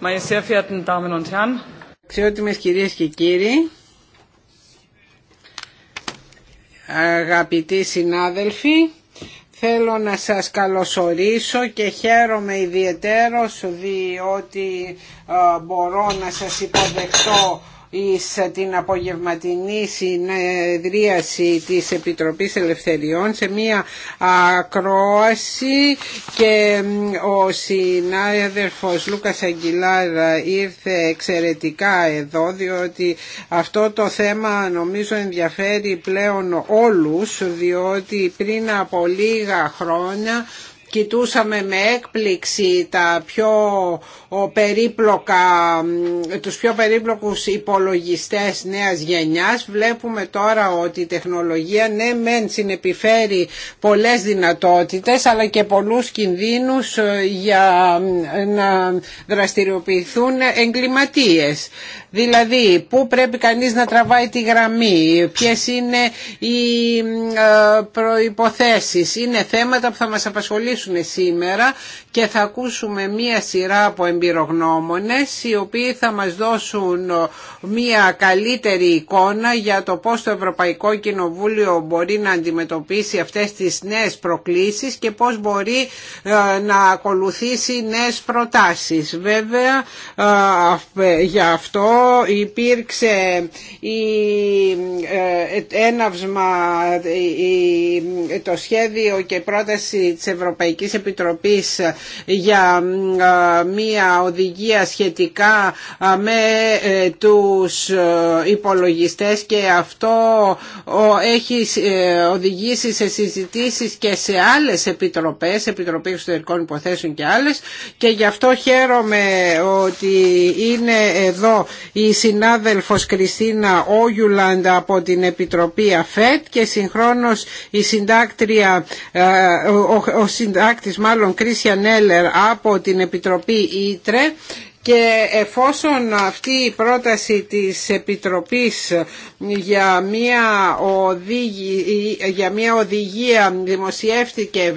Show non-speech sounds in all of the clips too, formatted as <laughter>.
Meine sehr verehrten Damen und Herren. Αξιότιμες κυρίες και κύριοι, αγαπητοί συνάδελφοι, θέλω να σας καλωσορίσω και χαίρομαι ιδιαίτερος διότι ε, μπορώ να σας υποδεχτώ εις την απογευματινή συνεδρίαση της Επιτροπής Ελευθεριών σε μία ακρόαση και ο συνάδελφος Λούκας Αγγιλάρα ήρθε εξαιρετικά εδώ διότι αυτό το θέμα νομίζω ενδιαφέρει πλέον όλους διότι πριν από λίγα χρόνια κοιτούσαμε με έκπληξη τα πιο περίπλοκα, τους πιο περίπλοκους υπολογιστές νέας γενιάς βλέπουμε τώρα ότι η τεχνολογία ναι μεν συνεπιφέρει πολλές δυνατότητες αλλά και πολλούς κινδύνους ε, για να δραστηριοποιηθούν εγκληματίες Δηλαδή, πού πρέπει κανείς να τραβάει τη γραμμή, ποιες είναι οι ε, προϋποθέσεις. Είναι θέματα που θα μας απασχολήσουν σήμερα και θα ακούσουμε μία σειρά από εμπειρογνώμονες οι οποίοι θα μας δώσουν ε, μία καλύτερη εικόνα για το πώς το Ευρωπαϊκό Κοινοβούλιο μπορεί να αντιμετωπίσει αυτές τις νέες προκλήσεις και πώς μπορεί ε, να ακολουθήσει νέες προτάσεις. Βέβαια ε, για αυτό υπήρξε έναυσμα το σχέδιο και πρόταση της Ευρωπαϊκής Επιτροπής για μία οδηγία σχετικά με ε, τους ε, υπολογιστές και αυτό έχει ε, οδηγήσει σε συζητήσεις και σε άλλες επιτροπές, Επιτροπή Εξωτερικών Υποθέσεων και άλλες και γι' αυτό χαίρομαι ότι είναι εδώ η συνάδελφος Κριστίνα Όγιουλαντ από την Επιτροπή ΑΦΕΤ και συγχρόνως η συντάκτρια, ο συντάκτης μάλλον Κρίσια από την Επιτροπή Ήτρε και εφόσον αυτή η πρόταση της Επιτροπής για μια, οδηγία, για μια οδηγία δημοσιεύτηκε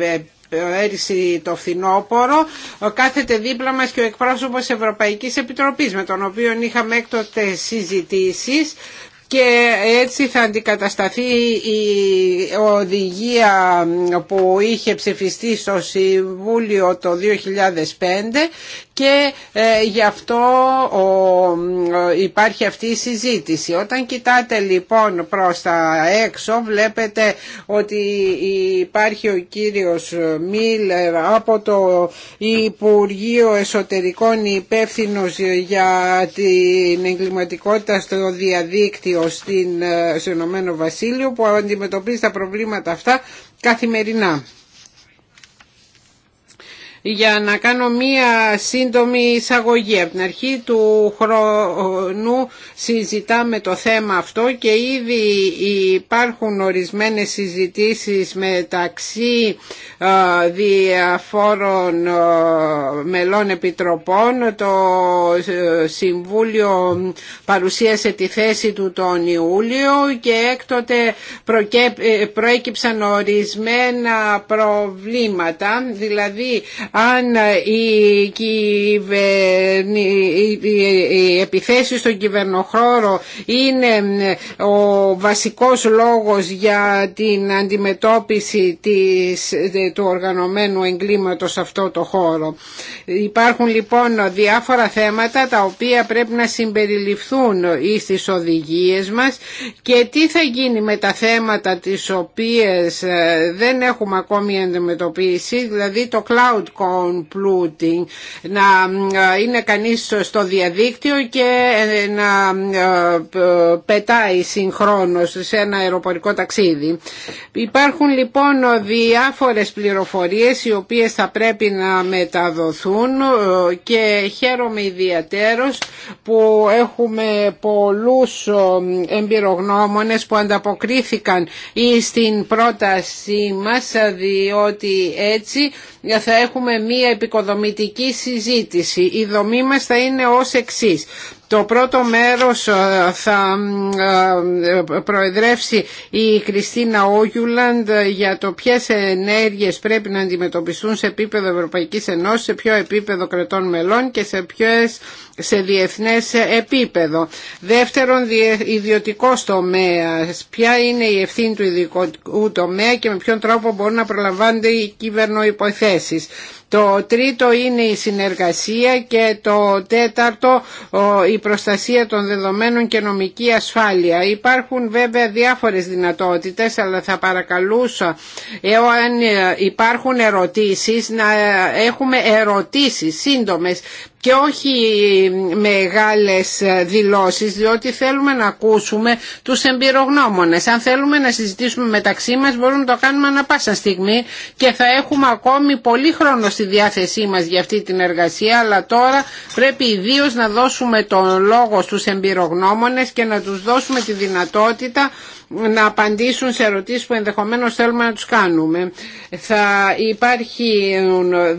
πέρυσι το φθινόπωρο κάθεται δίπλα μας και ο εκπρόσωπος Ευρωπαϊκής Επιτροπής με τον οποίο είχαμε έκτοτε συζητήσεις και έτσι θα αντικατασταθεί η οδηγία που είχε ψηφιστεί στο Συμβούλιο το 2005 και ε, γι' αυτό υπάρχει αυτή η συζήτηση. Όταν κοιτάτε λοιπόν προς τα έξω βλέπετε ότι υπάρχει ο κύριος Μίλλερ από το Υπουργείο Εσωτερικών υπεύθυνο για την εγκληματικότητα στο διαδίκτυο στην, ε, στο Ηνωμένο Βασίλειο που αντιμετωπίζει τα προβλήματα αυτά καθημερινά για να κάνω μία σύντομη εισαγωγή. Από την αρχή του χρόνου συζητάμε το θέμα αυτό και ήδη υπάρχουν ορισμένες συζητήσεις μεταξύ ε, διαφόρων ε, μελών επιτροπών. Το ε, Συμβούλιο παρουσίασε τη θέση του τον Ιούλιο και έκτοτε προέκυψαν ορισμένα προβλήματα, δηλαδή αν ε, οι, κυβερ... οι επιθέσεις στον κυβερνοχώρο είναι ε, ο βασικός λόγος για την αντιμετώπιση του οργανωμένου εγκλήματος σε αυτό το χώρο. Υπάρχουν λοιπόν διάφορα θέματα τα οποία πρέπει να συμπεριληφθούν στι οδηγίες μας και τι θα γίνει με τα θέματα τις οποίες ε, δεν έχουμε ακόμη αντιμετωπίσει, δηλαδή το cloud πλούτη να ε, είναι κανείς στο διαδίκτυο και ε, να ε, πετάει συγχρόνως σε ένα αεροπορικό ταξίδι. Υπάρχουν λοιπόν διάφορες πληροφορίες οι οποίες θα πρέπει να μεταδοθούν και χαίρομαι ιδιαίτερος που έχουμε πολλούς εμπειρογνώμονες που ανταποκρίθηκαν ή στην πρότασή μας διότι έτσι θα έχουμε μία επικοδομητική συζήτηση. Η δομή μας θα είναι ως εξής. Το πρώτο μέρος ε, θα ε, προεδρεύσει η Κριστίνα Όγιουλαντ ε, για το ποιες ενέργειες πρέπει να αντιμετωπιστούν σε επίπεδο Ευρωπαϊκής Ενώσης, σε ποιο επίπεδο κρατών μελών και σε ποιες σε διεθνές επίπεδο. Δεύτερον, ιδιωτικό τομέα. Ποια είναι η ευθύνη του ιδιωτικού τομέα και με ποιον τρόπο μπορούν να προλαμβάνονται οι κυβερνοϋποθέσεις. Το τρίτο είναι η συνεργασία και το τέταρτο η προστασία των δεδομένων και νομική ασφάλεια. Υπάρχουν βέβαια διάφορες δυνατότητες αλλά θα παρακαλούσα εάν ε, υπάρχουν ερωτήσεις να ε, έχουμε ερωτήσεις σύντομες και όχι μεγάλες δηλώσεις διότι θέλουμε να ακούσουμε τους εμπειρογνώμονες. Αν θέλουμε να συζητήσουμε μεταξύ μας μπορούμε να το κάνουμε ανα πάσα στιγμή και θα έχουμε ακόμη πολύ χρόνο στη διάθεσή μας για αυτή την εργασία αλλά τώρα πρέπει ιδίω να δώσουμε τον λόγο στους εμπειρογνώμονες και να τους δώσουμε τη δυνατότητα να απαντήσουν σε ερωτήσεις που ενδεχομένως θέλουμε να τους κάνουμε. Θα υπάρχει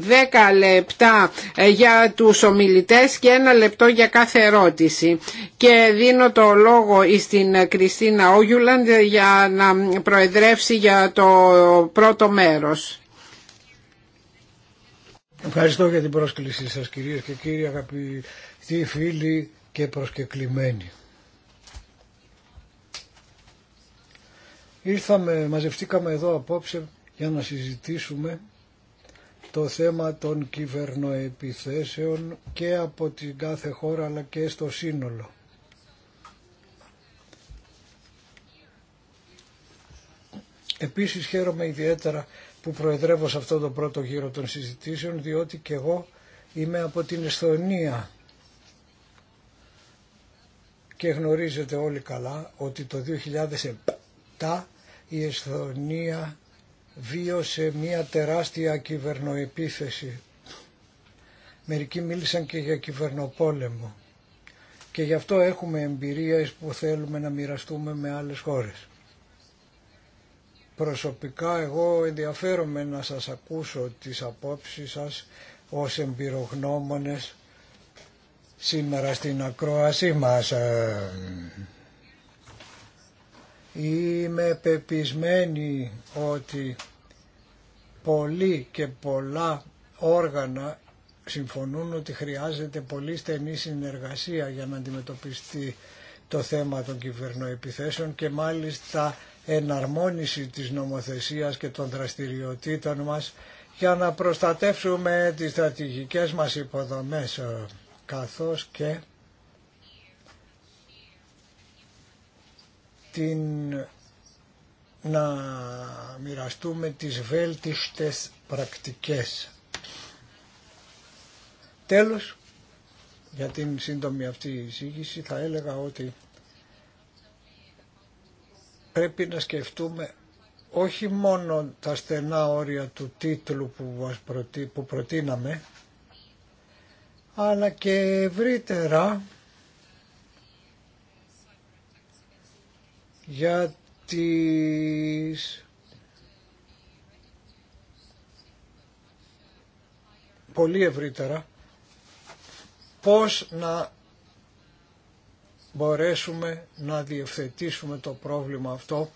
10 λεπτά για τους ομιλητές και ένα λεπτό για κάθε ερώτηση. Και δίνω το λόγο στην Κριστίνα Όγιουλαντ για να προεδρεύσει για το πρώτο μέρος. Ευχαριστώ για την πρόσκλησή σας κυρίες και κύριοι αγαπητοί φίλοι και προσκεκλημένοι. Ήρθαμε, μαζευτήκαμε εδώ απόψε για να συζητήσουμε το θέμα των κυβερνοεπιθέσεων και από την κάθε χώρα αλλά και στο σύνολο. Επίσης χαίρομαι ιδιαίτερα που προεδρεύω σε αυτό το πρώτο γύρο των συζητήσεων διότι και εγώ είμαι από την Εσθονία και γνωρίζετε όλοι καλά ότι το 2007 η Εσθονία βίωσε μία τεράστια κυβερνοεπίθεση. Μερικοί μίλησαν και για κυβερνοπόλεμο και γι' αυτό έχουμε εμπειρίες που θέλουμε να μοιραστούμε με άλλες χώρες. Προσωπικά εγώ ενδιαφέρομαι να σας ακούσω τις απόψεις σας ως εμπειρογνώμονες σήμερα στην ακρόασή μας. Είμαι πεπισμένη ότι πολλοί και πολλά όργανα συμφωνούν ότι χρειάζεται πολύ στενή συνεργασία για να αντιμετωπιστεί το θέμα των κυβερνοεπιθέσεων και μάλιστα εναρμόνιση της νομοθεσίας και των δραστηριοτήτων μας για να προστατεύσουμε τις στρατηγικές μας υποδομές καθώς και την, να μοιραστούμε τις βέλτιστες πρακτικές. Τέλος, για την σύντομη αυτή εισήγηση θα έλεγα ότι πρέπει να σκεφτούμε όχι μόνο τα στενά όρια του τίτλου που, προτείναμε, αλλά και ευρύτερα για τις πολύ ευρύτερα πώς να μπορέσουμε να διευθετήσουμε το πρόβλημα αυτό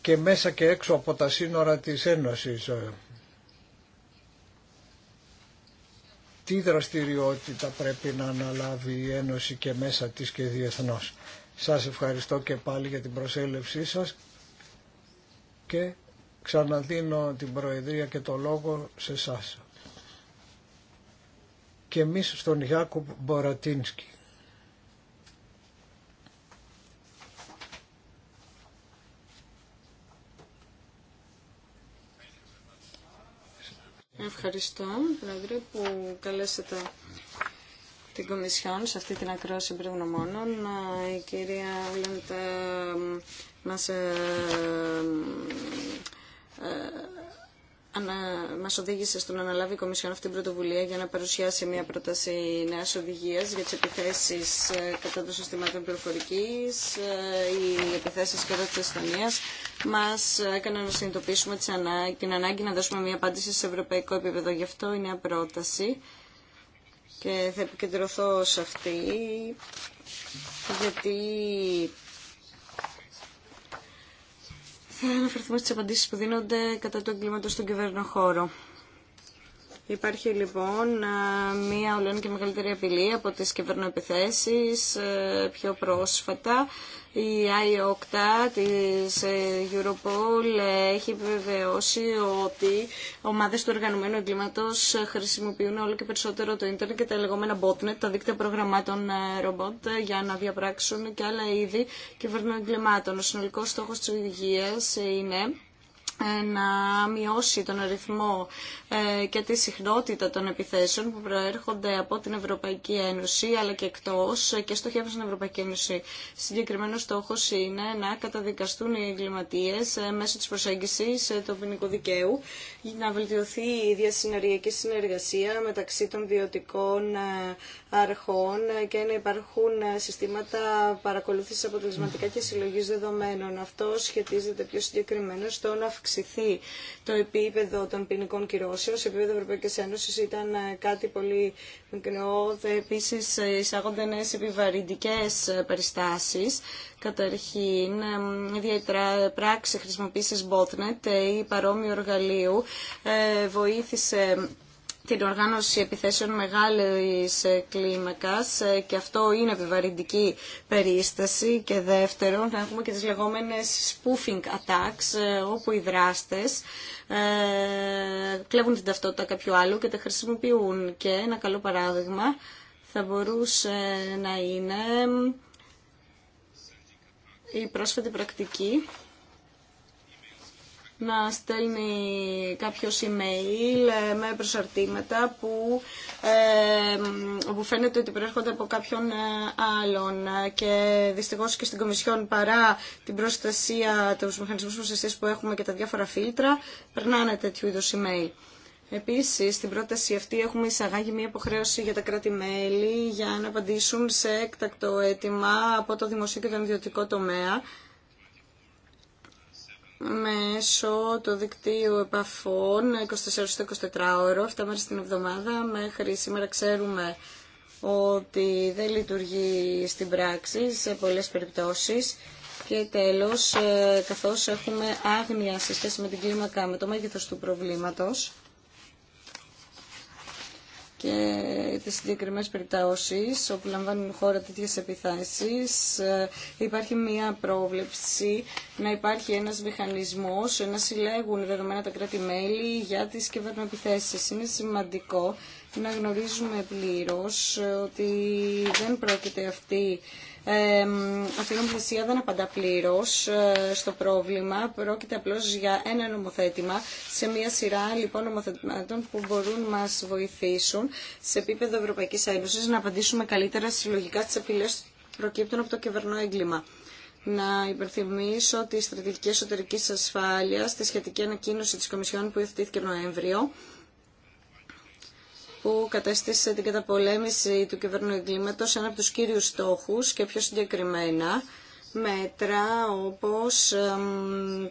και μέσα και έξω από τα σύνορα της Ένωσης. Τι δραστηριότητα πρέπει να αναλάβει η Ένωση και μέσα της και διεθνώς. Σας ευχαριστώ και πάλι για την προσέλευσή σας και ξαναδίνω την Προεδρία και το λόγο σε σας Και εμείς στον Ιάκουμ Μπορατίνσκι. Ευχαριστώ, Πρόεδρε, που καλέσατε την Κομισιόν σε αυτή την ακρόαση γνωμόνων, Η κυρία Λέντ ε, μας, ε, ε, οδήγησε στο να αναλάβει η Κομισιόν αυτή την πρωτοβουλία για να παρουσιάσει μια πρόταση νέας οδηγίας για τις επιθέσεις ε, κατά των συστημάτων πληροφορικής, ε, οι επιθέσεις κατά της Εστονίας μας εκανε να συνειδητοποιήσουμε την ανάγκη να δώσουμε μια απάντηση σε ευρωπαϊκό επίπεδο. Γι' αυτό η νέα πρόταση και θα επικεντρωθώ σε αυτή γιατί θα αναφερθούμε στις απαντήσεις που δίνονται κατά του εγκλήματος στον κυβέρνο χώρο. Υπάρχει λοιπόν μία ολόν και μεγαλύτερη απειλή από τις κυβερνοεπιθέσεις ε, πιο πρόσφατα. Η Α.Ι.Οκτά της ε, Europol έχει βεβαιώσει ότι ομάδες του οργανωμένου εγκλήματος ε, χρησιμοποιούν όλο και περισσότερο το ίντερνετ και τα λεγόμενα botnet, τα δίκτυα προγραμμάτων ρομπότ, για να διαπράξουν και άλλα είδη κυβερνοεγκλημάτων. Ο συνολικός στόχος της υγείας είναι ε, να μειώσει τον αριθμό ε, και τη συχνότητα των επιθέσεων που προέρχονται από την Ευρωπαϊκή Ένωση αλλά και εκτός ε, και στοχεύουν στην Ευρωπαϊκή Ένωση. Συγκεκριμένο στόχος είναι να καταδικαστούν οι εγκληματίες μέσω της προσέγγισης του ποινικού δικαίου να βελτιωθεί η διασυνεργειακή συνεργασία μεταξύ των βιωτικών αρχών και να υπάρχουν συστήματα παρακολούθησης αποτελεσματικά και συλλογής δεδομένων. Αυτό σχετίζεται πιο συγκεκριμένα στο να αυξηθεί το επίπεδο των ποινικών κυρώσεων. Σε επίπεδο Ευρωπαϊκής Ένωσης ήταν κάτι πολύ μικρό. Επίσης εισάγονται νέες επιβαρυντικές περιστάσεις. Καταρχήν, η πράξη χρησιμοποίησης botnet ή παρόμοιου εργαλείου ε, βοήθησε την οργάνωση επιθέσεων μεγάλης ε, κλίμακας ε, και αυτό είναι επιβαρυντική περίσταση και δεύτερον έχουμε και τις λεγόμενες spoofing attacks ε, όπου οι δράστες κλέβουν την ταυτότητα κάποιου άλλου και τα χρησιμοποιούν και ένα καλό παράδειγμα θα μπορούσε να είναι η πρόσφατη πρακτική να στέλνει κάποιο email ε, με προσαρτήματα που, ε, φαίνεται ότι προέρχονται από κάποιον ε, άλλον και δυστυχώς και στην Κομισιόν παρά την προστασία του μηχανισμού προστασίας που έχουμε και τα διάφορα φίλτρα περνάνε τέτοιου είδους email. Επίσης, στην πρόταση αυτή έχουμε εισαγάγει μια υποχρέωση για τα κράτη-μέλη για να απαντήσουν σε έκτακτο αίτημα από το δημοσίο και τον ιδιωτικό τομέα μέσω του δικτύου επαφών 24 24 ώρο, 7 μέρες την εβδομάδα. Μέχρι σήμερα ξέρουμε ότι δεν λειτουργεί στην πράξη σε πολλές περιπτώσεις. Και τέλος, ε, καθώς έχουμε άγνοια σε σχέση με την κλίμακα, με το μέγεθος του προβλήματος, και τις συγκεκριμένες περιπτώσει, όπου λαμβάνουν χώρα τέτοιες επιθέσεις ε, υπάρχει μια πρόβλεψη να υπάρχει ένας μηχανισμός να συλλέγουν δεδομένα τα κράτη-μέλη για τις κυβερνοεπιθέσεις. Είναι σημαντικό να γνωρίζουμε πλήρως ότι δεν πρόκειται αυτή αυτή η νομοθεσία δεν απαντά πλήρω ε, στο πρόβλημα. Πρόκειται απλώ για ένα νομοθέτημα σε μια σειρά λοιπόν νομοθετημάτων που μπορούν να μα βοηθήσουν σε επίπεδο Ευρωπαϊκή Ένωση να απαντήσουμε καλύτερα συλλογικά στι απειλέ που προκύπτουν από το κυβερνό έγκλημα. Να υπενθυμίσω ότι η στρατηγική εσωτερική ασφάλεια στη σχετική ανακοίνωση τη Κομισιόν που υιοθετήθηκε Νοέμβριο που κατέστησε την καταπολέμηση του εγκλήματος ένα από τους κύριους στόχους και πιο συγκεκριμένα μέτρα όπως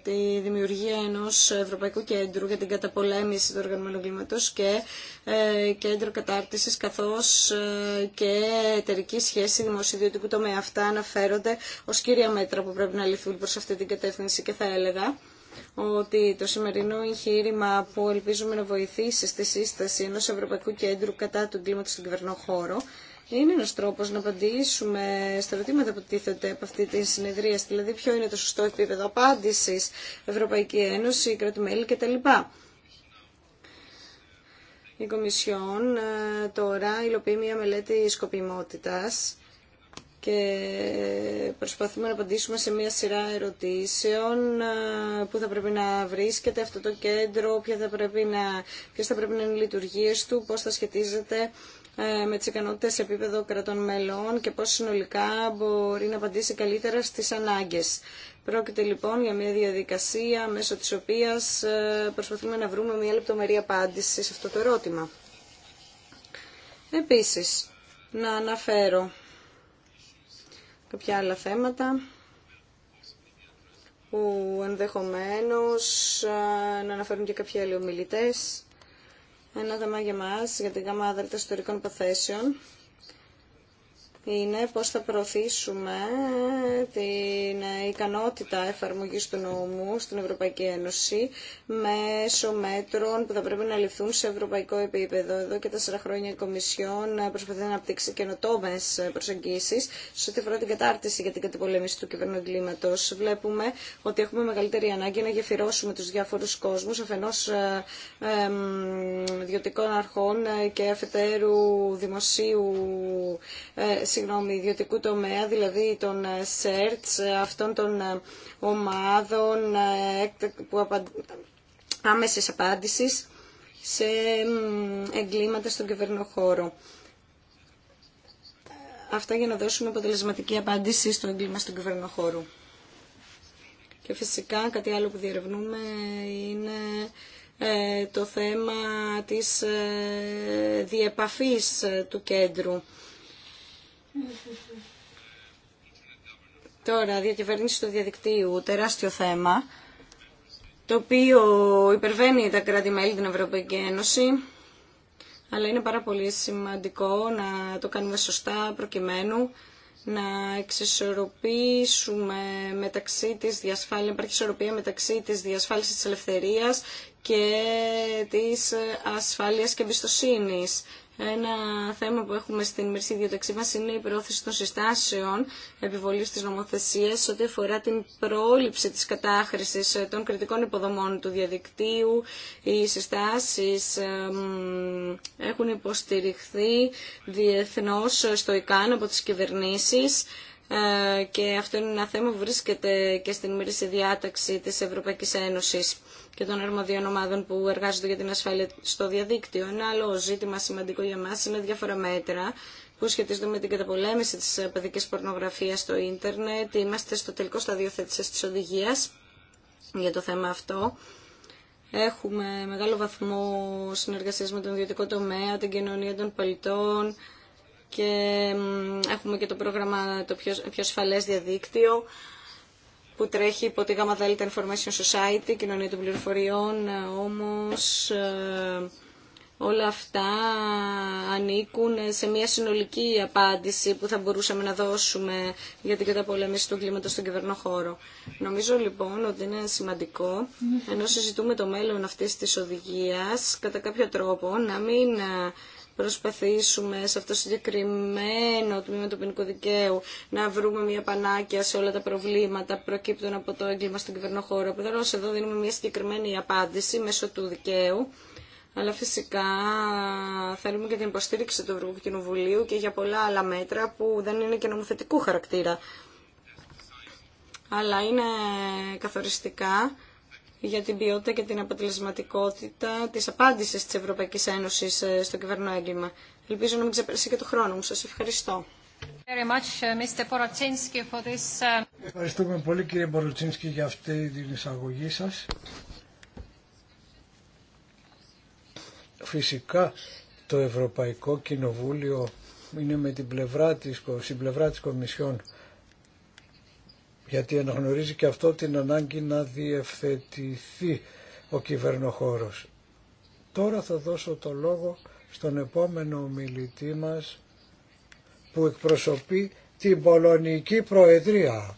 τη δημιουργία ενός Ευρωπαϊκού Κέντρου για την καταπολέμηση του οργανωμένου εγκλήματος και ε, κέντρο κατάρτισης καθώς ε, και εταιρική σχέση δημοσιοδιωτικού τομέα. Αυτά αναφέρονται ως κύρια μέτρα που πρέπει να ληφθούν προς αυτή την κατεύθυνση και θα έλεγα ότι το σημερινό εγχείρημα που ελπίζουμε να βοηθήσει στη σύσταση ενός Ευρωπαϊκού Κέντρου κατά του κλίματος στον κυβερνό χώρο είναι ένας τρόπος να απαντήσουμε στα ερωτήματα που τίθεται από αυτή τη συνεδρία, δηλαδή ποιο είναι το σωστό επίπεδο απάντησης, Ευρωπαϊκή Ένωση, κρατημέλη κτλ. Η Κομισιόν ε, τώρα υλοποιεί μια μελέτη σκοπιμότητας και προσπαθούμε να απαντήσουμε σε μια σειρά ερωτήσεων που θα πρέπει να βρίσκεται αυτό το κέντρο, ποια θα πρέπει να, ποιες θα πρέπει να είναι οι λειτουργίες του, πώς θα σχετίζεται ε, με τις ικανότητες σε επίπεδο κρατών μελών και πώς συνολικά μπορεί να απαντήσει καλύτερα στις ανάγκες. Πρόκειται λοιπόν για μια διαδικασία μέσω της οποίας ε, προσπαθούμε να βρούμε μια λεπτομερή απάντηση σε αυτό το ερώτημα. Επίσης, να αναφέρω κάποια άλλα θέματα που ενδεχομένως να αναφέρουν και κάποιοι άλλοι ομιλητές. Ένα θέμα για μας, για την γάμα δελτα ιστορικών υποθέσεων, είναι πώς θα προωθήσουμε την ικανότητα εφαρμογής του νόμου στην Ευρωπαϊκή Ένωση μέσω μέτρων που θα πρέπει να ληφθούν σε ευρωπαϊκό επίπεδο. Εδώ και τέσσερα χρόνια η Κομισιόν προσπαθεί να αναπτύξει καινοτόμε προσεγγίσεις σε ό,τι αφορά την κατάρτιση για την κατηπολέμηση του κυβερνοεγκλήματος. Βλέπουμε ότι έχουμε μεγαλύτερη ανάγκη να γεφυρώσουμε τους διάφορους κόσμους αφενός ε, ιδιωτικών αρχών και αφετέρου δημοσίου ε, συγγνώμη, ιδιωτικού τομέα, δηλαδή των ΣΕΡΤΣ, ε, αυτών των ε, ομάδων ε, που απάντηση απάντησης σε εγκλήματα στον κυβερνοχώρο. Αυτά για να δώσουμε αποτελεσματική απάντηση στο έγκλημα στον κυβερνοχώρο. Και φυσικά κάτι άλλο που διερευνούμε είναι το θέμα της διεπαφής του κέντρου Τώρα, διακυβέρνηση του διαδικτύου, τεράστιο θέμα, το οποίο υπερβαίνει τα κράτη-μέλη την Ευρωπαϊκή Ένωση, αλλά είναι πάρα πολύ σημαντικό να το κάνουμε σωστά προκειμένου να εξισορροπήσουμε μεταξύ της διασφάλειας, υπάρχει ισορροπία μεταξύ της διασφάλισης της ελευθερίας και της ασφάλειας και εμπιστοσύνη. Ένα θέμα που έχουμε στην ημερική διαταξή μα είναι η πρόθεση των συστάσεων επιβολή τη νομοθεσία ό,τι αφορά την πρόληψη τη κατάχρηση των κριτικών υποδομών του διαδικτύου. Οι συστάσει έχουν υποστηριχθεί διεθνώ στο ΙΚΑΝ από τι κυβερνήσει ε, και αυτό είναι ένα θέμα που βρίσκεται και στην ημερήσια διάταξη της Ευρωπαϊκής Ένωσης και των αρμοδίων ομάδων που εργάζονται για την ασφάλεια στο διαδίκτυο. Ένα άλλο ζήτημα σημαντικό για μας είναι διάφορα μέτρα που σχετίζονται με την καταπολέμηση της παιδικής πορνογραφίας στο ίντερνετ. Είμαστε στο τελικό στάδιο θέτησης της για το θέμα αυτό. Έχουμε μεγάλο βαθμό συνεργασίας με τον ιδιωτικό τομέα, την κοινωνία των πολιτών και έχουμε και το πρόγραμμα το πιο, πιο ασφαλές διαδίκτυο που τρέχει υπό τη ΓΑΜΑ ΔΕΛΤΑ Information Society, κοινωνία των πληροφοριών, όμως ε, όλα αυτά ανήκουν σε μια συνολική απάντηση που θα μπορούσαμε να δώσουμε για την καταπολέμηση του κλίματος στον χώρο. Νομίζω λοιπόν ότι είναι σημαντικό, ενώ συζητούμε το μέλλον αυτής της οδηγίας, κατά κάποιο τρόπο να μην ε, προσπαθήσουμε σε αυτό το συγκεκριμένο τμήμα του ποινικού δικαίου να βρούμε μια πανάκια σε όλα τα προβλήματα που προκύπτουν από το έγκλημα στον κυβερνοχώρο. Προφανώς εδώ δίνουμε μια συγκεκριμένη απάντηση μέσω του δικαίου. Αλλά φυσικά θέλουμε και την υποστήριξη του Ευρωπαϊκού Κοινοβουλίου και για πολλά άλλα μέτρα που δεν είναι και νομοθετικού χαρακτήρα. Αλλά είναι καθοριστικά για την ποιότητα και την αποτελεσματικότητα της απάντησης της Ευρωπαϊκής Ένωσης ε, στο κυβερνό έγκλημα. Ελπίζω να μην ξεπεράσει και το χρόνο μου. Σας ευχαριστώ. Uh, uh, Ευχαριστούμε πολύ κύριε Μποροτσίνσκι για αυτή την εισαγωγή σας. Φυσικά το Ευρωπαϊκό Κοινοβούλιο είναι με την πλευρά της, στην πλευρά της Κομισιόν γιατί αναγνωρίζει και αυτό την ανάγκη να διευθετηθεί ο κυβερνοχώρος. Τώρα θα δώσω το λόγο στον επόμενο μιλητή μας που εκπροσωπεί την Πολωνική Προεδρία.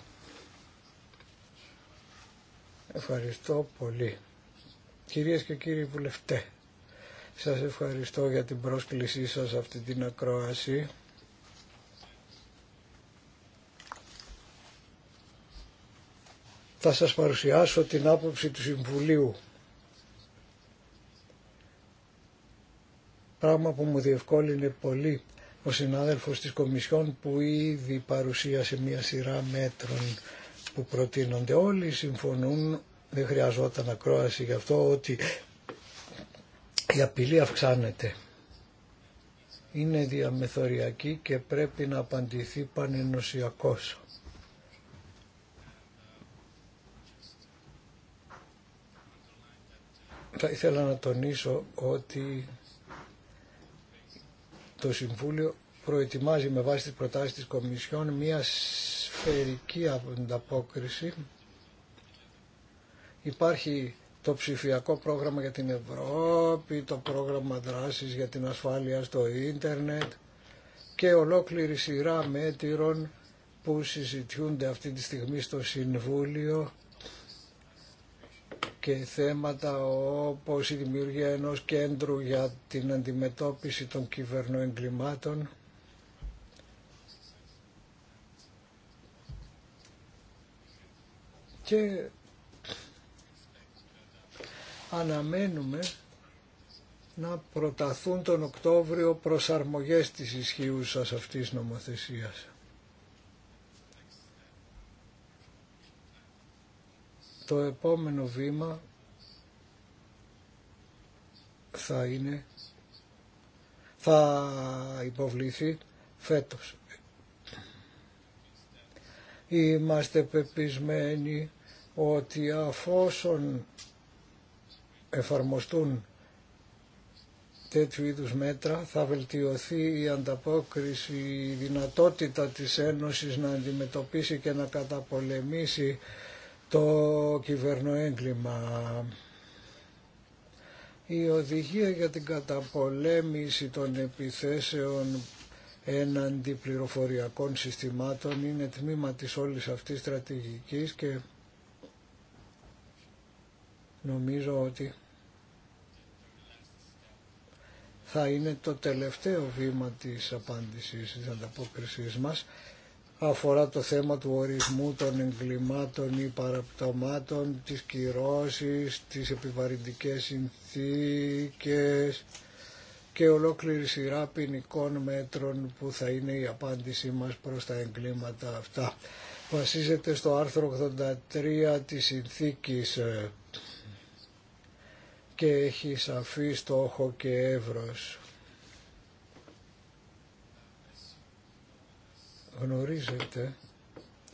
Ευχαριστώ πολύ. Κυρίες και κύριοι βουλευτέ, σας ευχαριστώ για την πρόσκλησή σας αυτή την ακρόαση. θα σας παρουσιάσω την άποψη του Συμβουλίου. Πράγμα που μου διευκόλυνε πολύ ο συνάδελφος της Κομισιόν που ήδη παρουσίασε μια σειρά μέτρων που προτείνονται. Όλοι συμφωνούν, δεν χρειαζόταν ακρόαση γι' αυτό, ότι η απειλή αυξάνεται. Είναι διαμεθοριακή και πρέπει να απαντηθεί πανενοσιακώς. θα ήθελα να τονίσω ότι το Συμβούλιο προετοιμάζει με βάση τις προτάσεις της Κομισιόν μία σφαιρική ανταπόκριση. Υπάρχει το ψηφιακό πρόγραμμα για την Ευρώπη, το πρόγραμμα δράσης για την ασφάλεια στο ίντερνετ και ολόκληρη σειρά μέτρων που συζητιούνται αυτή τη στιγμή στο Συμβούλιο και θέματα όπως η δημιουργία ενός κέντρου για την αντιμετώπιση των κυβερνοεγκλημάτων και αναμένουμε να προταθούν τον Οκτώβριο προσαρμογές της ισχύουσας αυτής νομοθεσίας. το επόμενο βήμα θα είναι θα υποβληθεί φέτος. Είμαστε πεπισμένοι ότι αφόσον εφαρμοστούν τέτοιου είδους μέτρα θα βελτιωθεί η ανταπόκριση, η δυνατότητα της Ένωσης να αντιμετωπίσει και να καταπολεμήσει το κυβερνοέγκλημα. Η οδηγία για την καταπολέμηση των επιθέσεων έναντι πληροφοριακών συστημάτων είναι τμήμα της όλης αυτής στρατηγικής και νομίζω ότι θα είναι το τελευταίο βήμα της απάντησης, της ανταπόκρισης μας αφορά το θέμα του ορισμού των εγκλημάτων ή παραπτωμάτων, τις κυρώσεις, τις επιβαρυντικές συνθήκες και ολόκληρη σειρά ποινικών μέτρων που θα είναι η απάντησή μας προς τα εγκλήματα αυτά. Βασίζεται στο άρθρο 83 της συνθήκης ε, και έχει σαφή στόχο και εύρος. Γνωρίζετε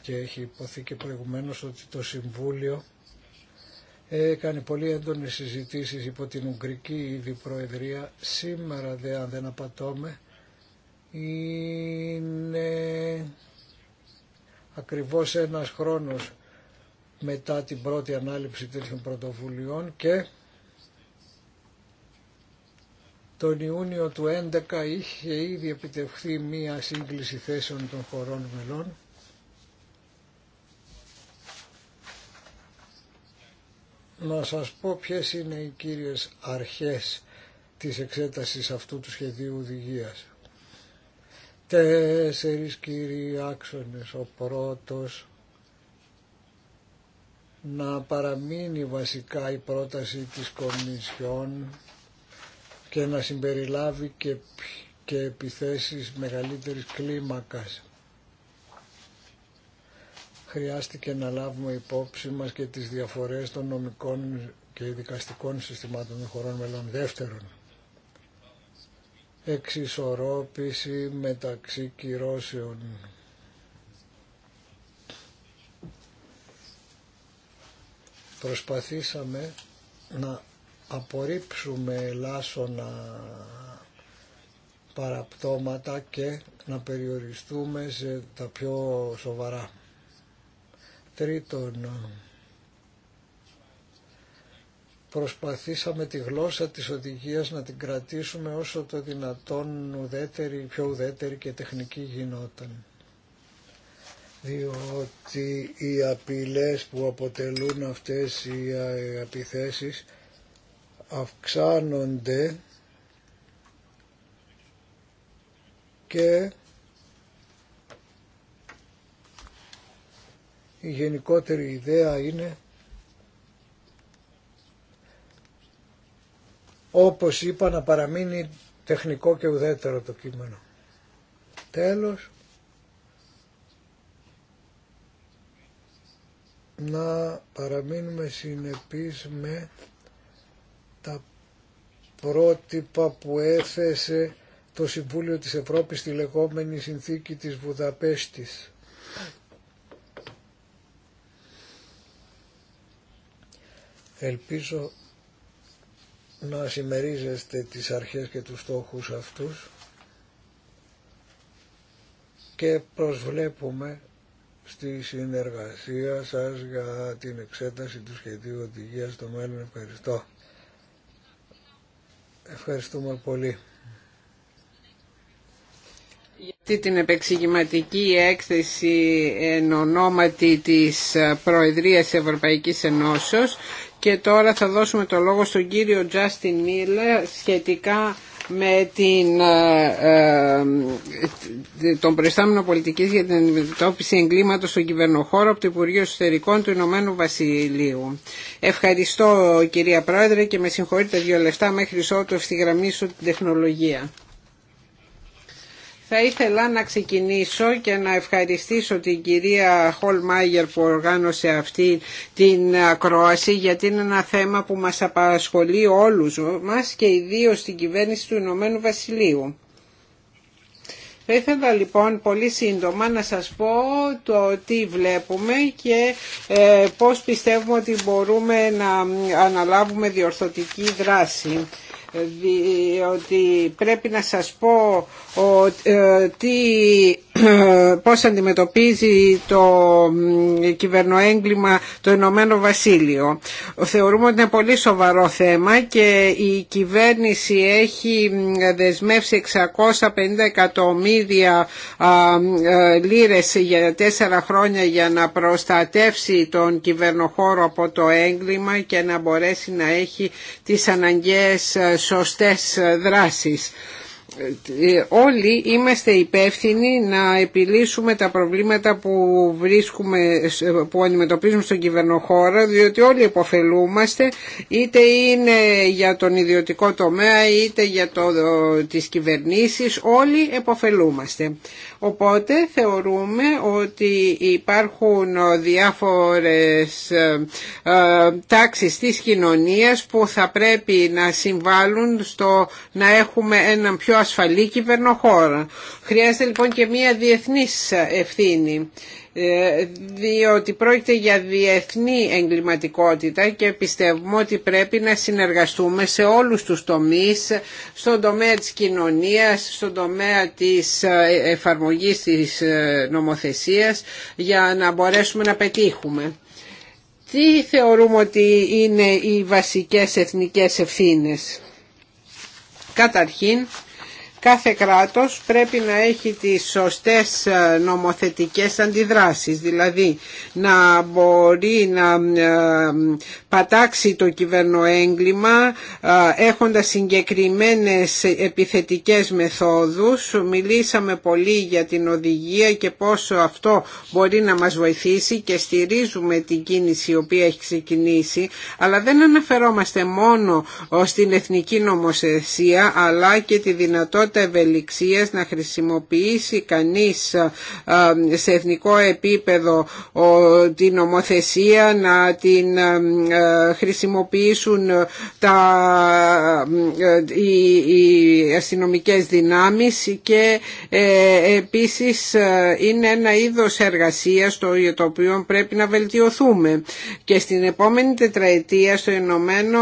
και έχει υποθεί και προηγουμένως ότι το Συμβούλιο έκανε πολύ έντονες συζητήσεις υπό την Ουγγρική ήδη Προεδρία. Σήμερα, αν δεν απατώμε, είναι ακριβώς ένας χρόνος μετά την πρώτη ανάληψη τέτοιων πρωτοβουλειών και τον Ιούνιο του 2011 είχε ήδη επιτευχθεί μία σύγκληση θέσεων των χωρών μελών να σας πω ποιες είναι οι κύριες αρχές της εξέτασης αυτού του σχεδίου οδηγίας. Τέσσερις κύριοι άξονες. Ο πρώτος να παραμείνει βασικά η πρόταση της Κομισιόν και να συμπεριλάβει και, και επιθέσεις μεγαλύτερης κλίμακας. Χρειάστηκε να λάβουμε υπόψη μας και τις διαφορές των νομικών και δικαστικών συστημάτων των χωρών μελών δεύτερων. Εξισορρόπηση μεταξύ κυρώσεων προσπαθήσαμε να απορρίψουμε ελάσσονα παραπτώματα και να περιοριστούμε σε τα πιο σοβαρά. Τρίτον, προσπαθήσαμε τη γλώσσα της οδηγίας να την κρατήσουμε όσο το δυνατόν ουδέτερη, πιο ουδέτερη και τεχνική γινόταν. Διότι οι απειλές που αποτελούν αυτές οι ε, επιθέσεις αυξάνονται και η γενικότερη ιδέα είναι όπως είπα να παραμείνει τεχνικό και ουδέτερο το κείμενο. Τέλος, να παραμείνουμε συνεπείς με πρότυπα που έθεσε το Συμβούλιο της Ευρώπης στη λεγόμενη συνθήκη της Βουδαπέστης. Ελπίζω να συμμερίζεστε τις αρχές και τους στόχους αυτούς και προσβλέπουμε στη συνεργασία σας για την εξέταση του σχεδίου οδηγίας στο μέλλον. Ευχαριστώ. Ευχαριστούμε πολύ. γιατί την επεξηγηματική έκθεση εν ονόματι της Προεδρίας Ευρωπαϊκής Ενώσεως και τώρα θα δώσουμε το λόγο στον κύριο Τζάστιν Μίλε σχετικά με την, ε, ε, τον προϊστάμενο πολιτικής για την αντιμετώπιση εγκλήματος στον κυβερνοχώρο από το Υπουργείο Εσωτερικών του Ηνωμένου Βασιλείου. Ευχαριστώ κυρία Πρόεδρε και με συγχωρείτε δύο λεφτά μέχρι ότου ευθυγραμμίσω την τεχνολογία. Θα ήθελα να ξεκινήσω και να ευχαριστήσω την κυρία Χολμάγερ που οργάνωσε αυτή την ακρόαση γιατί είναι ένα θέμα που μας απασχολεί όλους μας και ιδίως την κυβέρνηση του Ηνωμένου Βασιλείου. Θα ήθελα λοιπόν πολύ σύντομα να σας πω το τι βλέπουμε και ε, πώς πιστεύουμε ότι μπορούμε να αναλάβουμε διορθωτική δράση διότι πρέπει να σας πω ε, τι <clears throat> πώς αντιμετωπίζει το κυβερνοέγκλημα το Ηνωμένο Βασίλειο. Θεωρούμε ότι είναι πολύ σοβαρό θέμα και η κυβέρνηση έχει δεσμεύσει 650 εκατομμύρια ε, λίρες για τέσσερα χρόνια για να προστατεύσει τον κυβερνοχώρο από το έγκλημα και να μπορέσει να έχει τις αναγκαίες ε, σωστές δράσεις. Ε, όλοι είμαστε υπεύθυνοι να επιλύσουμε τα προβλήματα που, βρίσκουμε, που αντιμετωπίζουμε στον κυβερνοχώρο διότι όλοι εποφελούμαστε είτε είναι για τον ιδιωτικό τομέα είτε για το, τις κυβερνήσεις όλοι εποφελούμαστε. Οπότε θεωρούμε ότι υπάρχουν διάφορες ε, ε, τάξεις της κοινωνίας που θα πρέπει να συμβάλλουν στο να έχουμε έναν πιο ασφαλή κυβερνοχώρο. Χρειάζεται λοιπόν και μία διεθνής ευθύνη. Ε, διότι πρόκειται για διεθνή εγκληματικότητα και πιστεύουμε ότι πρέπει να συνεργαστούμε σε όλους τους τομείς, στον τομέα της κοινωνίας, στον τομέα της ε, εφαρμογής της ε, νομοθεσίας για να μπορέσουμε να πετύχουμε. Τι θεωρούμε ότι είναι οι βασικές εθνικές ευθύνες. Καταρχήν, κάθε κράτος πρέπει να έχει τις σωστές ε, νομοθετικές αντιδράσεις, δηλαδή να μπορεί να ε, πατάξει το κυβερνοέγκλημα ε, έχοντας συγκεκριμένες επιθετικές μεθόδους. Μιλήσαμε πολύ για την οδηγία και πόσο αυτό μπορεί να μας βοηθήσει και στηρίζουμε την κίνηση η οποία έχει ξεκινήσει, αλλά δεν αναφερόμαστε μόνο στην εθνική νομοθεσία αλλά και τη δυνατότητα να χρησιμοποιήσει κανείς σε εθνικό επίπεδο την νομοθεσία να την χρησιμοποιήσουν τα, οι, οι αστυνομικές δυνάμεις και ε, επίσης είναι ένα είδος εργασίας το, οποίο πρέπει να βελτιωθούμε και στην επόμενη τετραετία στο Ηνωμένο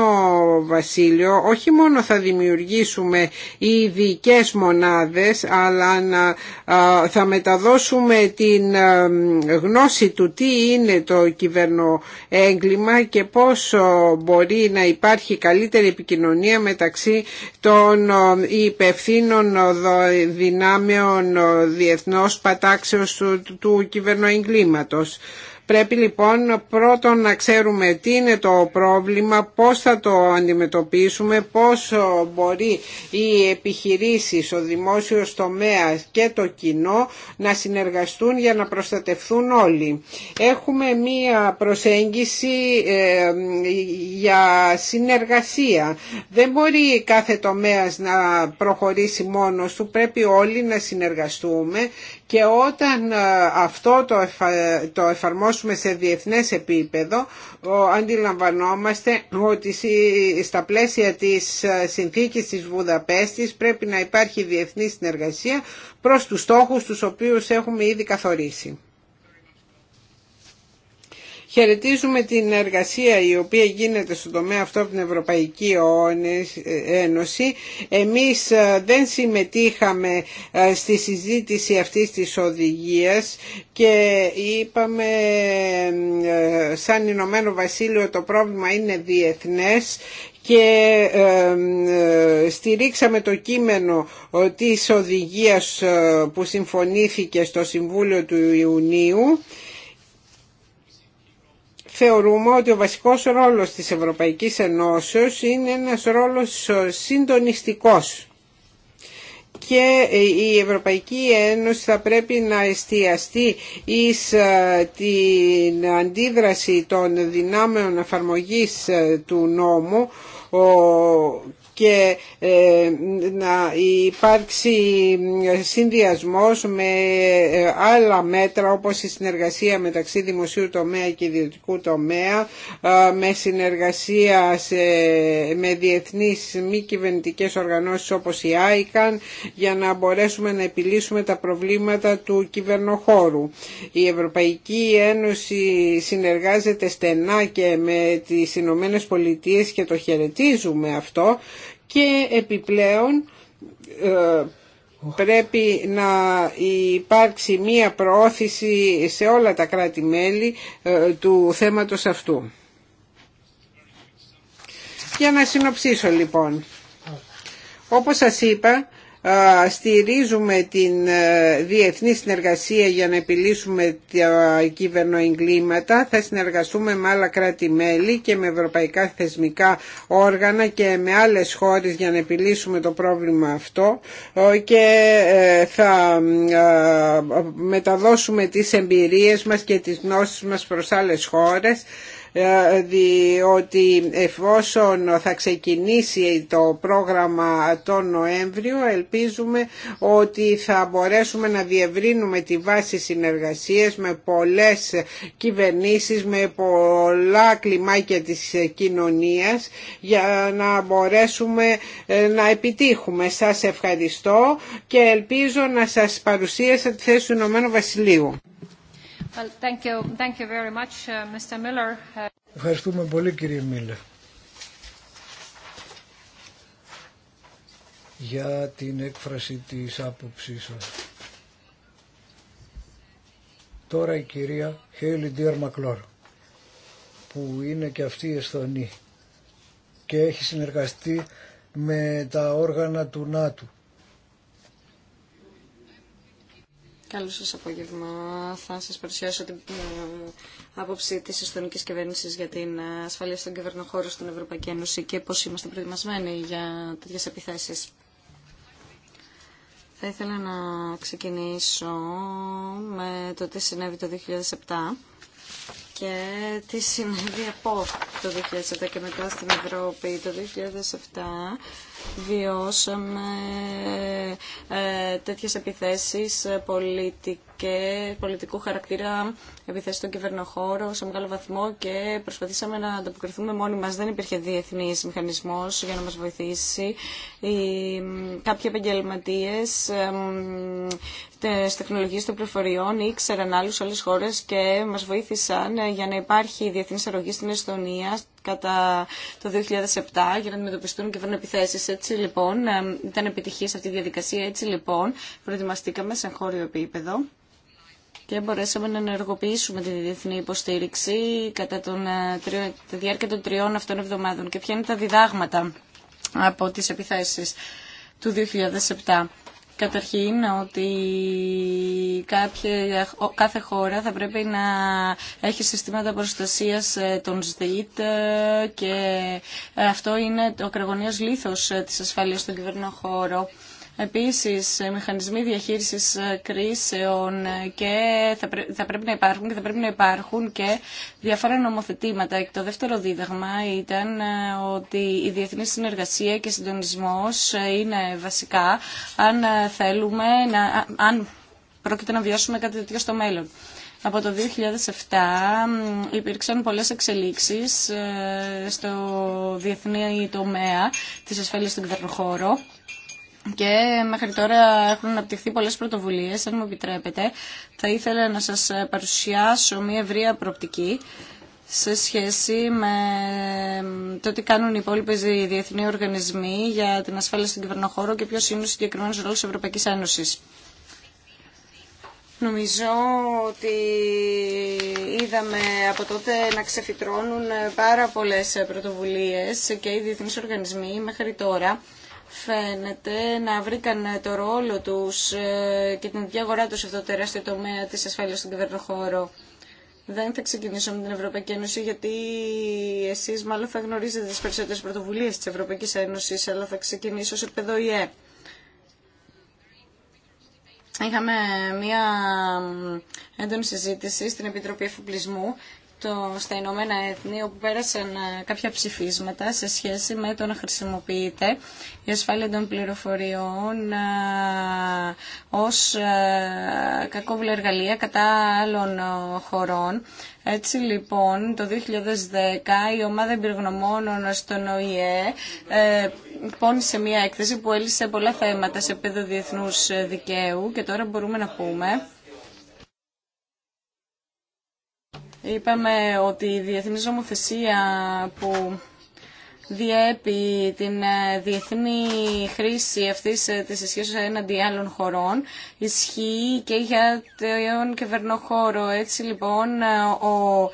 Βασίλειο όχι μόνο θα δημιουργήσουμε ειδικέ μονάδες αλλά να, θα μεταδώσουμε την γνώση του τι είναι το κυβερνοέγκλημα και πώς μπορεί να υπάρχει καλύτερη επικοινωνία μεταξύ των υπευθύνων δυνάμεων διεθνώς πατάξεως του, του κυβερνοεγκλήματος. Πρέπει λοιπόν πρώτον να ξέρουμε τι είναι το πρόβλημα, πώς θα το αντιμετωπίσουμε, πώς μπορεί οι επιχειρήσεις, ο δημόσιος τομέας και το κοινό να συνεργαστούν για να προστατευθούν όλοι. Έχουμε μία προσέγγιση ε, για συνεργασία. Δεν μπορεί κάθε τομέας να προχωρήσει μόνος του, πρέπει όλοι να συνεργαστούμε και όταν ε, αυτό το, εφαρμόσουμε σε διεθνές επίπεδο αντιλαμβανόμαστε ότι στα πλαίσια της ε, συνθήκης της Βουδαπέστης πρέπει να υπάρχει διεθνή συνεργασία προς τους στόχους τους οποίους έχουμε ήδη καθορίσει. Χαιρετίζουμε την εργασία η οποία γίνεται στον τομέα αυτό από την Ευρωπαϊκή Ένωση. Εμείς ε, δεν συμμετείχαμε ε, στη συζήτηση αυτής της οδηγίας και είπαμε ε, σαν Ηνωμένο Βασίλειο το πρόβλημα είναι διεθνές και στηρίξαμε το κείμενο της οδηγίας που συμφωνήθηκε στο Συμβούλιο του Ιουνίου θεωρούμε ότι ο βασικός ρόλος της Ευρωπαϊκής Ενώσεως είναι ένας ρόλος συντονιστικός και η Ευρωπαϊκή Ένωση θα πρέπει να εστιαστεί εις ε, την αντίδραση των δυνάμεων αφαρμογής ε, του νόμου και ε, να υπάρξει συνδυασμός με ε, άλλα μέτρα όπως η συνεργασία μεταξύ δημοσίου τομέα και ιδιωτικού τομέα ε, με συνεργασία με διεθνείς μη κυβερνητικέ οργανώσεις όπως η ICAN για να μπορέσουμε να επιλύσουμε τα προβλήματα του κυβερνοχώρου. Η Ευρωπαϊκή Ένωση συνεργάζεται στενά και με τις Ηνωμένε Πολιτείες και το χαιρετίζουμε αυτό και επιπλέον ε, πρέπει να υπάρξει μία προώθηση σε όλα τα κράτη-μέλη ε, του θέματος αυτού. Για να συνοψίσω λοιπόν. Όπως σας είπα, στηρίζουμε την ε, διεθνή συνεργασία για να επιλύσουμε τα κυβερνοεγκλήματα. Θα συνεργαστούμε με άλλα κράτη-μέλη και με ευρωπαϊκά θεσμικά όργανα και με άλλες χώρες για να επιλύσουμε το πρόβλημα αυτό ε, και ε, θα μεταδώσουμε τις εμπειρίες μας και τις γνώσεις μας προς άλλες χώρες ε, διότι εφόσον θα ξεκινήσει το πρόγραμμα τον Νοέμβριο ελπίζουμε ότι θα μπορέσουμε να διευρύνουμε τη βάση συνεργασίες με πολλές κυβερνήσεις, με πολλά κλιμάκια της κοινωνίας για να μπορέσουμε ε, να επιτύχουμε. Σας ευχαριστώ και ελπίζω να σας παρουσίασα τη θέση του Ηνωμένου Βασιλείου. Ευχαριστούμε πολύ κύριε Μίλλερ για την έκφραση της άποψής σας. Τώρα η κυρία Χέιλι Ντιέρ Μακλόρ που είναι και αυτή η Εσθονή και έχει συνεργαστεί με τα όργανα του ΝΑΤΟΥ Καλό σας απόγευμα. Θα σας παρουσιάσω την ε, άποψη της ιστονικής κυβέρνηση για την ε, ασφαλεία στον κυβερνοχώρο στην Ευρωπαϊκή Ένωση και πώς είμαστε προετοιμασμένοι για τέτοιες επιθέσεις. Θα ήθελα να ξεκινήσω με το τι συνέβη το 2007 και τι συνέβη από το 2007 και μετά στην Ευρώπη. Το 2007 βιώσαμε ε, τέτοιες επιθέσεις ε, πολιτικού χαρακτήρα, επιθέσεις στον κυβερνοχώρο σε μεγάλο βαθμό και προσπαθήσαμε να ανταποκριθούμε μόνοι μας. Δεν υπήρχε διεθνής μηχανισμός για να μας βοηθήσει. Οι, κάποιοι επαγγελματίε ε, τεχνολογίες των πληροφοριών ήξεραν άλλους άλλες χώρες και μας βοήθησαν ε, για να υπάρχει διεθνής αρρωγή στην Εστονία κατά το 2007 για να αντιμετωπιστούν και βρουν επιθέσει, Έτσι λοιπόν ε, ήταν επιτυχής αυτή η διαδικασία. Έτσι λοιπόν προετοιμαστήκαμε σε χώριο επίπεδο και μπορέσαμε να ενεργοποιήσουμε τη διεθνή υποστήριξη κατά τον, ε, τη διάρκεια των τριών αυτών εβδομάδων. Και ποια είναι τα διδάγματα από τις επιθέσεις του 2007. Καταρχήν ότι κάποια, κάθε χώρα θα πρέπει να έχει συστήματα προστασίας ε, των ΣΔΙΤ ε, και αυτό είναι ο ακραγωνίας λήθος ε, της ασφάλειας στον κυβερνό χώρο. Επίσης, μηχανισμοί διαχείρισης ε, κρίσεων ε, και θα, θα πρέπει να υπάρχουν και θα πρέπει να υπάρχουν και διάφορα νομοθετήματα. Και το δεύτερο δίδαγμα ήταν ε, ότι η διεθνή συνεργασία και συντονισμός είναι βασικά αν θέλουμε να... αν πρόκειται να βιώσουμε κάτι τέτοιο στο μέλλον. Από το 2007 υπήρξαν πολλές εξελίξεις στο διεθνή τομέα της ασφάλειας στον κυβερνοχώρο και μέχρι τώρα έχουν αναπτυχθεί πολλές πρωτοβουλίες. Αν μου επιτρέπετε, θα ήθελα να σας παρουσιάσω μια ευρία προοπτική σε σχέση με το τι κάνουν οι υπόλοιπε διεθνείς οργανισμοί για την ασφάλεια στον κυβερνοχώρο και ποιο είναι ο συγκεκριμένο ρόλο τη Ευρωπαϊκή Ένωση. Νομίζω ότι είδαμε από τότε να ξεφυτρώνουν πάρα πολλές πρωτοβουλίες και οι διεθνείς οργανισμοί μέχρι τώρα φαίνεται να βρήκαν το ρόλο τους ε, και την διαγορά τους σε αυτό το τεράστιο τομέα της ασφάλειας στον κυβερνοχώρο. Δεν θα ξεκινήσω με την Ευρωπαϊκή Ένωση γιατί εσείς μάλλον θα γνωρίζετε τις περισσότερες πρωτοβουλίες της Ευρωπαϊκής Ένωσης αλλά θα ξεκινήσω σε παιδό ΙΕ. Είχαμε μία έντονη συζήτηση στην Επιτροπή Εφοπλισμού στα Ηνωμένα Έθνη, όπου πέρασαν ε, κάποια ψηφίσματα σε σχέση με το να χρησιμοποιείται η ασφάλεια των πληροφοριών ε, ως ε, κακόβουλα εργαλεία κατά άλλων χωρών. Έτσι λοιπόν το 2010 η ομάδα εμπειρογνωμόνων στον ΟΗΕ ε, πόνισε μια έκθεση που έλυσε πολλά θέματα σε επίπεδο διεθνούς δικαίου και τώρα μπορούμε να πούμε Είπαμε ότι η διεθνή νομοθεσία που διέπει την ε, διεθνή χρήση αυτής ε, της σε έναντι άλλων χωρών ισχύει και για τον κυβερνοχώρο. Έτσι λοιπόν ε, ο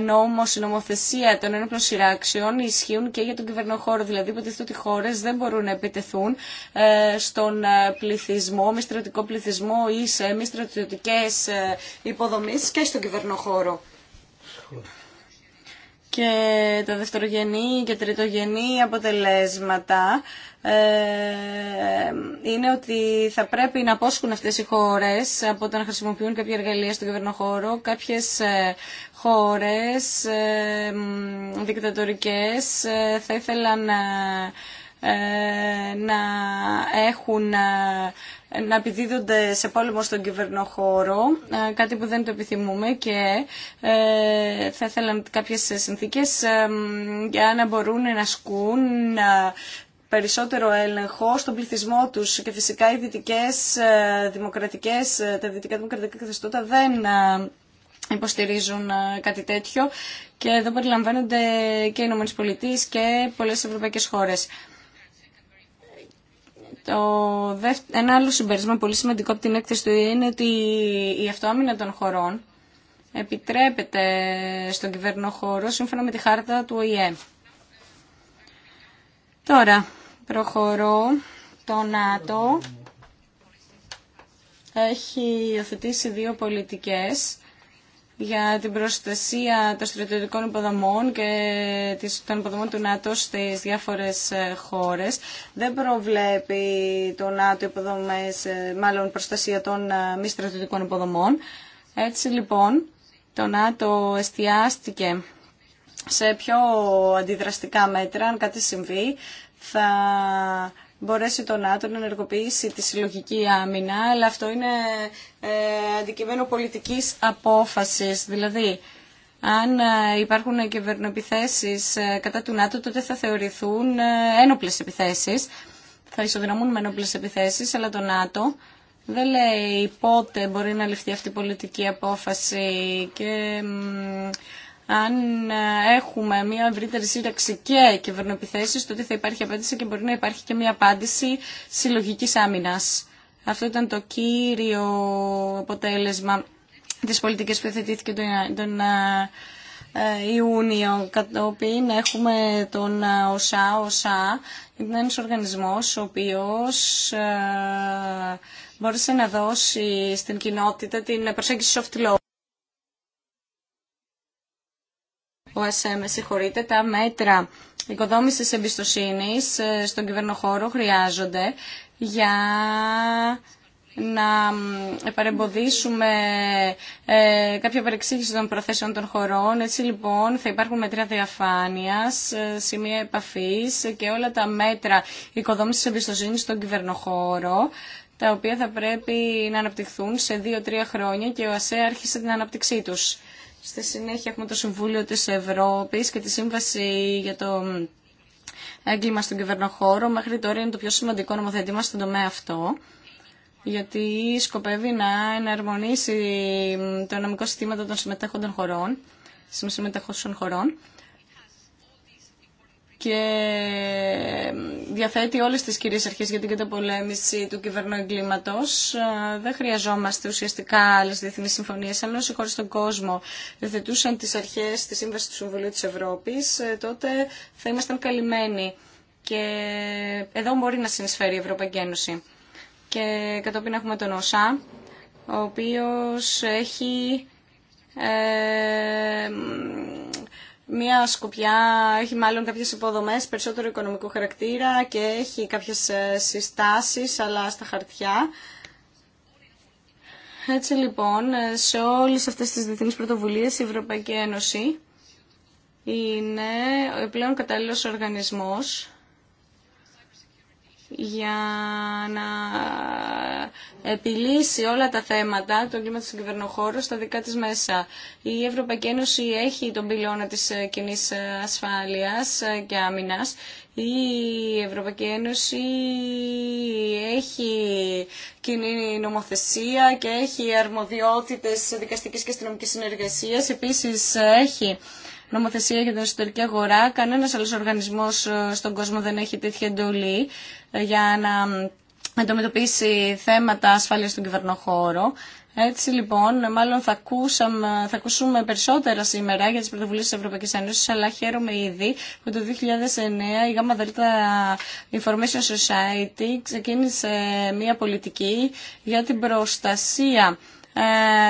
νόμος, η νομοθεσία των ένοπλων σειράξεων ισχύουν και για τον κυβερνοχώρο. Δηλαδή υποτίθεται ότι οι χώρες δεν μπορούν να επιτεθούν στον πληθυσμό, μη στρατιωτικό πληθυσμό ή σε μη στρατιωτικές υποδομές και στον χώρο και τα δευτερογενή και τριτογενή αποτελέσματα ε, είναι ότι θα πρέπει να απόσχουν αυτές οι χώρες από το να χρησιμοποιούν κάποια εργαλεία στον κυβερνοχώρο. Κάποιες ε, χώρες ε, δικτατορικές θα ήθελαν να έχουν να επιδίδονται σε πόλεμο στον κυβερνοχώρο, ε, κάτι που δεν το επιθυμούμε και ε, θα ήθελαν κάποιες συνθήκες ε, για να μπορούν να ασκούν περισσότερο έλεγχο στον πληθυσμό τους και φυσικά οι δυτικές δημοκρατικές, τα δυτικά δημοκρατικά καθεστώτα δεν υποστηρίζουν κάτι τέτοιο και εδώ περιλαμβάνονται και οι Ηνωμένες Πολιτείες και πολλές ευρωπαϊκές χώρες. Ένα άλλο συμπερισμό πολύ σημαντικό από την έκθεση του είναι ότι η αυτοάμυνα των χωρών επιτρέπεται στον κυβερνό χώρο σύμφωνα με τη χάρτα του ΟΗΕ. Τώρα, προχωρώ. Το ΝΑΤΟ έχει υιοθετήσει δύο πολιτικές για την προστασία των στρατιωτικών υποδομών και των υποδομών του ΝΑΤΟ στις διάφορες ε, χώρες. Δεν προβλέπει το ΝΑΤΟ υποδομές, ε, μάλλον προστασία των ε, μη στρατιωτικών υποδομών. Έτσι λοιπόν το ΝΑΤΟ εστιάστηκε σε πιο αντιδραστικά μέτρα, αν κάτι συμβεί, θα μπορέσει το ΝΑΤΟ να ενεργοποιήσει τη συλλογική άμυνα, αλλά αυτό είναι ε, αντικειμένο πολιτικής απόφασης. Δηλαδή, αν ε, υπάρχουν κυβερνοεπιθέσεις ε, κατά του ΝΑΤΟ, τότε θα θεωρηθούν ένοπλες επιθέσεις. Θα ισοδυναμούν με ένοπλες επιθέσεις, αλλά το ΝΑΤΟ δεν λέει πότε μπορεί να ληφθεί αυτή η πολιτική απόφαση και αν ε, έχουμε μια ευρύτερη σύραξη και κυβερνοεπιθέσεις, τότε θα υπάρχει απάντηση και μπορεί να υπάρχει και μια απάντηση συλλογικής άμυνας. Αυτό ήταν το κύριο αποτέλεσμα της πολιτικής που θετήθηκε τον ε, Ιούνιο, κατόπιν έχουμε τον ε, ΟΣΑ, ΟΣΑ, είναι ένας οργανισμός ο οποίος μπόρεσε να δώσει στην κοινότητα την προσέγγιση soft law. Ο ΑΣΕ, με συγχωρείτε, τα μέτρα οικοδόμησης εμπιστοσύνης ε, στον κυβερνοχώρο χρειάζονται για να παρεμποδίσουμε ε, κάποια παρεξήγηση των προθέσεων των χωρών. Έτσι λοιπόν θα υπάρχουν μέτρα διαφάνειας, ε, σημεία επαφής και όλα τα μέτρα οικοδόμησης εμπιστοσύνης στον κυβερνοχώρο τα οποία θα πρέπει να αναπτυχθούν σε δύο-τρία χρόνια και ο ΑΣΕ άρχισε την αναπτυξή τους. Στη συνέχεια έχουμε το Συμβούλιο της Ευρώπης και τη Σύμβαση για το έγκλημα στον κυβερνοχώρο. Μέχρι τώρα είναι το πιο σημαντικό νομοθετήμα στον τομέα αυτό γιατί σκοπεύει να εναρμονίσει το νομικό συστήματα των συμμετέχοντων χωρών, συμμετέχοντων χωρών και διαθέτει όλες τις κυρίες αρχές για την καταπολέμηση του κυβερνοεγκλήματος. Δεν χρειαζόμαστε ουσιαστικά άλλε διεθνείς συμφωνίες. Αν όσοι χώρες στον κόσμο διαθετούσαν τις αρχές της Σύμβασης του Συμβουλίου της Ευρώπης, ε, τότε θα ήμασταν καλυμμένοι. Και εδώ μπορεί να συνεισφέρει η Ευρωπαϊκή Ένωση. Και κατόπιν έχουμε τον ΩΣΑ, ο οποίος έχει... Ε, Μία σκουπιά έχει μάλλον κάποιες υποδομές περισσότερο οικονομικού χαρακτήρα και έχει κάποιες ε, συστάσεις αλλά στα χαρτιά. Έτσι λοιπόν, ε, σε όλες αυτές τις διεθνείς πρωτοβουλίες η Ευρωπαϊκή Ένωση είναι πλέον κατάλληλος οργανισμός για να επιλύσει όλα τα θέματα του εγκλήματος του κυβερνοχώρου στα δικά της μέσα. Η Ευρωπαϊκή Ένωση έχει τον πυλώνα της κοινή ασφάλειας και άμυνας. Η Ευρωπαϊκή Ένωση έχει κοινή νομοθεσία και έχει αρμοδιότητες δικαστικής και αστυνομικής συνεργασίας. Επίσης έχει νομοθεσία για την εσωτερική αγορά. Κανένας άλλος οργανισμός στον κόσμο δεν έχει τέτοια εντολή για να αντιμετωπίσει θέματα ασφάλειας στον κυβερνοχώρο. Έτσι λοιπόν, μάλλον θα, θα ακούσουμε περισσότερα σήμερα για τις πρωτοβουλίες της Ευρωπαϊκής Ένωσης, αλλά χαίρομαι ήδη που το 2009 η ΓΑΜΑ ΔΕΛΤΑ Information Society ξεκίνησε μια πολιτική για την προστασία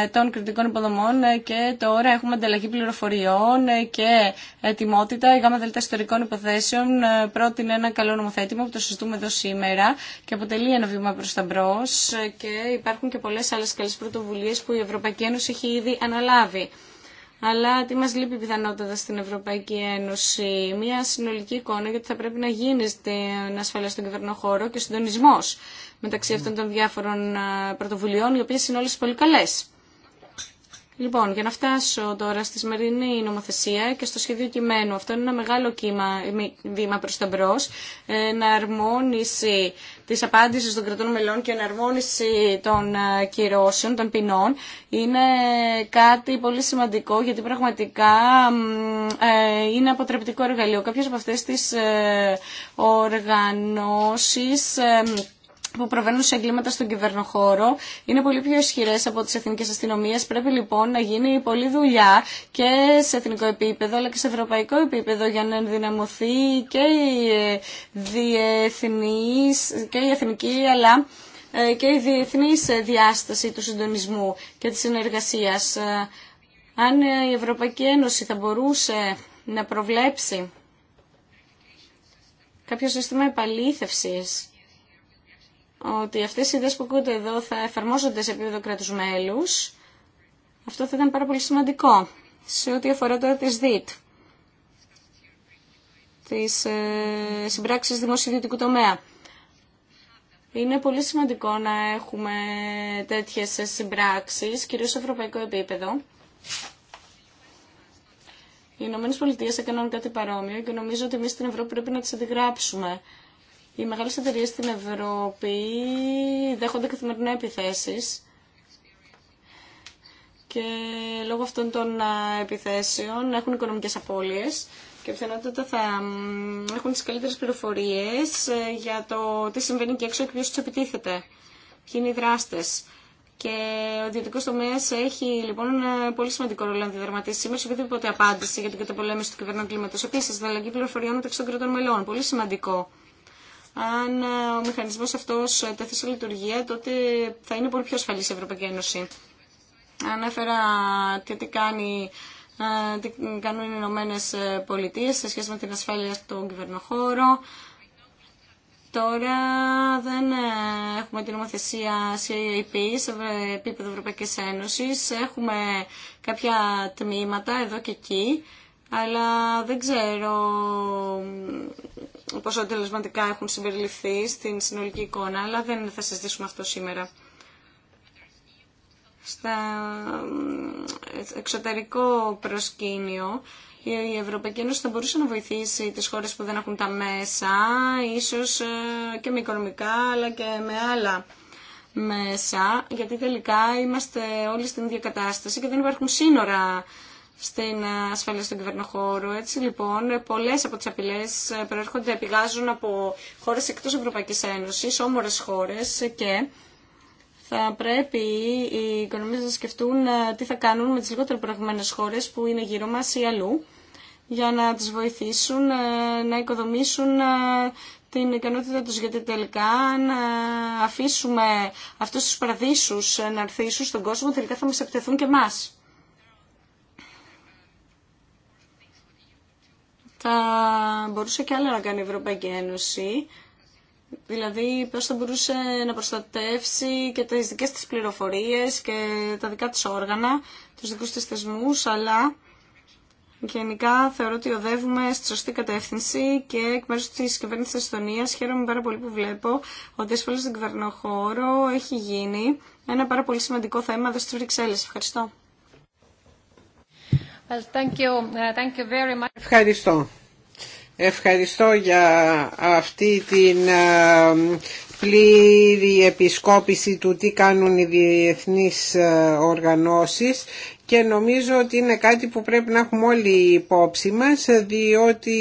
ε, των κριτικών υποδομών ε, και τώρα έχουμε ανταλλαγή πληροφοριών ε, και ετοιμότητα. Η ΓΑΜΑ ΔΕΛΤΑ Ιστορικών Υποθέσεων πρότεινε ένα καλό νομοθέτημα που το συζητούμε εδώ σήμερα και αποτελεί ένα βήμα προς τα μπρος και υπάρχουν και πολλές άλλες καλές πρωτοβουλίε που η Ευρωπαϊκή Ένωση έχει ήδη αναλάβει αλλά τι μας λείπει πιθανότατα στην Ευρωπαϊκή Ένωση. Μια συνολική εικόνα γιατί θα πρέπει να γίνει στην ασφαλεία στον χώρο και ο συντονισμός μεταξύ αυτών των διάφορων πρωτοβουλειών, οι οποίες είναι όλες πολύ καλές. Λοιπόν, για να φτάσω τώρα στη σημερινή νομοθεσία και στο σχέδιο κειμένου, αυτό είναι ένα μεγάλο κύμα, βήμα προς τα μπρος, εναρμόνιση της απάντησης των κρατών μελών και εναρμόνιση των ε, κυρώσεων, των ποινών, είναι κάτι πολύ σημαντικό γιατί πραγματικά ε, είναι αποτρεπτικό εργαλείο. Κάποιες από αυτές τις ε, οργανώσεις που προβαίνουν σε εγκλήματα στον κυβερνοχώρο είναι πολύ πιο ισχυρέ από τι εθνικέ αστυνομίε. Πρέπει λοιπόν να γίνει πολλή δουλειά και σε εθνικό επίπεδο αλλά και σε ευρωπαϊκό επίπεδο για να ενδυναμωθεί και η διεθνή και η εθνική αλλά ε, και η διεθνή διάσταση του συντονισμού και της συνεργασίας. Ε, αν ε, η Ευρωπαϊκή Ένωση θα μπορούσε να προβλέψει κάποιο σύστημα επαλήθευσης ότι αυτές οι ιδέες που ακούτε εδώ θα εφαρμόζονται σε επίπεδο κράτους μέλους. Αυτό θα ήταν πάρα πολύ σημαντικό σε ό,τι αφορά τώρα τις ΔΙΤ, τις ε, συμπράξεις τομέα. Είναι πολύ σημαντικό να έχουμε τέτοιες συμπράξεις, κυρίως σε ευρωπαϊκό επίπεδο. Οι Ηνωμένε Πολιτείε έκαναν κάτι παρόμοιο και νομίζω ότι εμεί στην Ευρώπη πρέπει να τις αντιγράψουμε. Οι μεγάλε εταιρείε στην Ευρώπη δέχονται καθημερινά επιθέσει. και λόγω αυτών των επιθέσεων έχουν οικονομικέ απώλειε και πιθανότητα θα έχουν τι καλύτερε πληροφορίε ε, για το τι συμβαίνει και έξω και ποιο του επιτίθεται, ποιοι είναι οι δράστε. Και ο ιδιωτικό τομέα έχει λοιπόν ένα πολύ σημαντικό ρόλο να διδραματίσει σήμερα σε οποιαδήποτε απάντηση για την καταπολέμηση του κυβερνών κλίματο. Επίση, ανταλλαγή πληροφοριών μεταξύ των κρατών μελών. Πολύ σημαντικό αν ε, ο μηχανισμός αυτός ε, τεθεί σε λειτουργία, τότε θα είναι πολύ πιο ασφαλής η Ευρωπαϊκή Ένωση. Ανέφερα και τι κάνει ε, τι κάνουν οι Ηνωμένε Πολιτείε σε σχέση με την ασφάλεια στον κυβερνοχώρο. Τώρα δεν έχουμε την νομοθεσία CAP σε επίπεδο Ευρωπαϊκής Ένωσης. Έχουμε κάποια τμήματα εδώ και εκεί, αλλά δεν ξέρω πόσο τελεσματικά έχουν συμπεριληφθεί στην συνολική εικόνα, αλλά δεν θα συζητήσουμε αυτό σήμερα. Στα εξωτερικό προσκήνιο, η Ευρωπαϊκή Ένωση θα μπορούσε να βοηθήσει τις χώρες που δεν έχουν τα μέσα, ίσως ε, και με οικονομικά, αλλά και με άλλα μέσα, γιατί τελικά είμαστε όλοι στην ίδια κατάσταση και δεν υπάρχουν σύνορα στην ασφάλεια στον κυβερνοχώρο. Έτσι λοιπόν, πολλέ από τι απειλέ προέρχονται, πηγάζουν από χώρε εκτό Ευρωπαϊκή Ένωση, όμορε χώρε και θα πρέπει οι οικονομίε να σκεφτούν ε, τι θα κάνουν με τι λιγότερο προηγουμένε χώρε που είναι γύρω μα ή αλλού για να τις βοηθήσουν ε, να οικοδομήσουν ε, την ικανότητα τους γιατί τελικά αν αφήσουμε αυτούς τους παραδείσους να αρθίσουν στον κόσμο τελικά θα μα επιτεθούν και εμά. θα μπορούσε και άλλα να κάνει η Ευρωπαϊκή Ένωση. Δηλαδή πώ θα μπορούσε να προστατεύσει και τι δικέ τη πληροφορίε και τα δικά τη όργανα, του δικού τη θεσμού. αλλά γενικά θεωρώ ότι οδεύουμε στη σωστή κατεύθυνση και εκ μέρους της κυβέρνησης της Εστονίας χαίρομαι πάρα πολύ που βλέπω ότι ασφαλή στον κυβερνοχώρο έχει γίνει ένα πάρα πολύ σημαντικό θέμα εδώ στις Βρυξέλλες. Ευχαριστώ. Uh, Ευχαριστώ. Ευχαριστώ για αυτή την ε, πλήρη επισκόπηση του τι κάνουν οι διεθνείς ε, οργανώσεις και νομίζω ότι είναι κάτι που πρέπει να έχουμε όλοι υπόψη μας διότι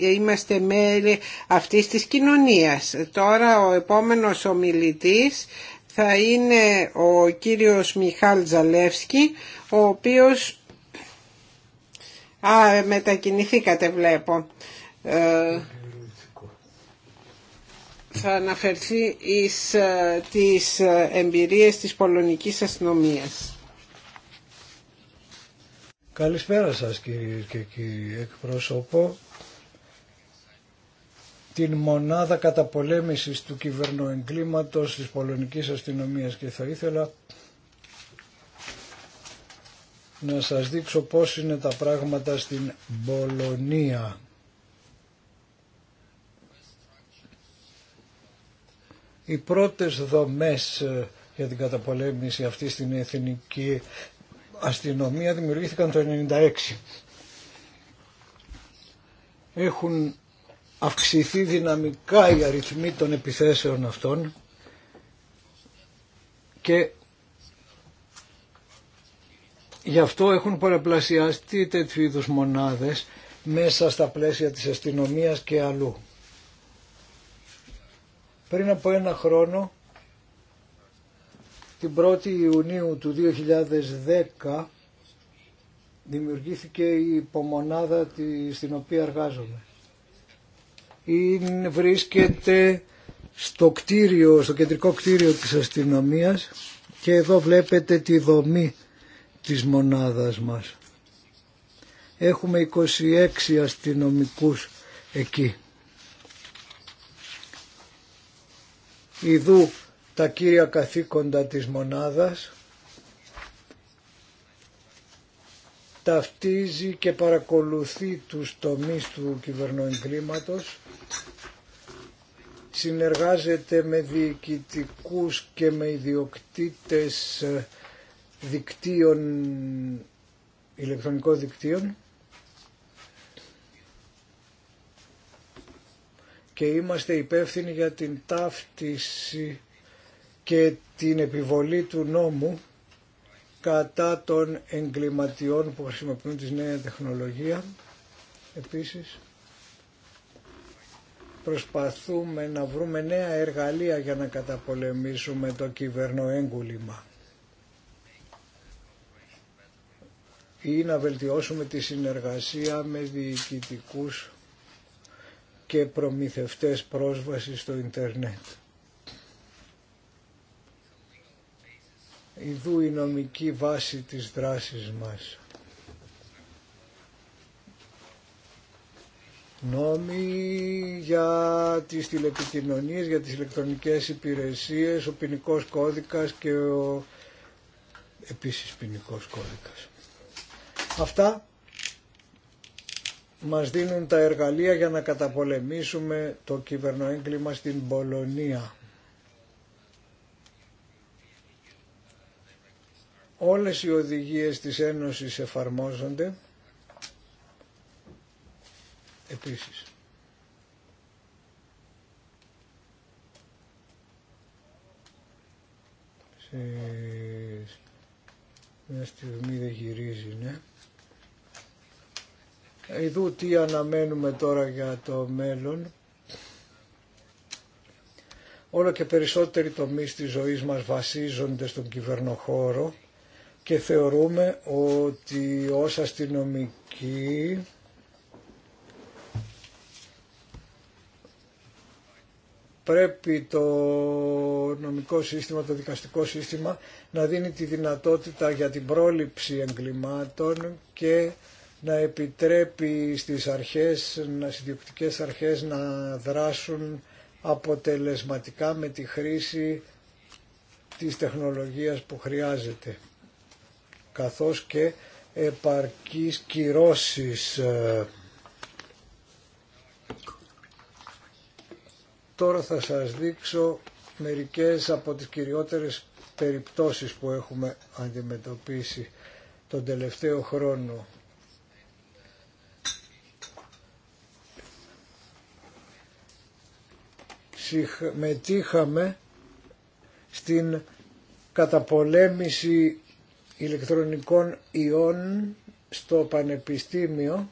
είμαστε μέλη αυτής της κοινωνίας. Τώρα ο επόμενος ομιλητής θα είναι ο κύριος Μιχάλ Ζαλεύσκη ο οποίος Α, μετακινηθήκατε βλέπω. Ε, θα αναφερθεί εις ε, τις ε, εμπειρίες της πολωνικής αστυνομίας. Καλησπέρα σας κύριε και κύριοι. εκπρόσωπο. την μονάδα καταπολέμησης του κυβερνοεγκλήματος της πολωνικής αστυνομίας και θα ήθελα να σας δείξω πώς είναι τα πράγματα στην Μπολονία. Οι πρώτες δομές ε, για την καταπολέμηση αυτή στην εθνική αστυνομία δημιουργήθηκαν το 1996. Έχουν αυξηθεί δυναμικά οι αριθμοί των επιθέσεων αυτών και Γι' αυτό έχουν πολλαπλασιαστεί τέτοιου είδου μονάδες μέσα στα πλαίσια της αστυνομία και αλλού. Πριν από ένα χρόνο, την 1η Ιουνίου του 2010, δημιουργήθηκε η υπομονάδα στην οποία εργάζομαι. Είναι, βρίσκεται στο κτίριο, στο κεντρικό κτίριο της αστυνομίας και εδώ βλέπετε τη δομή της μονάδας μας. Έχουμε 26 αστυνομικούς εκεί. Ιδού τα κύρια καθήκοντα της μονάδας ταυτίζει και παρακολουθεί τους τομείς του κυβερνοεγκλήματος συνεργάζεται με διοικητικούς και με ιδιοκτήτες ε, δικτύων, ηλεκτρονικών δικτύων και είμαστε υπεύθυνοι για την ταύτιση και την επιβολή του νόμου κατά των εγκληματιών που χρησιμοποιούν τη νέα τεχνολογία. Επίσης, προσπαθούμε να βρούμε νέα εργαλεία για να καταπολεμήσουμε το κυβερνοέγκουλημα. ή να βελτιώσουμε τη συνεργασία με διοικητικούς και προμηθευτές πρόσβαση στο ίντερνετ. Ιδού η νομική βάση της δράσης μας. Νόμοι για τις τηλεπικοινωνίες, για τις ηλεκτρονικές υπηρεσίες, ο ποινικό κώδικας και ο επίσης ποινικό κώδικας. Αυτά μας δίνουν τα εργαλεία για να καταπολεμήσουμε το κυβερνοέγκλημα στην Πολωνία. Όλες οι οδηγίες της Ένωσης εφαρμόζονται επίσης. μια στιγμή δεν γυρίζει, ναι. Ειδού τι αναμένουμε τώρα για το μέλλον. Όλο και περισσότεροι τομείς της ζωής μας βασίζονται στον κυβερνοχώρο και θεωρούμε ότι ως αστυνομικοί πρέπει το νομικό σύστημα, το δικαστικό σύστημα να δίνει τη δυνατότητα για την πρόληψη εγκλημάτων και να επιτρέπει στις αρχές, στις ιδιοκτικές αρχές να δράσουν αποτελεσματικά με τη χρήση της τεχνολογίας που χρειάζεται καθώς και επαρκής κυρώσεις. Τώρα θα σας δείξω μερικές από τις κυριότερες περιπτώσεις που έχουμε αντιμετωπίσει τον τελευταίο χρόνο. συμμετείχαμε στην καταπολέμηση ηλεκτρονικών ιών στο Πανεπιστήμιο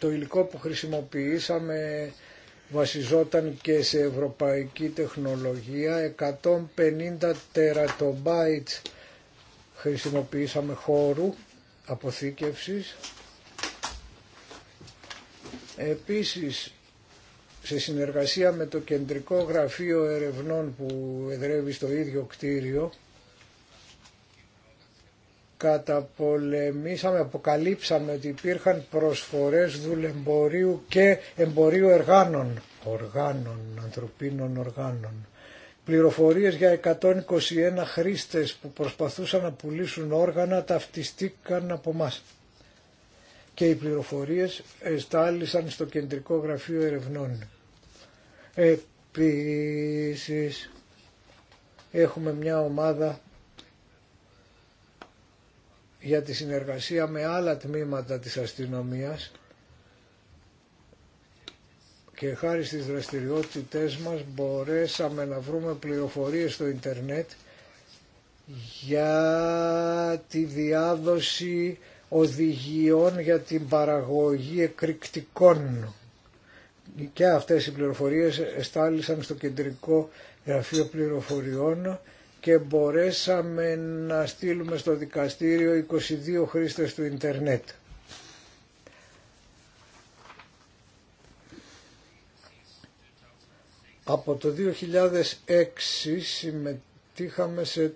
το υλικό που χρησιμοποιήσαμε βασιζόταν και σε ευρωπαϊκή τεχνολογία 150 τερατομπάιτς χρησιμοποιήσαμε χώρου αποθήκευσης Επίσης, σε συνεργασία με το Κεντρικό Γραφείο Ερευνών που εδρεύει στο ίδιο κτίριο, καταπολεμήσαμε, αποκαλύψαμε ότι υπήρχαν προσφορές δουλεμπορίου και εμπορίου εργάνων, οργάνων, ανθρωπίνων οργάνων. Πληροφορίες για 121 χρήστες που προσπαθούσαν να πουλήσουν όργανα ταυτιστήκαν από μας και οι πληροφορίες εστάλησαν στο Κεντρικό Γραφείο Ερευνών. Επίσης έχουμε μια ομάδα για τη συνεργασία με άλλα τμήματα της αστυνομίας και χάρη στις δραστηριότητες μας μπορέσαμε να βρούμε πληροφορίες στο ίντερνετ για τη διάδοση οδηγιών για την παραγωγή εκρηκτικών. Και αυτές οι πληροφορίες εστάλησαν στο κεντρικό γραφείο πληροφοριών και μπορέσαμε να στείλουμε στο δικαστήριο 22 χρήστες του Ιντερνετ. Από το 2006 συμμετείχαμε σε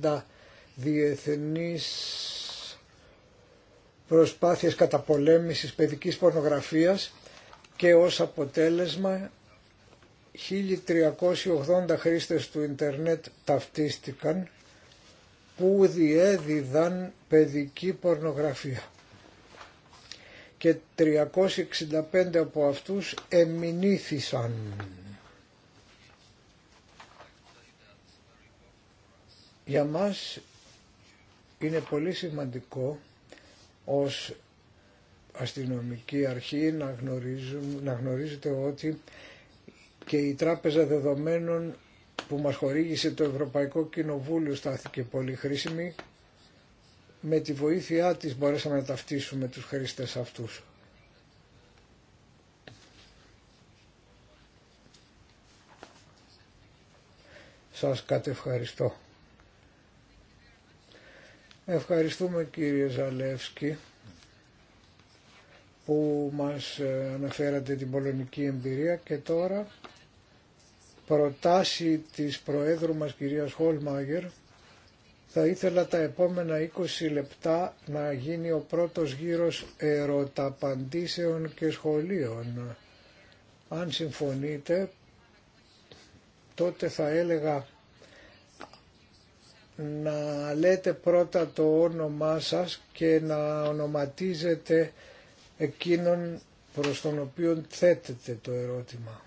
30 διεθνείς προσπάθειες καταπολέμησης παιδικής πορνογραφίας και ως αποτέλεσμα 1380 χρήστες του ίντερνετ ταυτίστηκαν που διέδιδαν παιδική πορνογραφία και 365 από αυτούς εμινήθησαν. Για μας είναι πολύ σημαντικό ως αστυνομική αρχή να, να γνωρίζετε ότι και η Τράπεζα Δεδομένων που μας χορήγησε το Ευρωπαϊκό Κοινοβούλιο στάθηκε πολύ χρήσιμη. Με τη βοήθειά της μπορέσαμε να ταυτίσουμε τους χρήστες αυτούς. Σας κατευχαριστώ. Ευχαριστούμε κύριε Ζαλεύσκη που μας ε, αναφέρατε την πολωνική εμπειρία και τώρα προτάσει της Προέδρου μας κυρίας Χολμάγερ θα ήθελα τα επόμενα 20 λεπτά να γίνει ο πρώτος γύρος ερωταπαντήσεων και σχολείων. Αν συμφωνείτε, τότε θα έλεγα να λέτε πρώτα το όνομά σας και να ονοματίζετε εκείνον προς τον οποίο θέτετε το ερώτημα.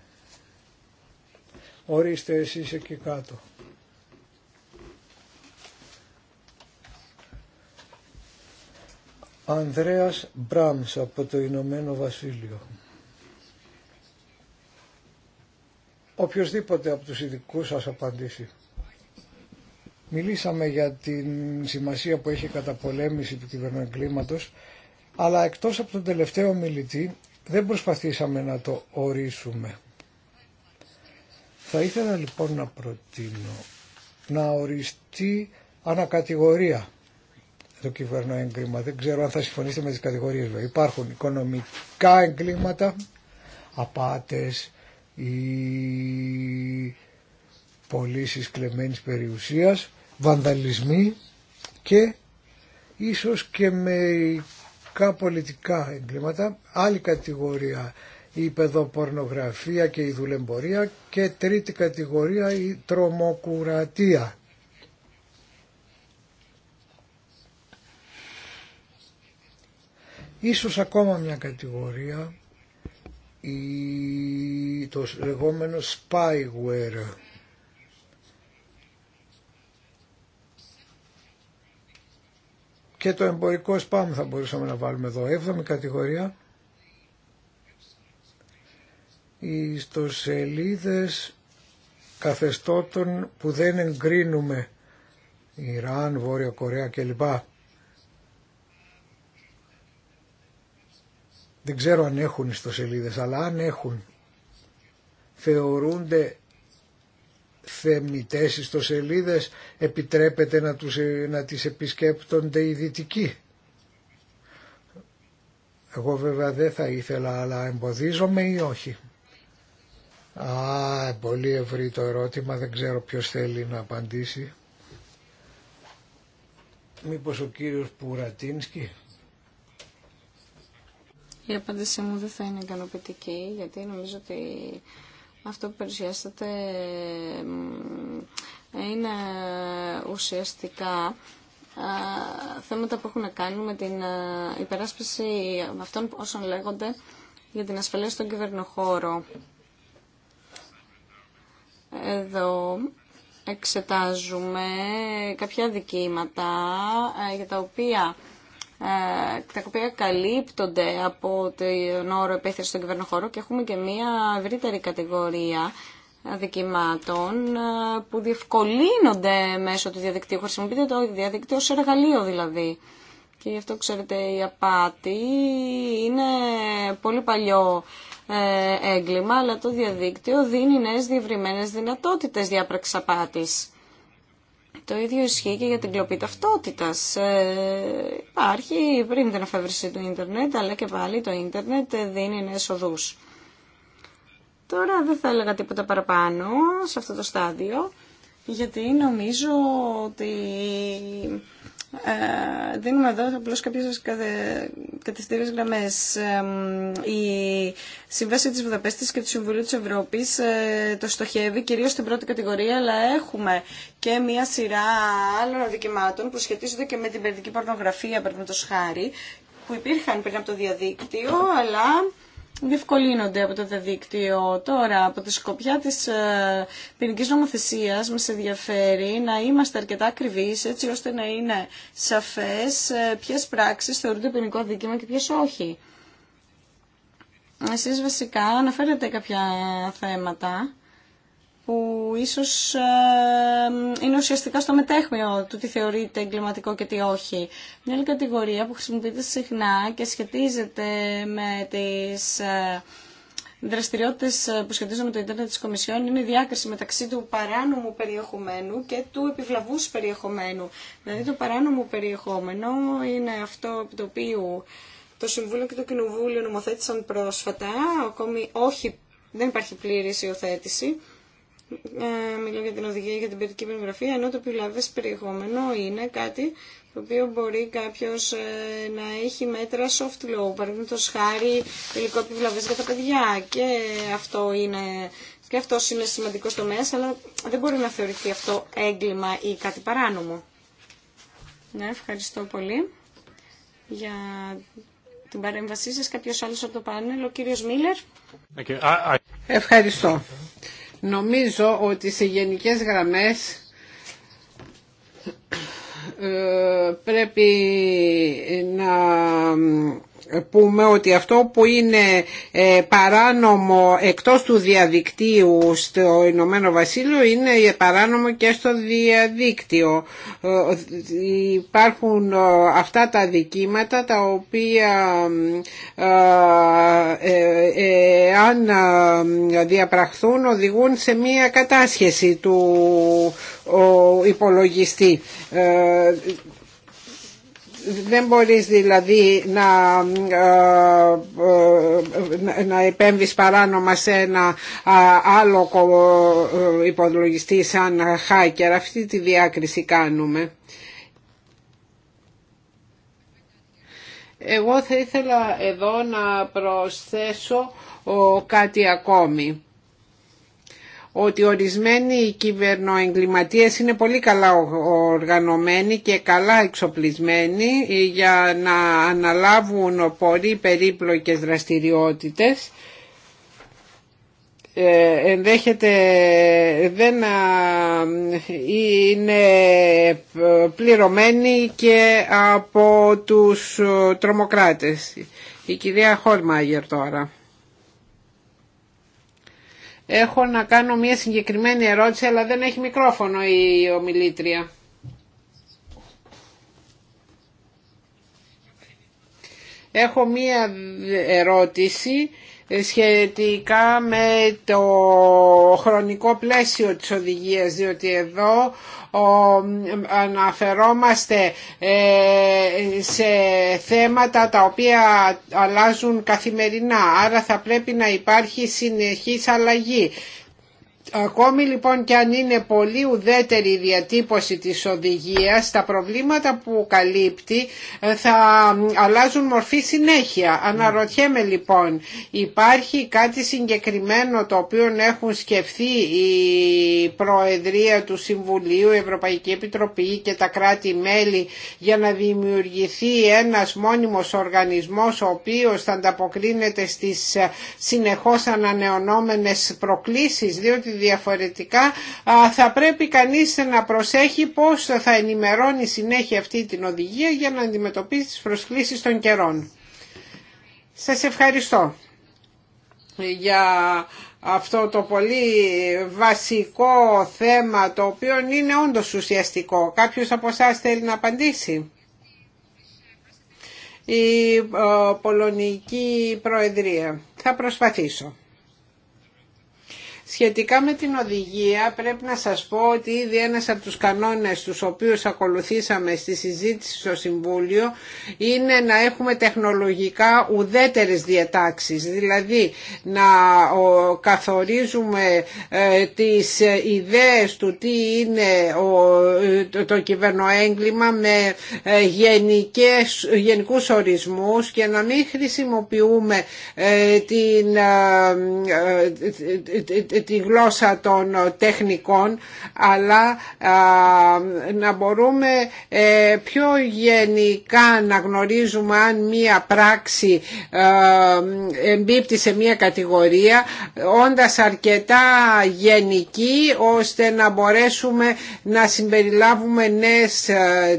Ορίστε εσείς εκεί κάτω. Ανδρέας Μπράμς από το Ηνωμένο Βασίλειο. Οποιοςδήποτε από τους ειδικούς σας απαντήσει. Μιλήσαμε για την σημασία που έχει η καταπολέμηση του εγκλήματο, αλλά εκτός από τον τελευταίο μιλητή δεν προσπαθήσαμε να το ορίσουμε. Θα ήθελα λοιπόν να προτείνω να οριστεί ανακατηγορία το κυβερνό έγκλημα. Δεν ξέρω αν θα συμφωνήσετε με τις κατηγορίες βέβαια. Υπάρχουν οικονομικά εγκλήματα, απάτες ή πωλήσει κλεμμένης περιουσίας βανδαλισμοί και ίσως και με μερικά πολιτικά εγκλήματα, άλλη κατηγορία η παιδοπορνογραφία και η δουλεμπορία και τρίτη κατηγορία η τρομοκουρατία. Ίσως ακόμα μια κατηγορία η, το λεγόμενο spyware και το εμπορικό σπάμ θα μπορούσαμε να βάλουμε εδώ. Έβδομη κατηγορία. Οι ιστοσελίδες καθεστώτων που δεν εγκρίνουμε. Ιράν, Βόρεια Κορέα κλπ. Δεν ξέρω αν έχουν ιστοσελίδες, αλλά αν έχουν θεωρούνται θεμητές ιστοσελίδες επιτρέπεται να, τους, να τις επισκέπτονται οι δυτικοί. Εγώ βέβαια δεν θα ήθελα αλλά εμποδίζομαι ή όχι. Α, πολύ ευρύ το ερώτημα, δεν ξέρω ποιος θέλει να απαντήσει. Μήπως ο κύριος Πουρατίνσκι. Η απάντησή μου δεν θα είναι ικανοποιητική, γιατί νομίζω ότι αυτό που παρουσιάσατε ε, είναι ουσιαστικά ε, θέματα που έχουν να κάνουν με την ε, υπεράσπιση αυτών όσων λέγονται για την ασφαλεία στον κυβερνοχώρο. Εδώ εξετάζουμε κάποια δικήματα για τα οποία ε, τα οποία καλύπτονται από τον όρο επέθεση στον κυβερνοχώρο και έχουμε και μία ευρύτερη κατηγορία δικημάτων ε, που διευκολύνονται μέσω του διαδικτύου. Χρησιμοποιείται το διαδικτύο ως εργαλείο δηλαδή. Και γι' αυτό ξέρετε η απάτη είναι πολύ παλιό ε, έγκλημα, αλλά το διαδίκτυο δίνει νέες διευρυμένες δυνατότητες διάπραξης απάτης. Το ίδιο ισχύει και για την κλοπή ταυτότητα. Ε, υπάρχει πριν την εφεύρεση του ίντερνετ, αλλά και πάλι το ίντερνετ δίνει νέε οδού. Τώρα δεν θα έλεγα τίποτα παραπάνω σε αυτό το στάδιο, γιατί νομίζω ότι ε, δίνουμε εδώ απλώς κάποιες κατευθύνες γραμμές. Ε, η Σύμβαση της Βουδαπέστης και του Συμβουλίου της Ευρώπης ε, το στοχεύει κυρίως στην πρώτη κατηγορία, αλλά έχουμε και μία σειρά άλλων αδικημάτων που σχετίζονται και με την παιδική πορνογραφία, το χάρη, που υπήρχαν πριν από το διαδίκτυο, αλλά διευκολύνονται από το διαδίκτυο. Τώρα, από τη σκοπιά της ε, ποινική νομοθεσία μα ενδιαφέρει να είμαστε αρκετά ακριβείς, έτσι ώστε να είναι σαφές ε, ποιες πράξεις θεωρούνται ποινικό δίκημα και ποιε όχι. Εσείς βασικά αναφέρετε κάποια θέματα που ίσως ε, είναι ουσιαστικά στο μετέχμιο του τι θεωρείται εγκληματικό και τι όχι. Μια άλλη κατηγορία που χρησιμοποιείται συχνά και σχετίζεται με τις ε, δραστηριότητες ε, που σχετίζονται με το Ιντερνετ της Κομισιόν είναι η διάκριση μεταξύ του παράνομου περιεχομένου και του επιβλαβούς περιεχομένου. Δηλαδή το παράνομο περιεχόμενο είναι αυτό το οποίο το Συμβούλιο και το Κοινοβούλιο νομοθέτησαν πρόσφατα, ακόμη όχι, δεν υπάρχει πλήρης υιοθέτηση ε, μιλώ για την οδηγία για την ποιοτική βιβλιογραφία, ενώ το επιβλαβέ περιεχόμενο είναι κάτι το οποίο μπορεί κάποιος ε, να έχει μέτρα soft law, παραδείγματο χάρη υλικό επιβλαβέ για τα παιδιά και αυτό είναι... Και αυτός είναι σημαντικό τομέα, αλλά δεν μπορεί να θεωρηθεί αυτό έγκλημα ή κάτι παράνομο. Ναι, ευχαριστώ πολύ για την παρέμβασή σας. Κάποιος άλλος από το πάνελ, ο κύριος Μίλλερ. Ευχαριστώ. Νομίζω ότι σε γενικές γραμμές ε, πρέπει να ε, πούμε ότι αυτό που είναι ε, παράνομο εκτός του διαδικτύου στο Ηνωμένο Βασίλειο είναι ε, παράνομο και στο διαδίκτυο. Υπάρχουν αυτά τα δικήματα τα οποία αν διαπραχθούν οδηγούν σε μία κατάσχεση του υπολογιστή δεν μπορείς δηλαδή να, ε, ε, να επέμβεις παράνομα σε ένα άλλο ε, υπολογιστή σαν hacker. Αυτή τη διάκριση κάνουμε. Εγώ θα ήθελα εδώ να προσθέσω κάτι ακόμη ότι ορισμένοι κυβερνοεγκληματίες είναι πολύ καλά οργανωμένοι και καλά εξοπλισμένοι ε, για να αναλάβουν πολύ περίπλοκες δραστηριότητες ε, ενδέχεται δεν είναι ε, πληρωμενοι και από τους τρομοκράτες. Η κυρία Χόλμαγερ τώρα. Έχω να κάνω μια συγκεκριμένη ερώτηση, αλλά δεν έχει μικρόφωνο η ομιλήτρια. Έχω μία ερώτηση σχετικά με το χρονικό πλαίσιο της οδηγίας διότι εδώ αναφερόμαστε ε, σε θέματα τα οποία αλλάζουν καθημερινά άρα θα πρέπει να υπάρχει συνεχής αλλαγή Ακόμη λοιπόν και αν είναι πολύ ουδέτερη η διατύπωση της οδηγίας, τα προβλήματα που καλύπτει ε, θα αλλάζουν μορφή συνέχεια. Αναρωτιέμαι λοιπόν, υπάρχει κάτι συγκεκριμένο το οποίο έχουν σκεφτεί η Προεδρία του Συμβουλίου, η Ευρωπαϊκή Επιτροπή και τα κράτη-μέλη για να δημιουργηθεί ένας μόνιμος οργανισμός ο οποίος θα ανταποκρίνεται στις ε, συνεχώς ανανεωνόμενες προκλήσεις, διότι διαφορετικά θα πρέπει κανείς να προσέχει πώς θα ενημερώνει συνέχεια αυτή την οδηγία για να αντιμετωπίσει τις προσκλήσεις των καιρών. Σας ευχαριστώ για αυτό το πολύ βασικό θέμα το οποίο είναι όντως ουσιαστικό. Κάποιος από εσά θέλει να απαντήσει. Η ε, Πολωνική Προεδρία. Θα προσπαθήσω. Σχετικά με την οδηγία πρέπει να σας πω ότι ήδη ένας από τους κανόνες τους οποίους ακολουθήσαμε στη συζήτηση στο Συμβούλιο είναι να έχουμε τεχνολογικά ουδέτερες διατάξεις, δηλαδή να καθορίζουμε ε, τις ιδέες του τι είναι το κυβερνοέγκλημα με ε, γενικές, γενικούς ορισμούς και να μην χρησιμοποιούμε ε, την τη γλώσσα των ε, τεχνικών αλλά να μπορούμε ε, πιο γενικά να γνωρίζουμε αν μία πράξη ε, εμπίπτει σε μία κατηγορία όντας αρκετά γενική ώστε να μπορέσουμε να συμπεριλάβουμε νέες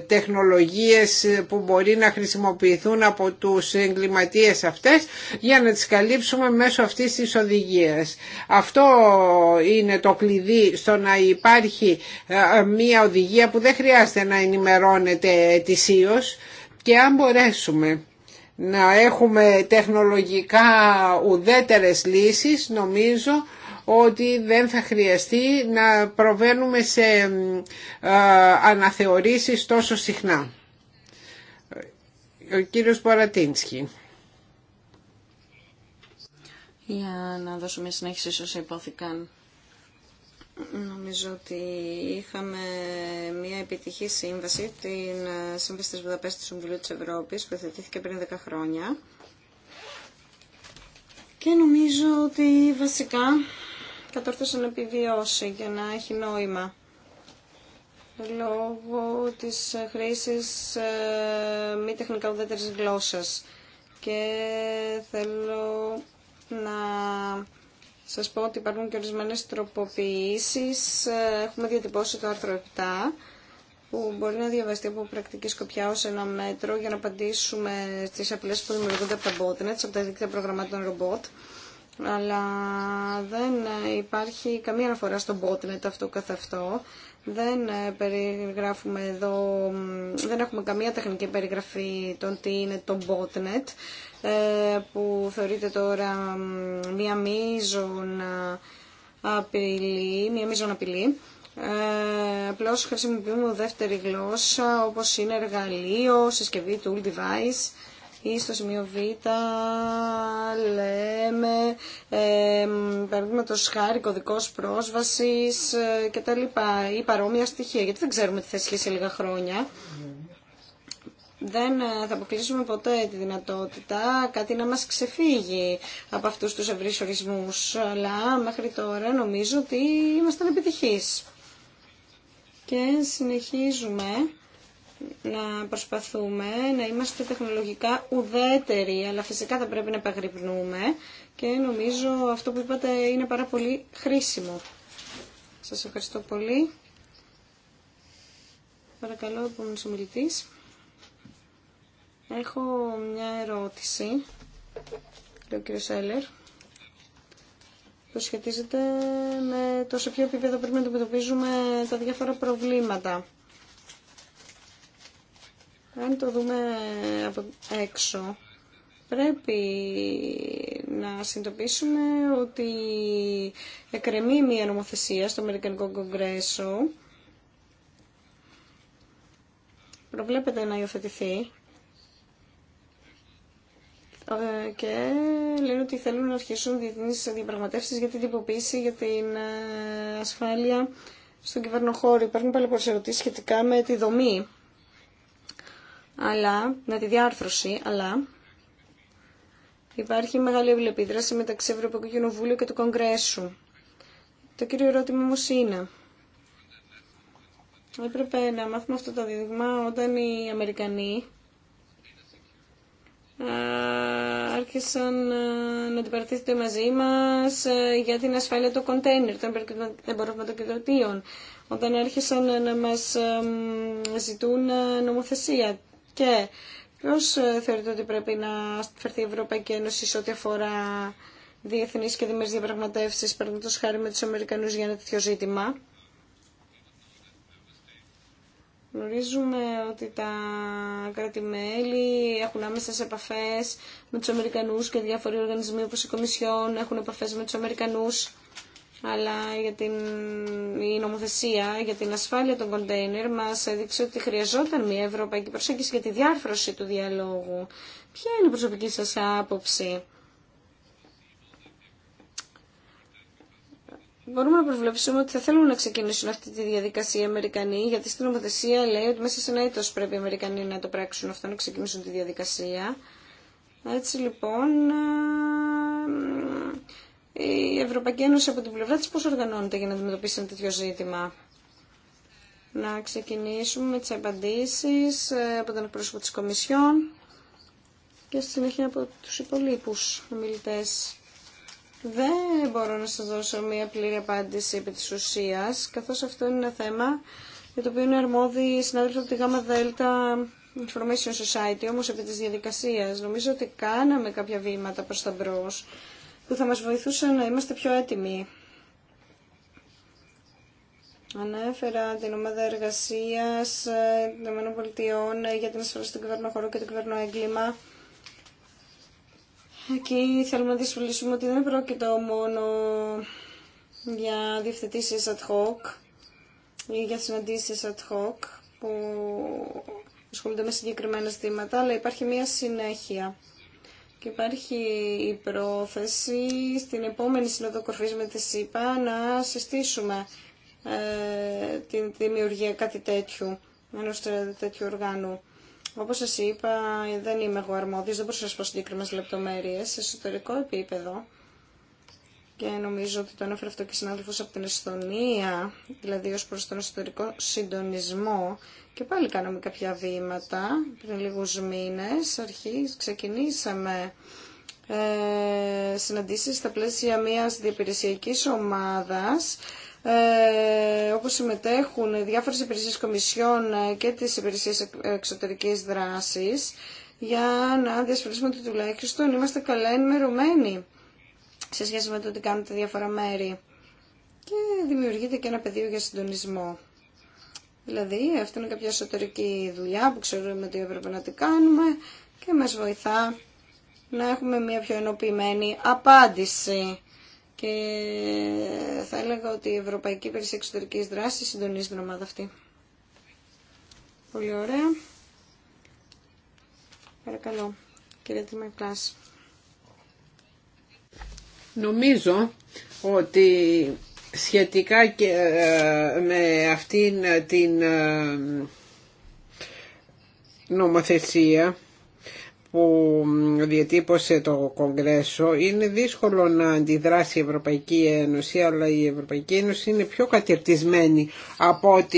τεχνολογίες που μπορεί να χρησιμοποιηθούν από τους εγκληματίες αυτές για να τις καλύψουμε μέσω αυτής της οδηγίας. Αυτό είναι το κλειδί στο να υπάρχει ε, μια οδηγία που δεν χρειάζεται να ενημερώνεται ετησίως και αν μπορέσουμε να έχουμε τεχνολογικά ουδέτερες λύσεις νομίζω ότι δεν θα χρειαστεί να προβαίνουμε σε ε, αναθεωρήσεις τόσο συχνά. Ο κύριος Παρατίνσκι. Για να δώσω μια συνέχιση σε όσα υπόθηκαν. Νομίζω ότι είχαμε μια επιτυχή σύμβαση, την ε, Σύμβαση της Βουδαπέστης του Συμβουλίου της Ευρώπης, που θετήθηκε πριν 10 χρόνια. Και νομίζω ότι βασικά κατόρθωσε να επιβιώσει για να έχει νόημα λόγω της χρήσης ε, μη τεχνικά ουδέτερης γλώσσας. Και θέλω να σας πω ότι υπάρχουν και ορισμένες τροποποιήσεις. Έχουμε διατυπώσει το άρθρο 7 που μπορεί να διαβαστεί από πρακτική σκοπιά ως ένα μέτρο για να απαντήσουμε στις απειλές που δημιουργούνται από τα botnets, από τα δίκτυα προγραμμάτων ρομπότ. Αλλά δεν υπάρχει καμία αναφορά στο botnet αυτό καθ' αυτό. Δεν ε, περιγράφουμε εδώ, δεν έχουμε καμία τεχνική περιγραφή των τι είναι το botnet. Ε, που θεωρείται τώρα μία μείζον απειλή, μία μείζον απειλή. Ε, απλώς χρησιμοποιούμε δεύτερη γλώσσα όπως είναι εργαλείο, συσκευή, tool, device ή στο σημείο Β λέμε ε, παραδείγματο χάρη κωδικό πρόσβαση ε, κτλ. ή παρόμοια στοιχεία. Γιατί δεν ξέρουμε τι θα ισχύει σε λίγα χρόνια. Ναι δεν ε, θα αποκλείσουμε ποτέ τη δυνατότητα κάτι να μας ξεφύγει από αυτούς τους ευρύς Αλλά μέχρι τώρα νομίζω ότι ήμασταν επιτυχείς. Και συνεχίζουμε να προσπαθούμε να είμαστε τεχνολογικά ουδέτεροι, αλλά φυσικά θα πρέπει να επαγρυπνούμε και νομίζω αυτό που είπατε είναι πάρα πολύ χρήσιμο. Σας ευχαριστώ πολύ. Παρακαλώ, επόμενος ομιλητής. Έχω μια ερώτηση, λέει ο Το Σέλερ, που σχετίζεται με το σε ποιο επίπεδο πρέπει να αντιμετωπίζουμε τα διάφορα προβλήματα. Αν το δούμε από έξω, πρέπει να συνειδητοποιήσουμε ότι εκρεμεί μια νομοθεσία στο Αμερικανικό Κογκρέσο. Προβλέπεται να υιοθετηθεί ε, και λένε ότι θέλουν να αρχίσουν διεθνείς διαπραγματεύσεις για την τυποποίηση, για την ε, ασφάλεια στον κυβερνοχώρο. Υπάρχουν πάλι πολλές ερωτήσεις σχετικά με τη δομή, αλλά, με τη διάρθρωση, αλλά υπάρχει μεγάλη ευλεπίδραση μεταξύ Ευρωπαϊκού Κοινοβούλου και του Κογκρέσου. Το κύριο ερώτημα όμω είναι, έπρεπε να μάθουμε αυτό το δείγμα όταν οι Αμερικανοί ε, άρχισαν ε, να αντιπαρατήθηκαν μαζί μας ε, για την ασφάλεια των κοντέινερ, των εμπορευματοκιβωτίων, όταν άρχισαν να μας ζητούν νομοθεσία. Και ποιος θεωρείτε ότι πρέπει να φερθεί η Ευρωπαϊκή Ένωση σε ό,τι αφορά διεθνείς και δημιουργικές διαπραγματεύσεις, παραδείγματος χάρη με τους Αμερικανούς για ένα τέτοιο ζήτημα. Γνωρίζουμε ότι τα κράτη-μέλη έχουν άμεσε επαφέ με του Αμερικανού και διάφοροι οργανισμοί όπω η Κομισιόν έχουν επαφέ με του Αμερικανού, αλλά για την, η νομοθεσία για την ασφάλεια των κοντέινερ Μα έδειξε ότι χρειαζόταν μια ευρωπαϊκή προσέγγιση για τη διάρθρωση του διαλόγου. Ποια είναι η προσωπική σα άποψη Μπορούμε να προβλέψουμε ότι θα θέλουν να ξεκινήσουν αυτή τη διαδικασία οι Αμερικανοί, γιατί στην νομοθεσία λέει ότι μέσα σε ένα έτος πρέπει οι Αμερικανοί να το πράξουν αυτό, να ξεκινήσουν τη διαδικασία. Έτσι λοιπόν, ε, η Ευρωπαϊκή Ένωση από την πλευρά της πώς οργανώνεται για να αντιμετωπίσει ένα τέτοιο ζήτημα. Να ξεκινήσουμε με τις απαντήσεις ε, από τον εκπρόσωπο της Κομισιόν και στη συνέχεια από τους υπολείπους ομιλητές. Δεν μπορώ να σας δώσω μία πλήρη απάντηση επί της ουσίας, καθώς αυτό είναι ένα θέμα για το οποίο είναι αρμόδιοι συνάδελφοι από τη ΓΑΜΑ ΔΕΛΤΑ Information Society, όμως επί της διαδικασίας. Νομίζω ότι κάναμε κάποια βήματα προς τα μπρος που θα μας βοηθούσαν να είμαστε πιο έτοιμοι. Ανέφερα την ομάδα εργασίας ε, των ΗΠΑ ε, για την ασφαλή στον χωρού και το κυβέρνο έγκλημα Εκεί θέλουμε να δυσκολήσουμε ότι δεν πρόκειται μόνο για διευθετήσεις ad hoc ή για συναντήσεις ad hoc που ασχολούνται με συγκεκριμένα ζητήματα, αλλά υπάρχει μία συνέχεια. Και υπάρχει η πρόθεση στην επόμενη Σύνοδο Κορφής με τη να συστήσουμε ε, την δημιουργία κάτι τέτοιου, ενός τέτοιου οργάνου. Όπως σας είπα, δεν είμαι εγώ αρμόδιος, δεν μπορώ να σας πω συγκεκριμένες λεπτομέρειες. Σε εσωτερικό επίπεδο, και νομίζω ότι το έφερε αυτό και συνάδελφος από την Εσθονία, δηλαδή ως προς τον εσωτερικό συντονισμό, και πάλι κάναμε κάποια βήματα πριν λίγους μήνες, αρχή ξεκινήσαμε ε, συναντήσεις στα πλαίσια μιας διαπηρεσιακής ομάδας ε, όπου συμμετέχουν διάφορες υπηρεσίες κομισιών ε, και τις υπηρεσίες εξωτερικής δράσης για να διασφαλίσουμε ότι τουλάχιστον είμαστε καλά ενημερωμένοι σε σχέση με το τι κάνουν τα διάφορα μέρη. Και δημιουργείται και ένα πεδίο για συντονισμό. Δηλαδή, αυτή είναι κάποια εσωτερική δουλειά που ξέρουμε ότι έπρεπε να την κάνουμε και μας βοηθά να έχουμε μια πιο ενοποιημένη απάντηση και θα έλεγα ότι η Ευρωπαϊκή Υπηρεσία Εξωτερικής δράση συντονίζει την ομάδα αυτή. Πολύ ωραία. Παρακαλώ, κύριε κλάση. Νομίζω ότι σχετικά ε, με αυτήν την ε, νομοθεσία που διατύπωσε το Κογκρέσο είναι δύσκολο να αντιδράσει η Ευρωπαϊκή Ένωση αλλά η Ευρωπαϊκή Ένωση είναι πιο κατερτισμένη από ότι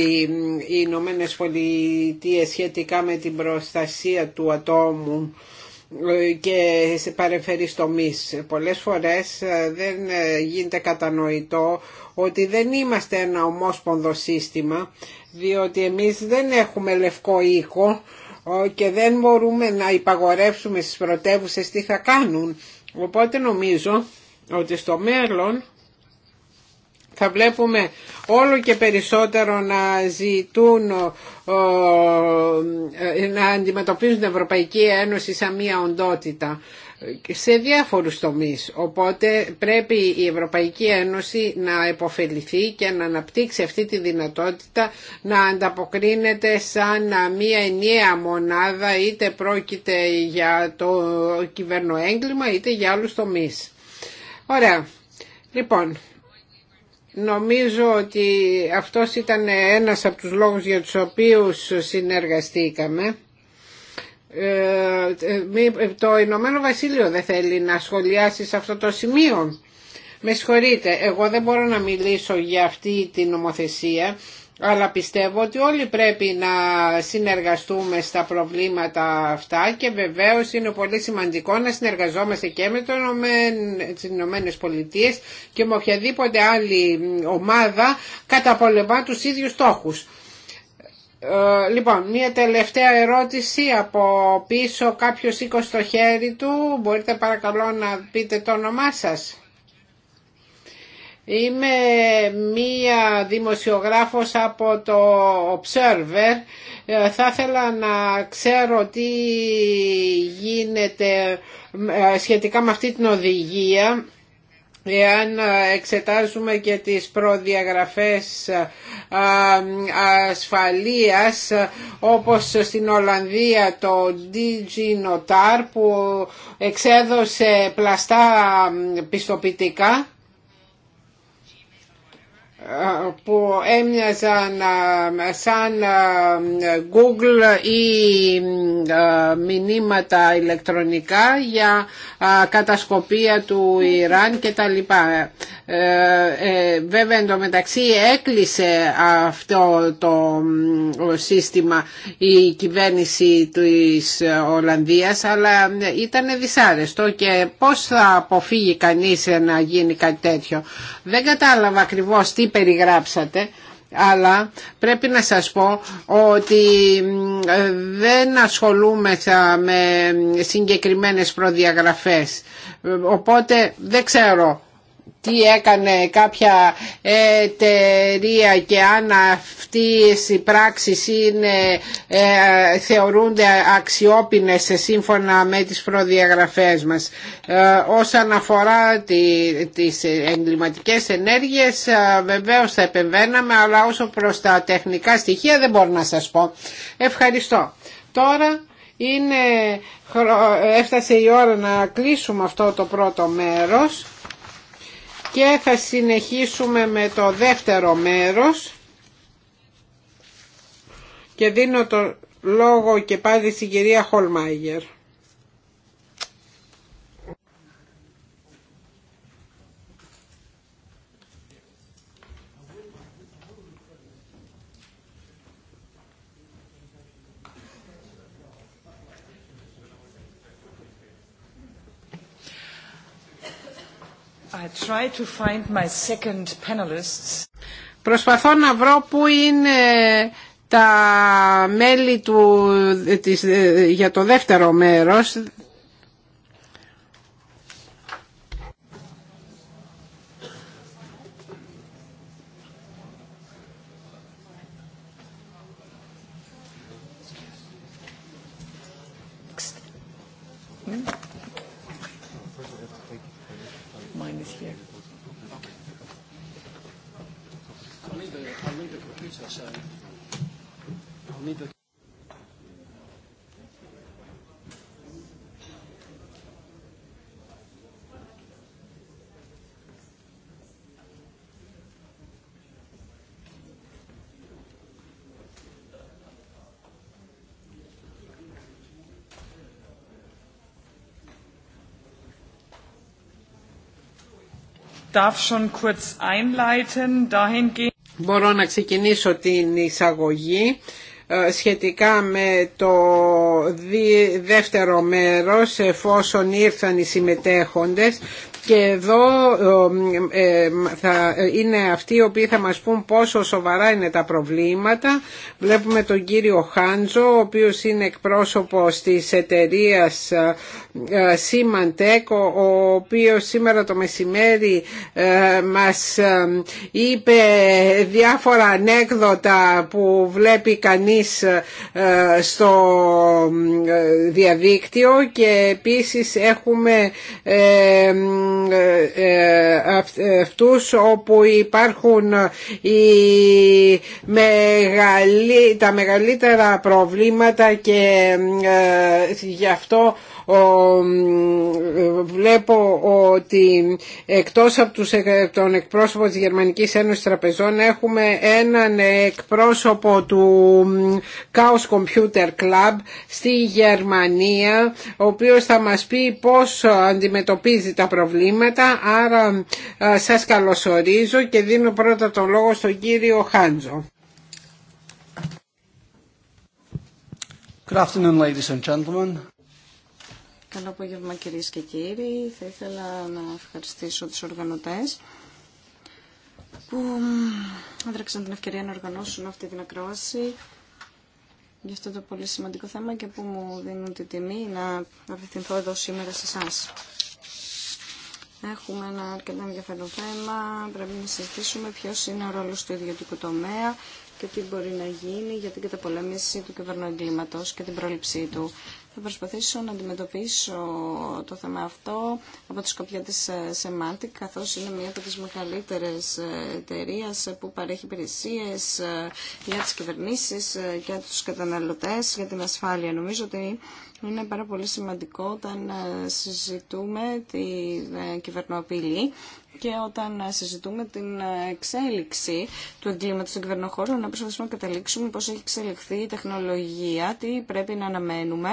οι Ηνωμένε Πολιτείε σχετικά με την προστασία του ατόμου ε, και σε παρεμφερείς τομείς. Πολλές φορές ε, δεν ε, γίνεται κατανοητό ότι δεν είμαστε ένα ομόσπονδο σύστημα διότι εμείς δεν έχουμε λευκό ήχο και δεν μπορούμε να υπαγορεύσουμε στις πρωτεύουσε, τι θα κάνουν. Οπότε νομίζω ότι στο μέλλον θα βλέπουμε όλο και περισσότερο να ζητούν, να αντιμετωπίζουν την Ευρωπαϊκή Ένωση σαν μία οντότητα σε διάφορους τομείς. Οπότε πρέπει η Ευρωπαϊκή Ένωση να επωφεληθεί και να αναπτύξει αυτή τη δυνατότητα να ανταποκρίνεται σαν μία ενιαία μονάδα είτε πρόκειται για το κυβερνοέγκλημα είτε για άλλους τομείς. Ωραία. Λοιπόν, Νομίζω ότι αυτός ήταν ένας από τους λόγους για τους οποίους συνεργαστήκαμε ε, ε, ε, το Ηνωμένο Βασίλειο δεν θέλει να σχολιάσει σε αυτό το σημείο. Με συγχωρείτε, εγώ δεν μπορώ να μιλήσω για αυτή την νομοθεσία, αλλά πιστεύω ότι όλοι πρέπει να συνεργαστούμε στα προβλήματα αυτά και βεβαίως είναι πολύ σημαντικό να συνεργαζόμαστε και με τις Ηνωμένε Πολιτείες και με οποιαδήποτε άλλη ομάδα καταπολεμά τους ίδιους στόχους. Ε, λοιπόν, μία τελευταία ερώτηση από πίσω. κάποιο σήκωσε το χέρι του. Μπορείτε παρακαλώ να πείτε το όνομά σας. Είμαι μία δημοσιογράφος από το Observer. Ε, θα ήθελα να ξέρω τι γίνεται ε, σχετικά με αυτή την οδηγία Εάν εξετάζουμε και τις προδιαγραφές ασφαλείας όπως στην Ολλανδία το DG Notar που εξέδωσε πλαστά πιστοποιητικά που έμοιαζαν σαν Google ή μηνύματα ηλεκτρονικά για κατασκοπία του Ιράν και τα λοιπά. Ε, ε, βέβαια εντωμεταξύ έκλεισε αυτό το σύστημα η κυβέρνηση της Ολλανδίας αλλά ε, ήταν δυσάρεστο και πώς θα αποφύγει κανείς να γίνει κάτι τέτοιο. Δεν κατάλαβα ακριβώς τι περιγράψατε αλλά πρέπει να σας πω ότι ε, δεν ασχολούμεθα με συγκεκριμένες προδιαγραφές ε, οπότε δεν ξέρω τι έκανε κάποια εταιρεία και αν αυτές οι πράξεις είναι, ε, θεωρούνται αξιόπινες σύμφωνα με τις προδιαγραφές μας. Ε, όσον αφορά τη, τις εγκληματικές ενέργειες ε, βεβαίως θα επεμβαίναμε αλλά όσο προς τα τεχνικά στοιχεία δεν μπορώ να σας πω. Ευχαριστώ. Τώρα είναι, έφτασε η ώρα να κλείσουμε αυτό το πρώτο μέρος και θα συνεχίσουμε με το δεύτερο μέρος και δίνω το λόγο και πάλι στην κυρία Χολμάγερ. Προσπαθώ να βρω πού είναι τα μέλη του, της, ε, για το δεύτερο μέρος Μπορώ να ξεκινήσω την εισαγωγή ε, σχετικά με το δεύτερο μέρος εφόσον ήρθαν οι συμμετέχοντες και εδώ ε, θα είναι αυτοί οι οποίοι θα μας πούν πόσο σοβαρά είναι τα προβλήματα. Βλέπουμε τον κύριο Χάντζο, ο οποίος είναι εκπρόσωπος της εταιρείας Σίμαντεκ, ο οποίος σήμερα το μεσημέρι ε, μας ε, είπε διάφορα ανέκδοτα που βλέπει κανείς στο διαδίκτυο και επίσης έχουμε αυτούς όπου υπάρχουν οι τα μεγαλύτερα προβλήματα και ε, γι' αυτό βλέπω ότι εκτός από τους, τον εκπρόσωπο της Γερμανικής Ένωσης Τραπεζών έχουμε έναν εκπρόσωπο του Chaos Computer Club στη Γερμανία ο οποίος θα μας πει πώς αντιμετωπίζει τα προβλήματα άρα σας καλωσορίζω και δίνω πρώτα τον λόγο στον κύριο Χάντζο. Καλό απόγευμα κυρίες και κύριοι. Θα ήθελα να ευχαριστήσω τους οργανωτές που έδραξαν την ευκαιρία να οργανώσουν αυτή την ακρόαση για αυτό το πολύ σημαντικό θέμα και που μου δίνουν τη τιμή να απευθυνθώ εδώ σήμερα σε εσά. Έχουμε ένα αρκετά ενδιαφέρον θέμα. Πρέπει να συζητήσουμε ποιο είναι ο ρόλο του ιδιωτικού τομέα και τι μπορεί να γίνει για την καταπολέμηση του κυβερνοεγκλήματο και την πρόληψή του. Θα προσπαθήσω να αντιμετωπίσω το θέμα αυτό από τη σκοπιά της ε, Semantic, καθώς είναι μία από τις μεγαλύτερες ε, εταιρείε ε, που παρέχει υπηρεσίε για τις κυβερνήσεις, για τους καταναλωτές, για την ασφάλεια. Νομίζω ότι είναι πάρα πολύ σημαντικό όταν συζητούμε τη κυβερνοαπειλή και όταν συζητούμε την εξέλιξη του εγκλήματος στον κυβερνοχώρο να προσπαθήσουμε να καταλήξουμε πώς έχει εξελιχθεί η τεχνολογία, τι πρέπει να αναμένουμε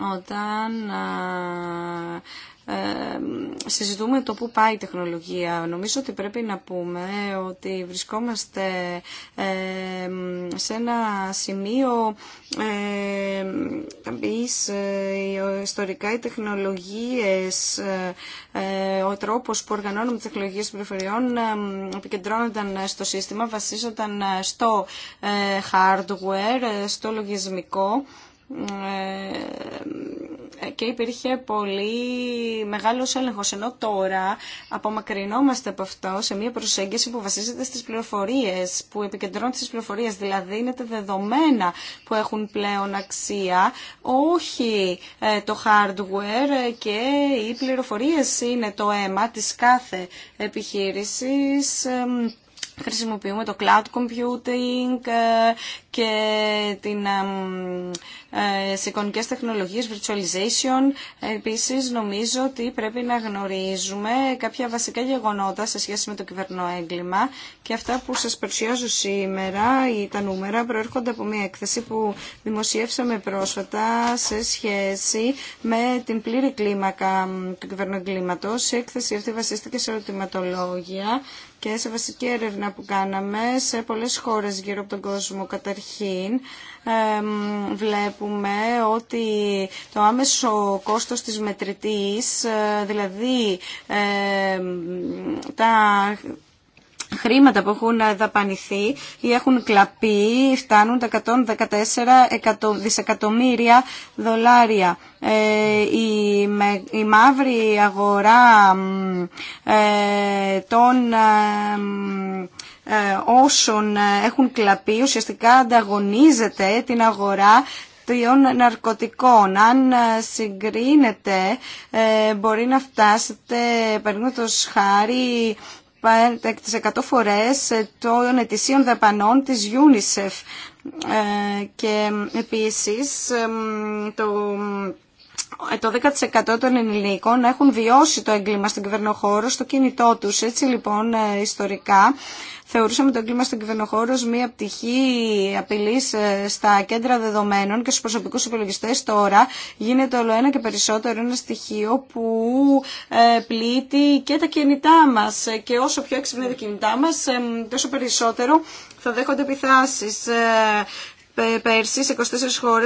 όταν ε, συζητούμε το πού πάει η τεχνολογία. Νομίζω ότι πρέπει να πούμε ότι βρισκόμαστε ε, σε ένα σημείο ε, ε ιστορικά οι τεχνολογίες, ο τρόπος που οργανώνουμε τις τεχνολογίες των πληροφοριών επικεντρώνονταν στο σύστημα, βασίζονταν στο hardware, στο λογισμικό ε, και υπήρχε πολύ μεγάλος έλεγχος ενώ τώρα απομακρυνόμαστε από αυτό σε μια προσέγγιση που βασίζεται στις πληροφορίες που επικεντρώνεται στις πληροφορίες δηλαδή είναι τα δεδομένα που έχουν πλέον αξία όχι ε, το hardware και οι πληροφορίες είναι το αίμα της κάθε επιχείρησης χρησιμοποιούμε το cloud computing ε, και την ε, σε εικονικές τεχνολογίες, virtualization. Ε, επίσης, νομίζω ότι πρέπει να γνωρίζουμε κάποια βασικά γεγονότα σε σχέση με το κυβερνό έγκλημα και αυτά που σας παρουσιάζω σήμερα, ή τα νούμερα, προέρχονται από μια έκθεση που δημοσιεύσαμε πρόσφατα σε σχέση με την πλήρη κλίμακα του κυβερνού Η έκθεση αυτή βασίστηκε σε ερωτηματολόγια και σε βασική έρευνα που κάναμε σε πολλές χώρες γύρω από τον κόσμο. Καταρχήν, βλέπουμε ότι το άμεσο κόστος της μετρητής, ε, δηλαδή τα χρήματα που έχουν δαπανηθεί ή έχουν κλαπεί φτάνουν τα 114 δισεκατομμύρια δολάρια. Ε, η, μαύρη αγορά ε, των ε, όσων ε, έχουν κλαπεί ουσιαστικά ανταγωνίζεται την αγορά των ναρκωτικών. Αν ε, συγκρίνετε μπορεί να φτάσετε το χάρη 100 φορές των ετησίων δαπανών της UNICEF και επίσης το το 10% των ενηλίκων έχουν βιώσει το έγκλημα στον κυβερνοχώρο στο κινητό τους. Έτσι λοιπόν ιστορικά θεωρούσαμε το κλίμα στον κυβερνοχώρο ως μία πτυχή απειλής ε, στα κέντρα δεδομένων και στους προσωπικούς υπολογιστές. Τώρα γίνεται όλο ένα και περισσότερο ένα στοιχείο που ε, πλήττει και τα κινητά μας και όσο πιο έξυπνα τα κινητά μας ε, τόσο περισσότερο θα δέχονται επιθάσεις. Πέρσι, σε 24 χώρε,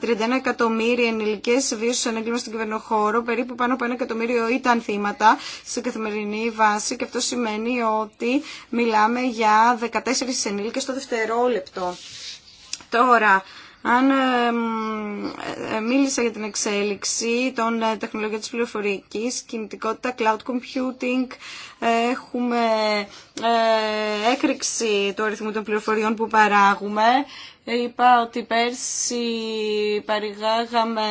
431 εκατομμύρια ενηλικέ βίωσαν έγκλημα στον κυβερνοχώρο. Περίπου πάνω από ένα εκατομμύριο ήταν θύματα σε καθημερινή βάση. Και αυτό σημαίνει ότι μιλάμε για 14 ενήλικε το δευτερόλεπτο. Τώρα, αν ε, μίλησα για την εξέλιξη των ε, τεχνολογιών της πληροφορικής, κινητικότητα, cloud computing, έχουμε ε, έκρηξη του αριθμού των πληροφοριών που παράγουμε. Είπα ότι πέρσι παρηγάγαμε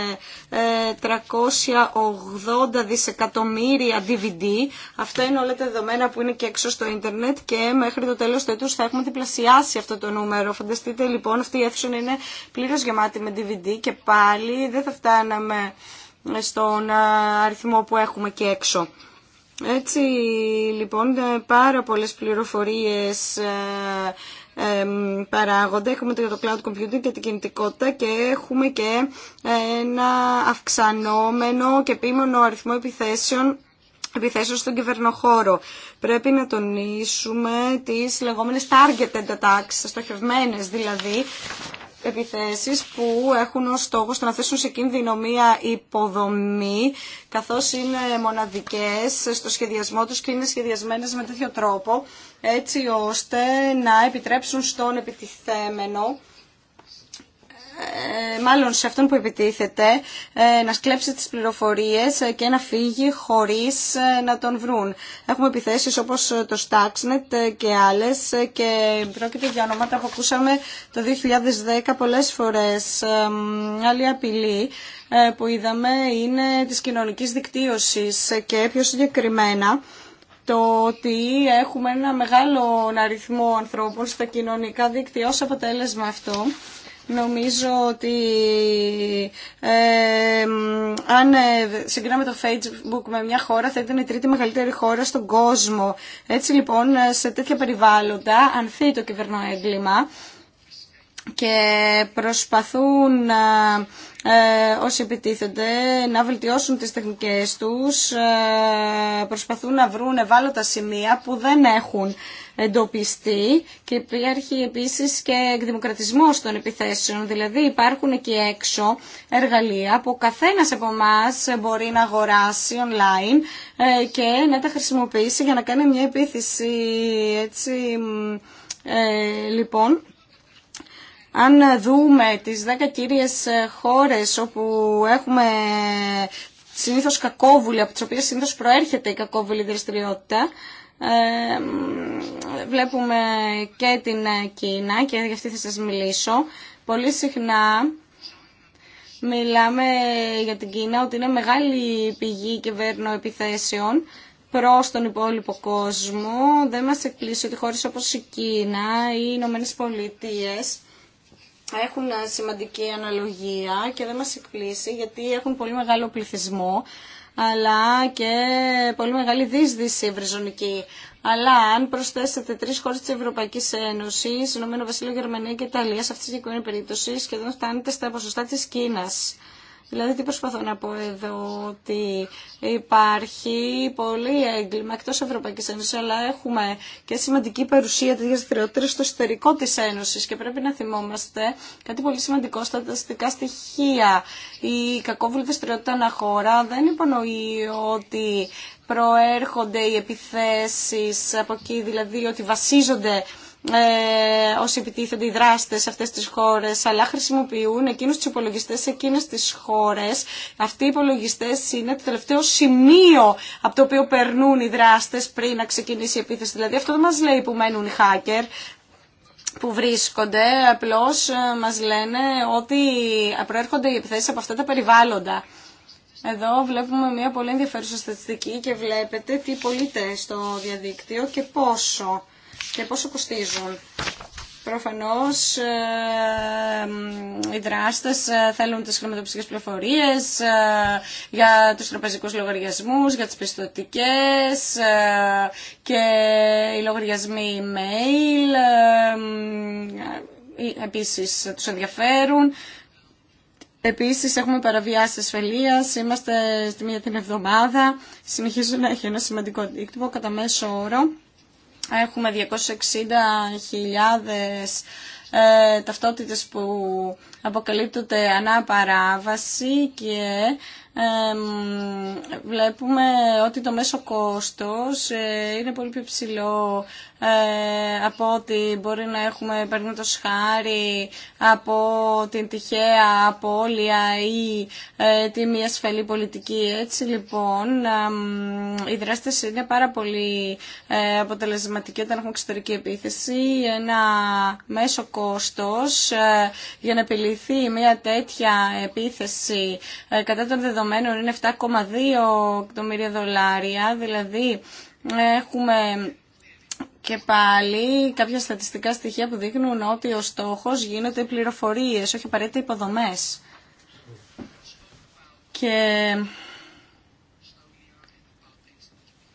380 ε, δισεκατομμύρια DVD. Αυτά είναι όλα τα δεδομένα που είναι και έξω στο ίντερνετ και μέχρι το τέλος του έτους θα έχουμε διπλασιάσει αυτό το νούμερο. Φανταστείτε λοιπόν αυτή η αίθουσα είναι πλήρως γεμάτη με DVD και πάλι δεν θα φτάναμε στον ε, αριθμό που έχουμε και έξω. Έτσι λοιπόν ε, πάρα πολλές πληροφορίες ε, ε, παράγονται. Έχουμε το cloud computing και την κινητικότητα και έχουμε και ένα αυξανόμενο και επίμονο αριθμό επιθέσεων στον κυβερνοχώρο. Πρέπει να τονίσουμε τις λεγόμενες targeted attacks, στοχευμένες δηλαδή, επιθέσεις που έχουν ως στόχο στο να θέσουν σε κίνδυνο μία υποδομή καθώς είναι μοναδικές στο σχεδιασμό τους και είναι σχεδιασμένες με τέτοιο τρόπο έτσι ώστε να επιτρέψουν στον επιτιθέμενο ε, μάλλον σε αυτόν που επιτίθεται, ε, να σκλέψει τις πληροφορίες ε, και να φύγει χωρίς να τον βρουν. Έχουμε επιθέσεις όπως το Stuxnet και άλλες και πρόκειται για ονόματα που ακούσαμε το 2010 πολλές φορές. Άλλη απειλή που είδαμε είναι της κοινωνικής δικτύωσης και πιο συγκεκριμένα το ότι έχουμε ένα μεγάλο αριθμό ανθρώπων στα κοινωνικά δίκτυα ως αποτέλεσμα αυτό Νομίζω ότι ε, αν ε, συγκρίναμε το Facebook με μια χώρα θα ήταν η τρίτη μεγαλύτερη χώρα στον κόσμο. Έτσι λοιπόν σε τέτοια περιβάλλοντα ανθεί το κυβερνό έγκλημα και προσπαθούν ε, ε όσοι επιτίθενται να βελτιώσουν τις τεχνικές τους, προσπαθούν να βρουν ευάλωτα σημεία που δεν έχουν εντοπιστεί και υπάρχει επίσης και εκδημοκρατισμός των επιθέσεων. Δηλαδή υπάρχουν εκεί έξω εργαλεία που καθένας από εμά μπορεί να αγοράσει online ε, και να τα χρησιμοποιήσει για να κάνει μια επίθεση. Έτσι, ε, λοιπόν, αν δούμε τις 10 κύριες χώρες όπου έχουμε συνήθως κακόβουλη, από τις οποίες συνήθως προέρχεται η κακόβουλη δραστηριότητα, βλέπουμε και την Κίνα και για αυτή θα σας μιλήσω. Πολύ συχνά μιλάμε για την Κίνα ότι είναι μεγάλη πηγή κυβέρνο επιθέσεων προς τον υπόλοιπο κόσμο. Δεν μας εκπλήσει ότι χώρες όπως η Κίνα ή οι Ηνωμένε Πολιτείε έχουν σημαντική αναλογία και δεν μας εκπλήσει γιατί έχουν πολύ μεγάλο πληθυσμό αλλά και πολύ μεγάλη δίσδυση ευρυζωνική. Αλλά αν προσθέσετε τρει χώρε τη Ευρωπαϊκή Ένωση, Ηνωμένο Βασίλειο, Γερμανία και Ιταλία, σε αυτή την περίπτωση σχεδόν φτάνετε στα ποσοστά τη Κίνα. Δηλαδή τι προσπαθώ να πω εδώ, ότι υπάρχει πολύ έγκλημα εκτός Ευρωπαϊκής Ένωσης, αλλά έχουμε και σημαντική παρουσία της δραστηριότητας στο εσωτερικό της Ένωσης και πρέπει να θυμόμαστε κάτι πολύ σημαντικό στα στατιστικά στοιχεία. Η κακόβουλη δραστηριότητα αναχώρα δεν υπονοεί ότι προέρχονται οι επιθέσεις από εκεί, δηλαδή ότι βασίζονται ε, όσοι επιτίθενται οι δράστε σε αυτές τις χώρες, αλλά χρησιμοποιούν εκείνου του υπολογιστέ σε εκείνε τι χώρες. Αυτοί οι υπολογιστέ είναι το τελευταίο σημείο από το οποίο περνούν οι δράστε πριν να ξεκινήσει η επίθεση. Δηλαδή αυτό δεν μα λέει που μένουν οι hacker, που βρίσκονται, απλώς ε, μας λένε ότι προέρχονται οι επιθέσεις από αυτά τα περιβάλλοντα. Εδώ βλέπουμε μια πολύ ενδιαφέρουσα στατιστική και βλέπετε τι πολίτες στο διαδίκτυο και πόσο και πόσο κοστίζουν. Προφανώς ε, οι δράστες ε, θέλουν τις χρηματοπιστικές πληροφορίες ε, για τους τραπεζικούς λογαριασμούς, για τις πιστοτικές και οι λογαριασμοί email επίσης τους ενδιαφέρουν. Επίσης έχουμε παραβιάσει ασφαλεία. είμαστε στη μία την εβδομάδα, συνεχίζουν να έχει ένα σημαντικό αντίκτυπο κατά μέσο όρο. Έχουμε 260.000 ε, ταυτότητες που αποκαλύπτονται ανά παράβαση και βλέπουμε ότι το μέσο κόστος ε, είναι πολύ πιο ψηλό ε, από ότι μπορεί να έχουμε το χάρη από την τυχαία απώλεια ή ε, τη μη ασφαλή πολιτική. Έτσι λοιπόν οι δράστες είναι πάρα πολύ αποτελεσματικοί όταν έχουμε εξωτερική επίθεση. Ένα μέσο κόστος για να επιληθεί μια τέτοια επίθεση κατά των δεδομένων δεδομένων είναι 7,2 εκατομμύρια δολάρια, δηλαδή έχουμε και πάλι κάποια στατιστικά στοιχεία που δείχνουν ότι ο στόχος γίνεται οι πληροφορίες, όχι απαραίτητα υποδομές. Και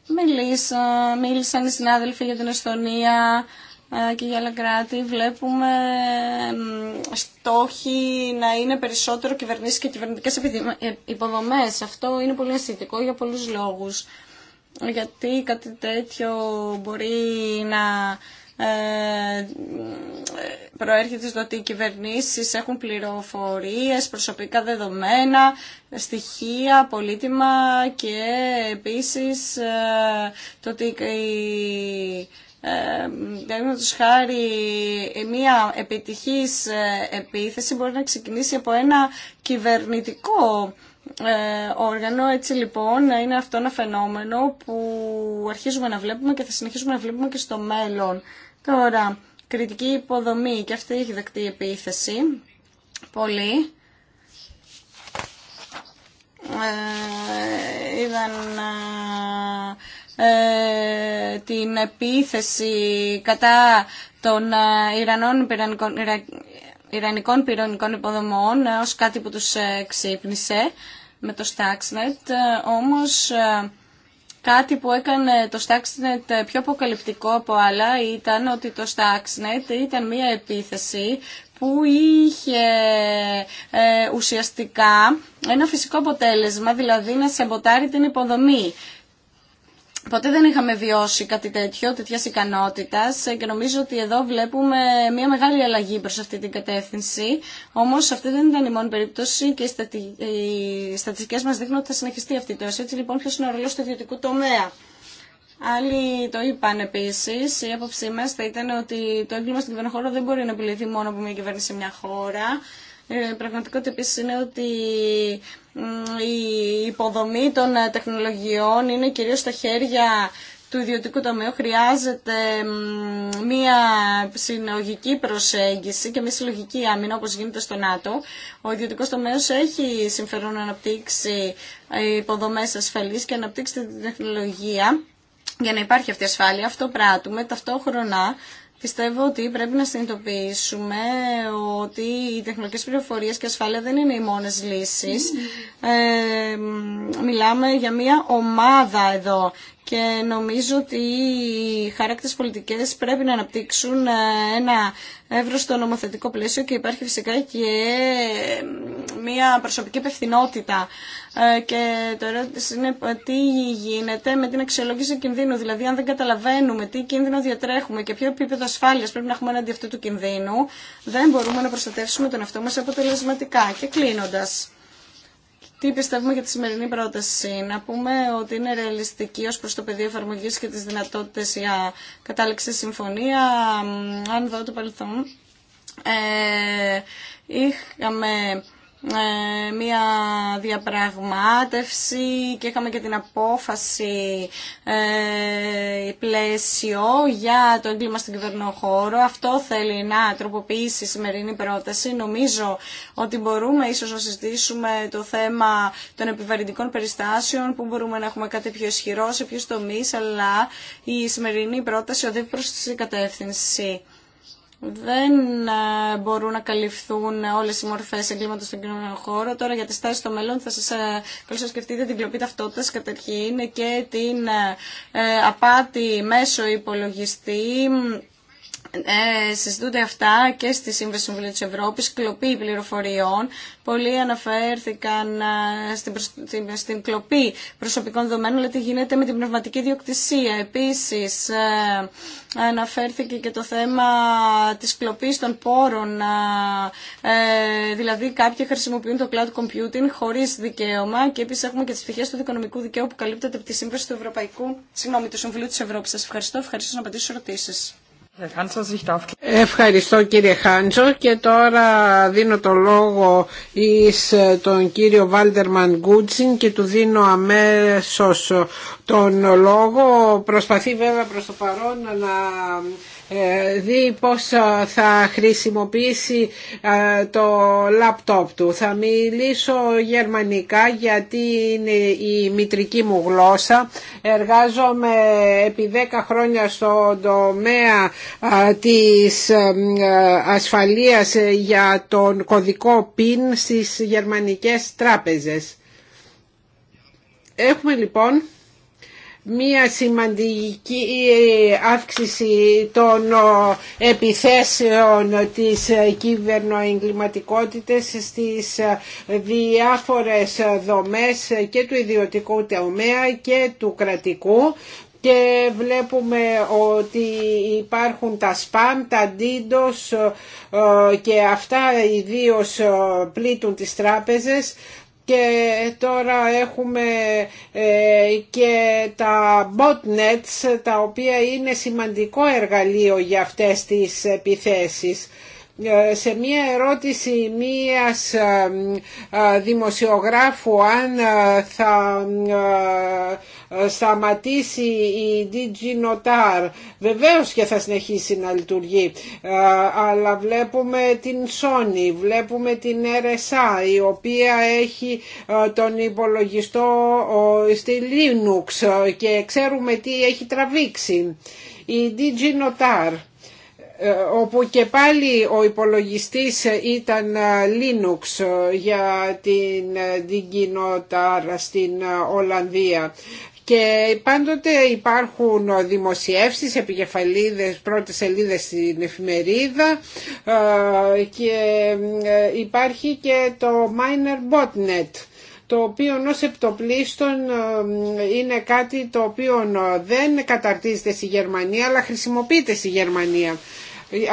μιλήσα, μίλησαν οι συνάδελφοι για την Εστονία, και για άλλα κράτη βλέπουμε στόχοι να είναι περισσότερο κυβερνήσεις και κυβερνητικές ε, υποδομές. Αυτό είναι πολύ αισθητικό για πολλούς λόγους. Γιατί κάτι τέτοιο μπορεί να ε, προέρχεται στο ότι οι κυβερνήσεις έχουν πληροφορίες, προσωπικά δεδομένα, στοιχεία, πολύτιμα και επίσης ε, το ότι Παραδείγματο χάρη, μια επιτυχής ε, επίθεση μπορεί να ξεκινήσει από ένα κυβερνητικό ε, όργανο. Έτσι λοιπόν είναι αυτό ένα φαινόμενο που αρχίζουμε να βλέπουμε και θα συνεχίσουμε να βλέπουμε και στο μέλλον. Τώρα, κριτική υποδομή και αυτή έχει δεκτεί επίθεση. Πολύ. Ε, ε ε, την επίθεση κατά των ε, Ιρανών πυρανικών, Ιρανικών πυρονικών υποδομών ως κάτι που τους ε, ξύπνησε με το Stuxnet, όμως κάτι που έκανε το Stuxnet πιο αποκαλυπτικό από άλλα ήταν ότι το Stuxnet ήταν μια επίθεση που είχε ουσιαστικά ένα φυσικό αποτέλεσμα, δηλαδή να σεμποτάρει την υποδομή. Ποτέ δεν είχαμε βιώσει κάτι τέτοιο, τέτοια ικανότητα ε, και νομίζω ότι εδώ βλέπουμε μια μεγάλη αλλαγή προ αυτή την κατεύθυνση. Όμω αυτή δεν ήταν η μόνη περίπτωση και οι στατιστικέ μα δείχνουν ότι θα συνεχιστεί αυτή η τόση. Έτσι λοιπόν, ποιο είναι ο ρόλο του ιδιωτικού τομέα. Άλλοι το είπαν επίση. Η άποψή μα θα ήταν ότι το έγκλημα στην κυβερνοχώρα δεν μπορεί να επιληθεί μόνο από μια κυβέρνηση σε μια χώρα. Η ε, πραγματικότητα επίση είναι ότι η υποδομή των ε, τεχνολογιών είναι κυρίως στα χέρια του ιδιωτικού τομέα χρειάζεται μία συλλογική προσέγγιση και μία συλλογική άμυνα όπως γίνεται στο ΝΑΤΟ. Ο ιδιωτικός τομέας έχει συμφερόν να αναπτύξει ε, υποδομές ασφαλής και αναπτύξει την τεχνολογία για να υπάρχει αυτή η ασφάλεια. Αυτό πράττουμε ταυτόχρονα Πιστεύω ότι πρέπει να συνειδητοποιήσουμε ότι οι τεχνολογικές πληροφορίες και ασφάλεια δεν είναι οι μόνες λύσεις. Ναι. Ε, μιλάμε για μια ομάδα εδώ και νομίζω ότι οι χαράκτες πολιτικές πρέπει να αναπτύξουν ε, ένα εύρωστο νομοθετικό πλαίσιο και υπάρχει φυσικά και ε, μια προσωπική απευθυνότητα. Ε, και το ερώτημα είναι τι γίνεται με την αξιολόγηση κινδύνου. Δηλαδή, αν δεν καταλαβαίνουμε τι κίνδυνο διατρέχουμε και ποιο επίπεδο ασφάλεια πρέπει να έχουμε έναντι αυτού του κινδύνου, δεν μπορούμε να προστατεύσουμε τον εαυτό μα αποτελεσματικά. Και κλείνοντα τι πιστεύουμε για τη σημερινή πρόταση. Να πούμε ότι είναι ρεαλιστική ως προς το πεδίο εφαρμογής και τις δυνατότητες για κατάληξη συμφωνία. Αν δω το παρελθόν, ε, είχαμε ε, μία διαπραγμάτευση και είχαμε και την απόφαση ε, πλαίσιο για το έγκλημα στην χώρο. Αυτό θέλει να τροποποιήσει η σημερινή πρόταση. Νομίζω ότι μπορούμε ίσως να συζητήσουμε το θέμα των επιβαρυντικών περιστάσεων που μπορούμε να έχουμε κάτι πιο ισχυρό σε ποιους τομείς, αλλά η σημερινή πρόταση οδεύει προς την κατεύθυνση δεν ε, μπορούν να καλυφθούν όλες οι μορφές εγκλήματο στον κοινωνικό χώρο. Τώρα για τις στάσεις στο μέλλον θα σας ε, καλώς σκεφτείτε την κλοπή ταυτότητας καταρχήν και την ε, απάτη μέσω υπολογιστή ε, συζητούνται αυτά και στη Σύμβαση Συμβουλίου της Ευρώπης, κλοπή πληροφοριών. Πολλοί αναφέρθηκαν ε, στην, στην κλοπή προσωπικών δεδομένων, αλλά τι γίνεται με την πνευματική διοκτησία. Επίσης, ε, αναφέρθηκε και το θέμα της κλοπής των πόρων, ε, ε, δηλαδή κάποιοι χρησιμοποιούν το cloud computing χωρίς δικαίωμα και επίσης έχουμε και τις πτυχές του δικονομικού δικαίου που καλύπτεται από τη Σύμβαση του, Ευρωπαϊκού, συγγνώμη, του Συμβουλίου της Ευρώπης. Σας ευχαριστώ, ευχαριστώ να απαντήσω ερωτήσει. Ευχαριστώ κύριε Χάντσο και τώρα δίνω το λόγο εις ε, τον κύριο Βάλτερμαν Γκούτσιν και του δίνω αμέσως τον λόγο. Προσπαθεί βέβαια προς το παρόν να ε, δει πώς ε, θα χρησιμοποιήσει ε, το λάπτοπ του. Θα μιλήσω γερμανικά γιατί είναι η μητρική μου γλώσσα. Εργάζομαι επί 10 χρόνια στον τομέα της ασφαλείας για τον κωδικό PIN στις γερμανικές τράπεζες. Έχουμε λοιπόν μία σημαντική ε, αύξηση των επιθέσεων της ε, κυβερνοεγκληματικότητες στις ε, διάφορες δομές και του ιδιωτικού τομέα και του κρατικού και βλέπουμε ότι υπάρχουν τα ΣΠΑΜ, τα DDoS και αυτά ιδίως πλήττουν τις τράπεζες και τώρα έχουμε ε, και τα botnets τα οποία είναι σημαντικό εργαλείο για αυτές τις επιθέσεις ε, σε μία ερώτηση μίας ε, δημοσιογράφου αν θα ε, σταματήσει η DG Notar βεβαίως και θα συνεχίσει να λειτουργεί ε, αλλά βλέπουμε την Sony, βλέπουμε την RSA η οποία έχει ε, τον υπολογιστό στη Linux και ξέρουμε τι έχει τραβήξει η DG Notar όπου και πάλι ο υπολογιστής ήταν Linux για την Notar στην Ολλανδία. Και πάντοτε υπάρχουν δημοσιεύσεις, επικεφαλίδες, πρώτες σελίδες στην εφημερίδα ε, και ε, υπάρχει και το Miner Botnet το οποίο ως επτοπλίστων ε, είναι κάτι το οποίο δεν καταρτίζεται στη Γερμανία αλλά χρησιμοποιείται στη Γερμανία.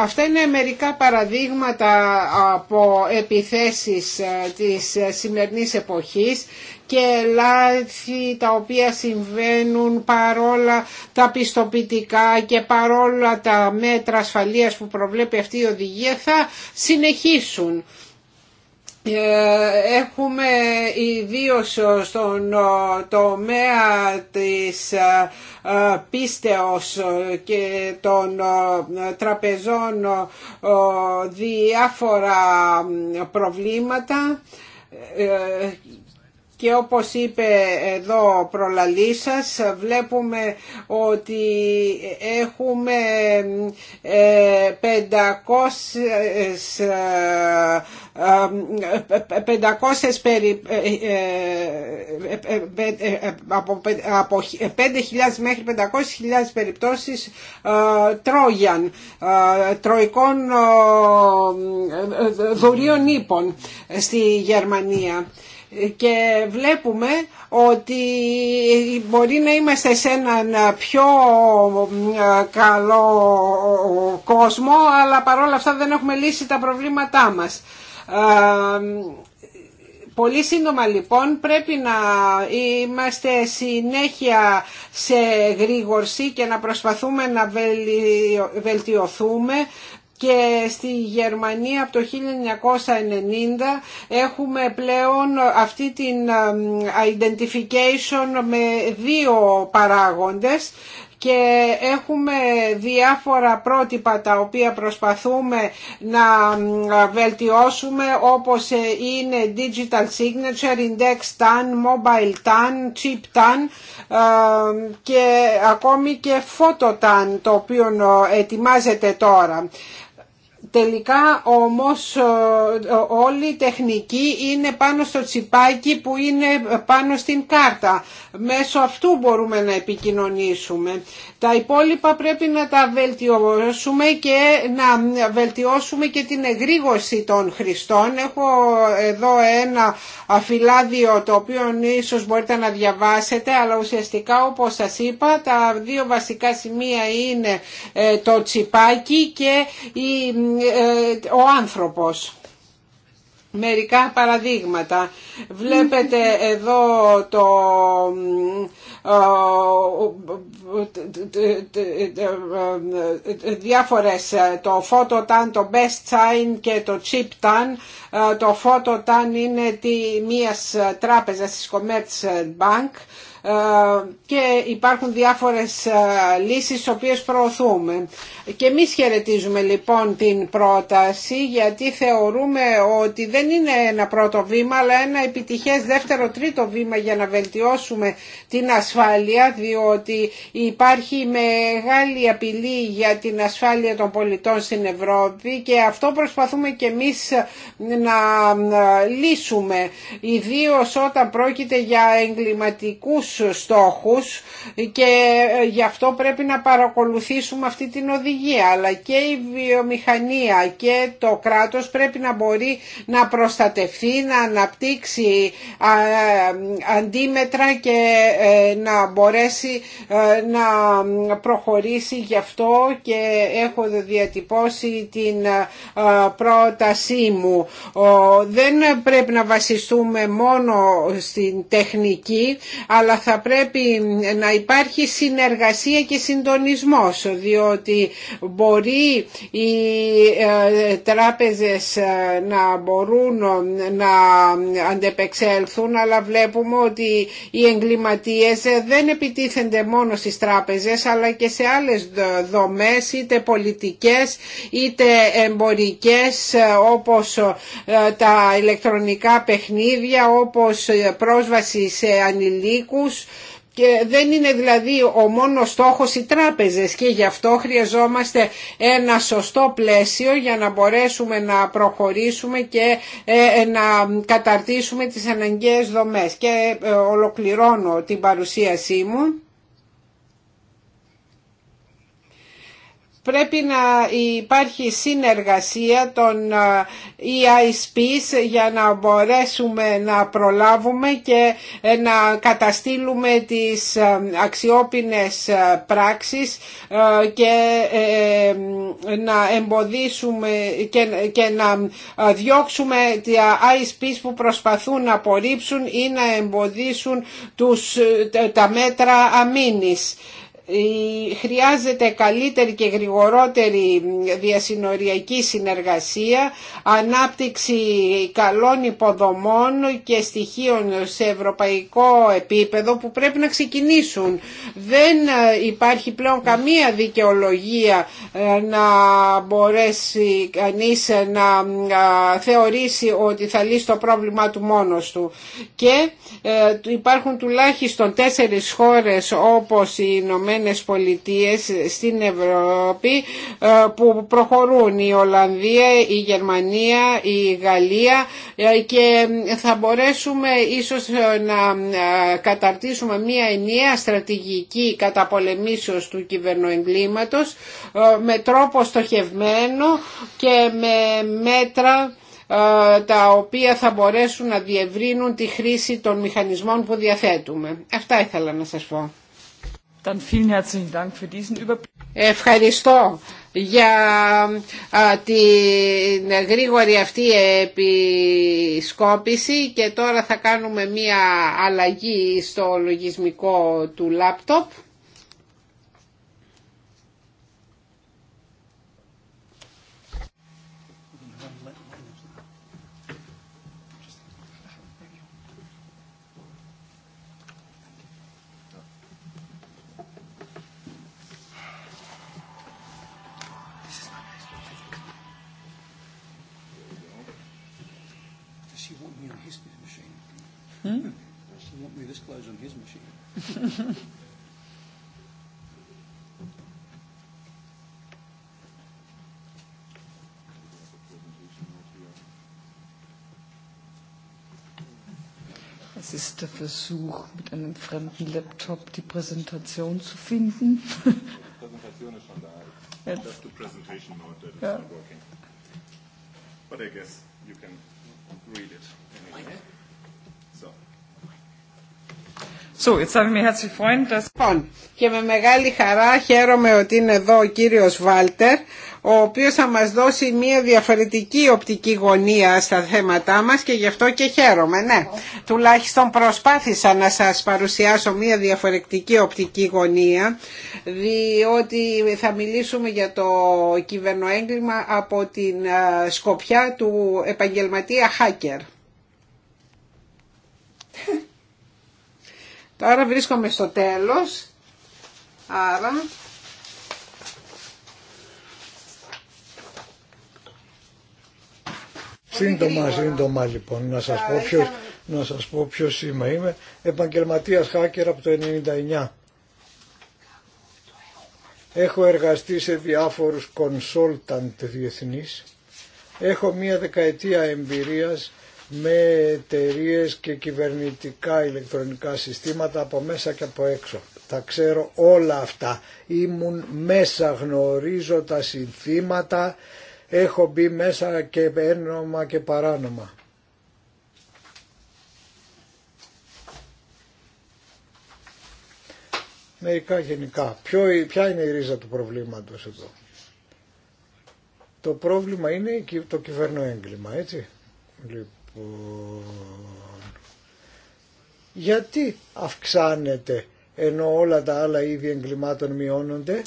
Αυτά είναι μερικά παραδείγματα από επιθέσεις της σημερινής εποχής και λάθη τα οποία συμβαίνουν παρόλα τα πιστοποιητικά και παρόλα τα μέτρα ασφαλείας που προβλέπει αυτή η οδηγία θα συνεχίσουν. Ε, έχουμε ιδίω στον ε, τομέα της ε, πίστεως και των τραπεζών διάφορα προβλήματα και όπως είπε εδώ προλαλή σας, βλέπουμε ότι έχουμε 500, ε, ε, ε, από, 5.000 μέχρι 500.000 περιπτώσεις τρόγιαν, τροικών δουλειών ύπων στη Γερμανία και βλέπουμε ότι μπορεί να είμαστε σε έναν πιο καλό κόσμο αλλά παρόλα αυτά δεν έχουμε λύσει τα προβλήματά μας. Πολύ σύντομα λοιπόν πρέπει να είμαστε συνέχεια σε γρήγορση και να προσπαθούμε να βελτιωθούμε και στη Γερμανία από το 1990 έχουμε πλέον αυτή την identification με δύο παράγοντες και έχουμε διάφορα πρότυπα τα οποία προσπαθούμε να βελτιώσουμε όπως ε, είναι Digital Signature, Index TAN, Mobile TAN, Chip TAN και ακόμη και Photo TAN το οποίο ε, ετοιμάζεται τώρα. Τελικά όμως ε, όλη η τεχνική είναι πάνω στο τσιπάκι που είναι πάνω στην κάρτα. Μέσω αυτού μπορούμε να επικοινωνήσουμε. Τα υπόλοιπα πρέπει να τα βελτιώσουμε και να βελτιώσουμε και την εγρήγορση των χρηστών. Έχω εδώ ένα αφιλάδιο το οποίο ίσως μπορείτε να διαβάσετε, αλλά ουσιαστικά όπως σας είπα τα δύο βασικά σημεία είναι ε, το τσιπάκι και ο άνθρωπος. Μερικά παραδείγματα. Βλέπετε εδώ το, ε, διάφορες το φωτοτάν, το best sign και το chip tan ε, το φωτοτάν είναι τη μίας τράπεζας της Commerzbank και υπάρχουν διάφορες ε, λύσεις τις οποίες προωθούμε. Και εμείς χαιρετίζουμε λοιπόν την πρόταση γιατί θεωρούμε ότι δεν είναι ένα πρώτο βήμα αλλά ένα επιτυχές δεύτερο τρίτο βήμα για να βελτιώσουμε την ασφάλεια διότι υπάρχει μεγάλη απειλή για την ασφάλεια των πολιτών στην Ευρώπη και αυτό προσπαθούμε και εμείς να ε, λύσουμε ιδίως όταν πρόκειται για εγκληματικούς στόχους και γι' αυτό πρέπει να παρακολουθήσουμε αυτή την οδηγία αλλά και η βιομηχανία και το κράτος πρέπει να μπορεί να προστατευτεί, να αναπτύξει αντίμετρα και ε, να μπορέσει ε, να προχωρήσει γι' αυτό και έχω διατυπώσει την ε, πρότασή μου. Δεν πρέπει να βασιστούμε μόνο στην τεχνική αλλά θα πρέπει να υπάρχει συνεργασία και συντονισμός διότι μπορεί οι ε, τράπεζες ε, να μπορούν ε, να αντεπεξέλθουν αλλά βλέπουμε ότι οι εγκληματίες δεν επιτίθενται μόνο στις τράπεζες αλλά και σε άλλες δομές είτε πολιτικές είτε εμπορικές όπως τα ηλεκτρονικά παιχνίδια όπως πρόσβαση σε ανηλίκους και δεν είναι δηλαδή ο μόνος στόχος οι τράπεζες και γι' αυτό χρειαζόμαστε ένα σωστό πλαίσιο για να μπορέσουμε να προχωρήσουμε και ε, ε, να καταρτήσουμε τις αναγκαίες δομές. Και ε, ολοκληρώνω την παρουσίασή μου πρέπει να υπάρχει συνεργασία των ε, EISPs για να μπορέσουμε να προλάβουμε και ε, να καταστήλουμε τις ε, αξιόπινες πράξεις και να εμποδίσουμε και να διώξουμε τα ISPs που προσπαθούν να απορρίψουν ή να εμποδίσουν τα μέτρα αμήνης. Ε, χρειάζεται καλύτερη και γρηγορότερη διασυνοριακή συνεργασία, ανάπτυξη καλών υποδομών και στοιχείων σε ευρωπαϊκό επίπεδο που πρέπει να ξεκινήσουν. Δεν ε, υπάρχει πλέον καμία δικαιολογία ε, να μπορέσει κανείς να θεωρήσει ότι θα λύσει το πρόβλημά του μόνος του. Και υπάρχουν τουλάχιστον τέσσερις χώρες όπως οι Ηνωμένε στην Ευρώπη ε, που προχωρούν η Ολλανδία, η Γερμανία, η Γαλλία ε, και θα μπορέσουμε ίσως ε, να καταρτήσουμε μια ενιαία στρατηγική καταπολεμήσεως του κυβερνοεγκλήματος με τρόπο στοχευμένο και με μέτρα τα οποία θα μπορέσουν να διευρύνουν τη χρήση των μηχανισμών που διαθέτουμε. Αυτά ήθελα να σας πω. Ευχαριστώ για την γρήγορη αυτή επισκόπηση και τώρα θα κάνουμε μία αλλαγή στο λογισμικό του λάπτοπ. Es ist der Versuch, mit einem fremden Laptop die Präsentation zu finden. Die Präsentation ist schon da. Das ist presentation Präsentation, that is not working. But I guess you can read So, jetzt Λοιπόν, και με μεγάλη χαρά χαίρομαι ότι είναι εδώ ο κύριος Βάλτερ, ο οποίος θα μας δώσει μια διαφορετική οπτική γωνία στα θέματά μας και γι' αυτό και χαίρομαι, ναι. Τουλάχιστον προσπάθησα να σας παρουσιάσω μια διαφορετική οπτική γωνία, διότι θα μιλήσουμε για το κυβερνοέγκλημα από την σκοπιά του επαγγελματία hacker. Τώρα βρίσκομαι στο τέλος, άρα Σύντομα, σύντομα λοιπόν, να σας, πω ποιος, να σας πω ποιος είμαι. Είμαι επαγγελματίας Χάκερ από το 99. Έχω εργαστεί σε διάφορους consultant διεθνείς. Έχω μία δεκαετία εμπειρίας με εταιρείε και κυβερνητικά ηλεκτρονικά συστήματα από μέσα και από έξω. Τα ξέρω όλα αυτά. Ήμουν μέσα, γνωρίζω τα συνθήματα, έχω μπει μέσα και ένομα και παράνομα. Μερικά γενικά. ποια είναι η ρίζα του προβλήματος εδώ. Το πρόβλημα είναι το κυβερνοέγκλημα, έτσι. Λοιπόν λοιπόν. Γιατί αυξάνεται ενώ όλα τα άλλα είδη εγκλημάτων μειώνονται.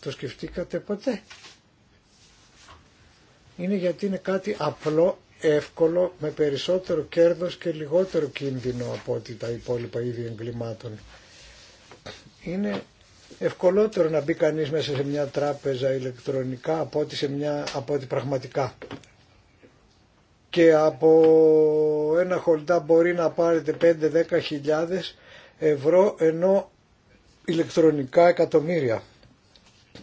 Το σκεφτήκατε ποτέ. Είναι γιατί είναι κάτι απλό, εύκολο, με περισσότερο κέρδος και λιγότερο κίνδυνο από ότι τα υπόλοιπα είδη εγκλημάτων. Είναι ευκολότερο να μπει κανείς μέσα σε μια τράπεζα ηλεκτρονικά από ότι, μια, από ότι πραγματικά και από ένα χολτά μπορεί να πάρετε 5-10 χιλιάδες ευρώ ενώ ηλεκτρονικά εκατομμύρια.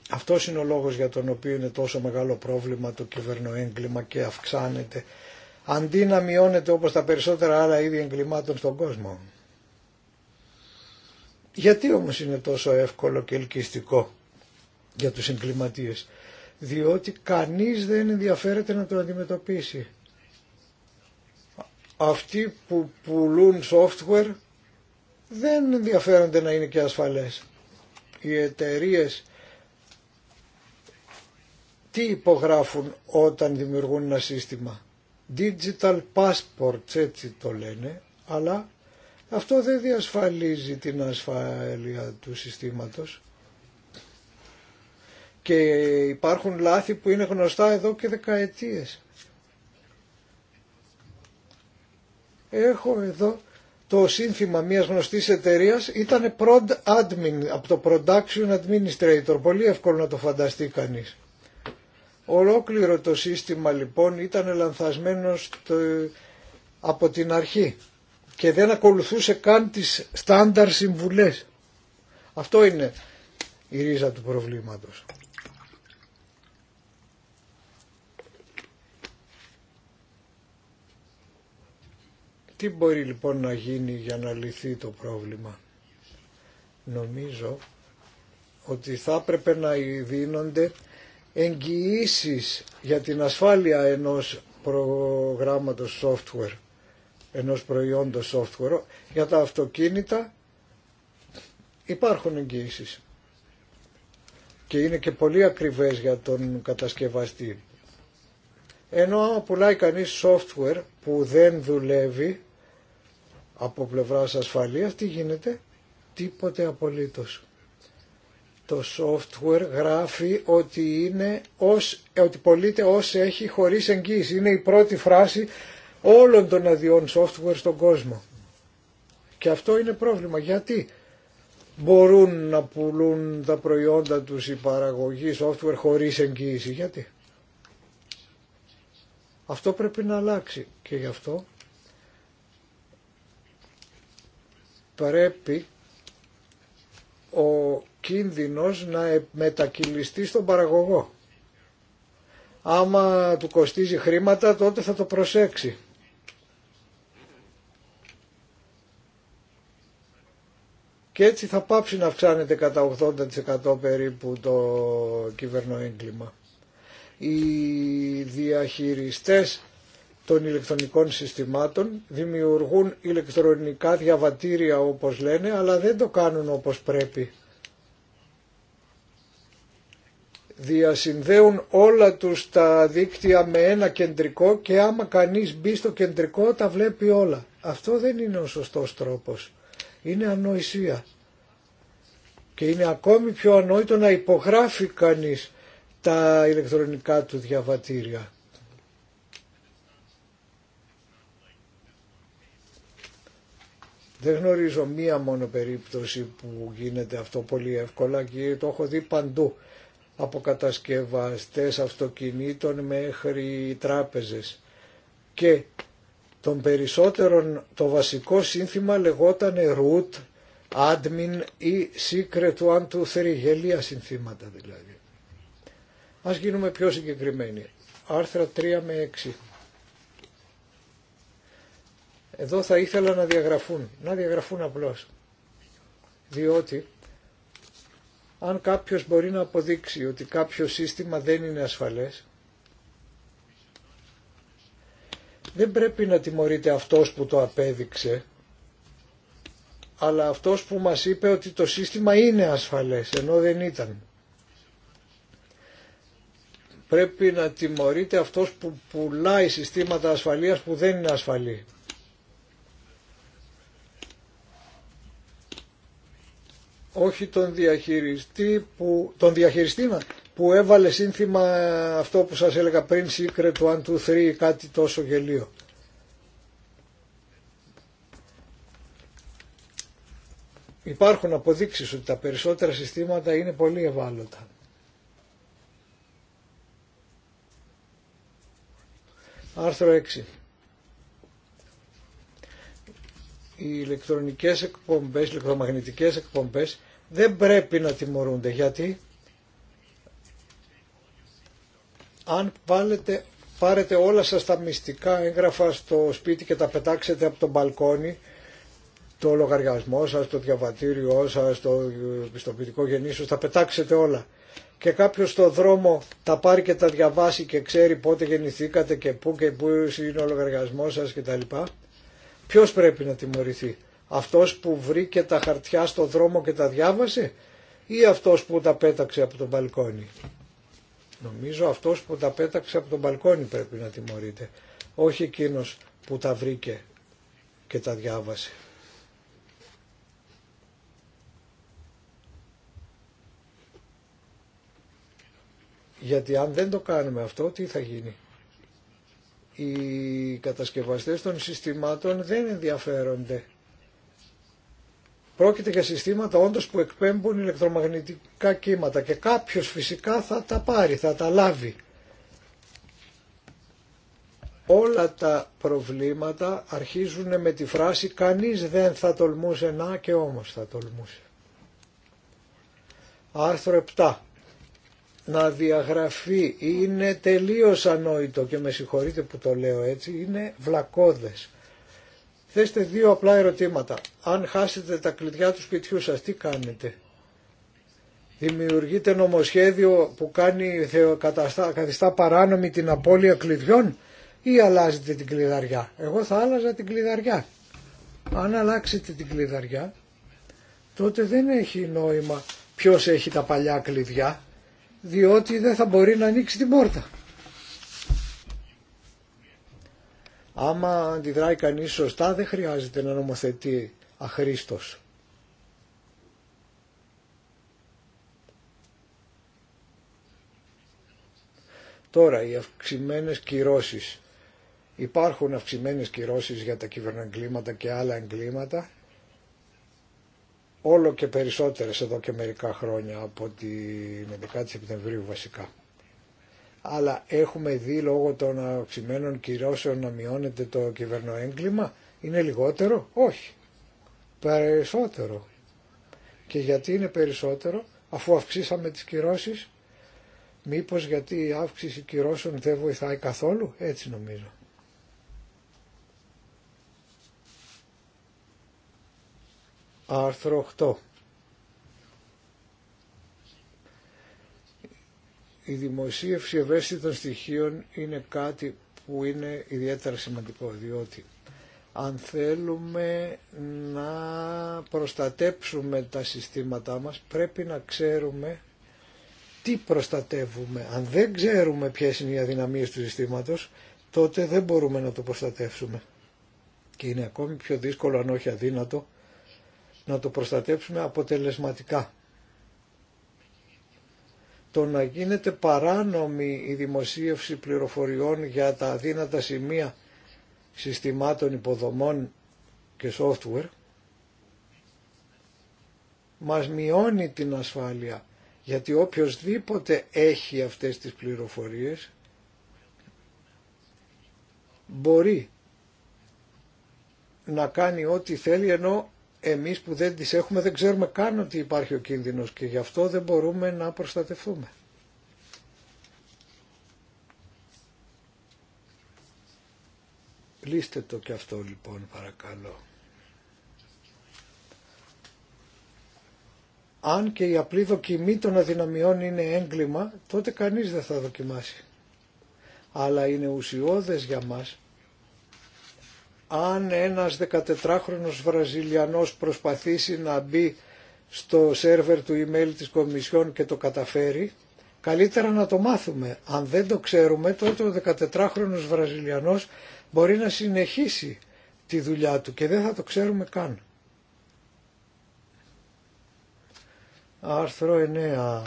Αυτό είναι ο λόγος για τον οποίο είναι τόσο μεγάλο πρόβλημα το κυβερνοέγκλημα και αυξάνεται αντί να μειώνεται όπως τα περισσότερα άλλα είδη εγκλημάτων στον κόσμο. Γιατί όμως είναι τόσο εύκολο και ελκυστικό για τους εγκληματίες. Διότι κανείς δεν ενδιαφέρεται να το αντιμετωπίσει αυτοί που πουλούν software δεν ενδιαφέρονται να είναι και ασφαλές. Οι εταιρείε τι υπογράφουν όταν δημιουργούν ένα σύστημα. Digital passport, έτσι το λένε, αλλά αυτό δεν διασφαλίζει την ασφάλεια του συστήματος. Και υπάρχουν λάθη που είναι γνωστά εδώ και δεκαετίες. Έχω εδώ το σύνθημα μιας γνωστής εταιρείας ήταν prod admin από το production administrator. Πολύ εύκολο να το φανταστεί κανείς. Ολόκληρο το σύστημα λοιπόν ήταν λανθασμένο από την αρχή και δεν ακολουθούσε καν τις στάνταρ συμβουλές. Αυτό είναι η ρίζα του προβλήματος. Τι μπορεί λοιπόν να γίνει για να λυθεί το πρόβλημα. Νομίζω ότι θα έπρεπε να δίνονται εγγυήσει για την ασφάλεια ενός προγράμματος software, ενός προϊόντος software. Για τα αυτοκίνητα υπάρχουν εγγυήσει και είναι και πολύ ακριβές για τον κατασκευαστή. Ενώ πουλάει κανείς software που δεν δουλεύει από πλευράς ασφαλείας τι γίνεται, τίποτε απολύτως. Το software γράφει ότι, είναι ως, ότι πωλείται ως έχει χωρίς εγγύηση. Είναι η πρώτη φράση όλων των αδειών software στον κόσμο. Και αυτό είναι πρόβλημα. Γιατί μπορούν να πουλούν τα προϊόντα τους η παραγωγή software χωρίς εγγύηση. Γιατί. Αυτό πρέπει να αλλάξει και γι' αυτό πρέπει ο κίνδυνος να ε- μετακυλιστεί στον παραγωγό. Άμα του κοστίζει χρήματα τότε θα το προσέξει. Και έτσι θα πάψει να αυξάνεται κατά 80% περίπου το κυβερνοέγκλημα. Οι διαχειριστές των ηλεκτρονικών συστημάτων, δημιουργούν ηλεκτρονικά διαβατήρια όπως λένε, αλλά δεν το κάνουν όπως πρέπει. Διασυνδέουν όλα τους τα δίκτυα με ένα κεντρικό και άμα κανείς μπει στο κεντρικό τα βλέπει όλα. Αυτό δεν είναι ο σωστός τρόπος. Είναι ανοησία. Και είναι ακόμη πιο ανόητο να υπογράφει κανείς τα ηλεκτρονικά του διαβατήρια. Δεν γνωρίζω μία μόνο περίπτωση που γίνεται αυτό πολύ εύκολα και το έχω δει παντού από κατασκευαστές αυτοκινήτων μέχρι τράπεζες. Και των περισσότερων το βασικό σύνθημα λεγόταν root, admin ή secret one, two, three, γελία συνθήματα δηλαδή. Ας γίνουμε πιο συγκεκριμένοι. Άρθρα 3 με 6. Εδώ θα ήθελα να διαγραφούν, να διαγραφούν απλώς. Διότι αν κάποιος μπορεί να αποδείξει ότι κάποιο σύστημα δεν είναι ασφαλές, δεν πρέπει να τιμωρείται αυτός που το απέδειξε, αλλά αυτός που μας είπε ότι το σύστημα είναι ασφαλές, ενώ δεν ήταν. Πρέπει να τιμωρείται αυτός που πουλάει συστήματα ασφαλείας που δεν είναι ασφαλή. όχι τον διαχειριστή, που, τον διαχειριστή που έβαλε σύνθημα αυτό που σας έλεγα πριν Secret αν του three, κάτι τόσο γελίο. Υπάρχουν αποδείξεις ότι τα περισσότερα συστήματα είναι πολύ ευάλωτα. Άρθρο 6. οι ηλεκτρονικές εκπομπές, οι ηλεκτρομαγνητικές εκπομπές δεν πρέπει να τιμωρούνται γιατί αν πάρετε όλα σας τα μυστικά έγγραφα στο σπίτι και τα πετάξετε από τον μπαλκόνι το λογαριασμό σας, το διαβατήριό σας, το πιστοποιητικό γεννήσεως, τα πετάξετε όλα και κάποιος στο δρόμο τα πάρει και τα διαβάσει και ξέρει πότε γεννηθήκατε και πού και πού είναι ο λογαριασμός σας κτλ. Ποιος πρέπει να τιμωρηθεί, αυτός που βρήκε τα χαρτιά στο δρόμο και τα διάβασε ή αυτός που τα πέταξε από τον μπαλκόνι. Νομίζω αυτός που τα πέταξε από τον μπαλκόνι πρέπει να τιμωρείται, όχι εκείνος που τα βρήκε και τα διάβασε. Γιατί αν δεν το κάνουμε αυτό, τι θα γίνει οι κατασκευαστές των συστημάτων δεν ενδιαφέρονται. Πρόκειται για συστήματα όντως που εκπέμπουν ηλεκτρομαγνητικά κύματα και κάποιος φυσικά θα τα πάρει, θα τα λάβει. Όλα τα προβλήματα αρχίζουν με τη φράση «κανείς δεν θα τολμούσε να και όμως θα τολμούσε». Άρθρο να διαγραφεί. Είναι τελείως ανόητο και με συγχωρείτε που το λέω έτσι, είναι βλακώδες. Θέστε δύο απλά ερωτήματα. Αν χάσετε τα κλειδιά του σπιτιού σας, τι κάνετε. Δημιουργείτε νομοσχέδιο που κάνει, θεοκαταστά, καθιστά παράνομη την απώλεια κλειδιών ή αλλάζετε την κλειδαριά. Εγώ θα άλλαζα την κλειδαριά. Αν αλλάξετε την κλειδαριά, τότε δεν έχει νόημα ποιος έχει τα παλιά κλειδιά διότι δεν θα μπορεί να ανοίξει την πόρτα. Άμα αντιδράει κανείς σωστά δεν χρειάζεται να νομοθετεί αχρήστος. Τώρα οι αυξημένες κυρώσεις. Υπάρχουν αυξημένες κυρώσεις για τα κυβερνοεγκλήματα και άλλα εγκλήματα όλο και περισσότερες εδώ και μερικά χρόνια από τη 11η Σεπτεμβρίου βασικά. Αλλά έχουμε δει λόγω των αυξημένων κυρώσεων να μειώνεται το κυβερνοέγκλημα. Είναι λιγότερο. Όχι. Περισσότερο. Και γιατί είναι περισσότερο αφού αυξήσαμε τις κυρώσεις. Μήπως γιατί η αύξηση κυρώσεων δεν βοηθάει καθόλου. Έτσι νομίζω. Άρθρο 8. Η δημοσίευση ευαίσθητων στοιχείων είναι κάτι που είναι ιδιαίτερα σημαντικό διότι αν θέλουμε να προστατέψουμε τα συστήματά μας πρέπει να ξέρουμε τι προστατεύουμε. Αν δεν ξέρουμε ποιες είναι οι αδυναμίες του συστήματος τότε δεν μπορούμε να το προστατεύσουμε. Και είναι ακόμη πιο δύσκολο αν όχι αδύνατο να το προστατέψουμε αποτελεσματικά. Το να γίνεται παράνομη η δημοσίευση πληροφοριών για τα αδύνατα σημεία συστημάτων υποδομών και software μας μειώνει την ασφάλεια γιατί οποιοδήποτε έχει αυτές τις πληροφορίες μπορεί να κάνει ό,τι θέλει ενώ εμείς που δεν τις έχουμε δεν ξέρουμε καν ότι υπάρχει ο κίνδυνος και γι' αυτό δεν μπορούμε να προστατευτούμε. Λύστε το και αυτό λοιπόν παρακαλώ. Αν και η απλή δοκιμή των αδυναμιών είναι έγκλημα, τότε κανείς δεν θα δοκιμάσει. Αλλά είναι ουσιώδες για μας αν ένας 14χρονος Βραζιλιανός προσπαθήσει να μπει στο σερβερ του email της Κομισιόν και το καταφέρει, καλύτερα να το μάθουμε. Αν δεν το ξέρουμε, τότε ο 14χρονος Βραζιλιανός μπορεί να συνεχίσει τη δουλειά του και δεν θα το ξέρουμε καν. Άρθρο 9.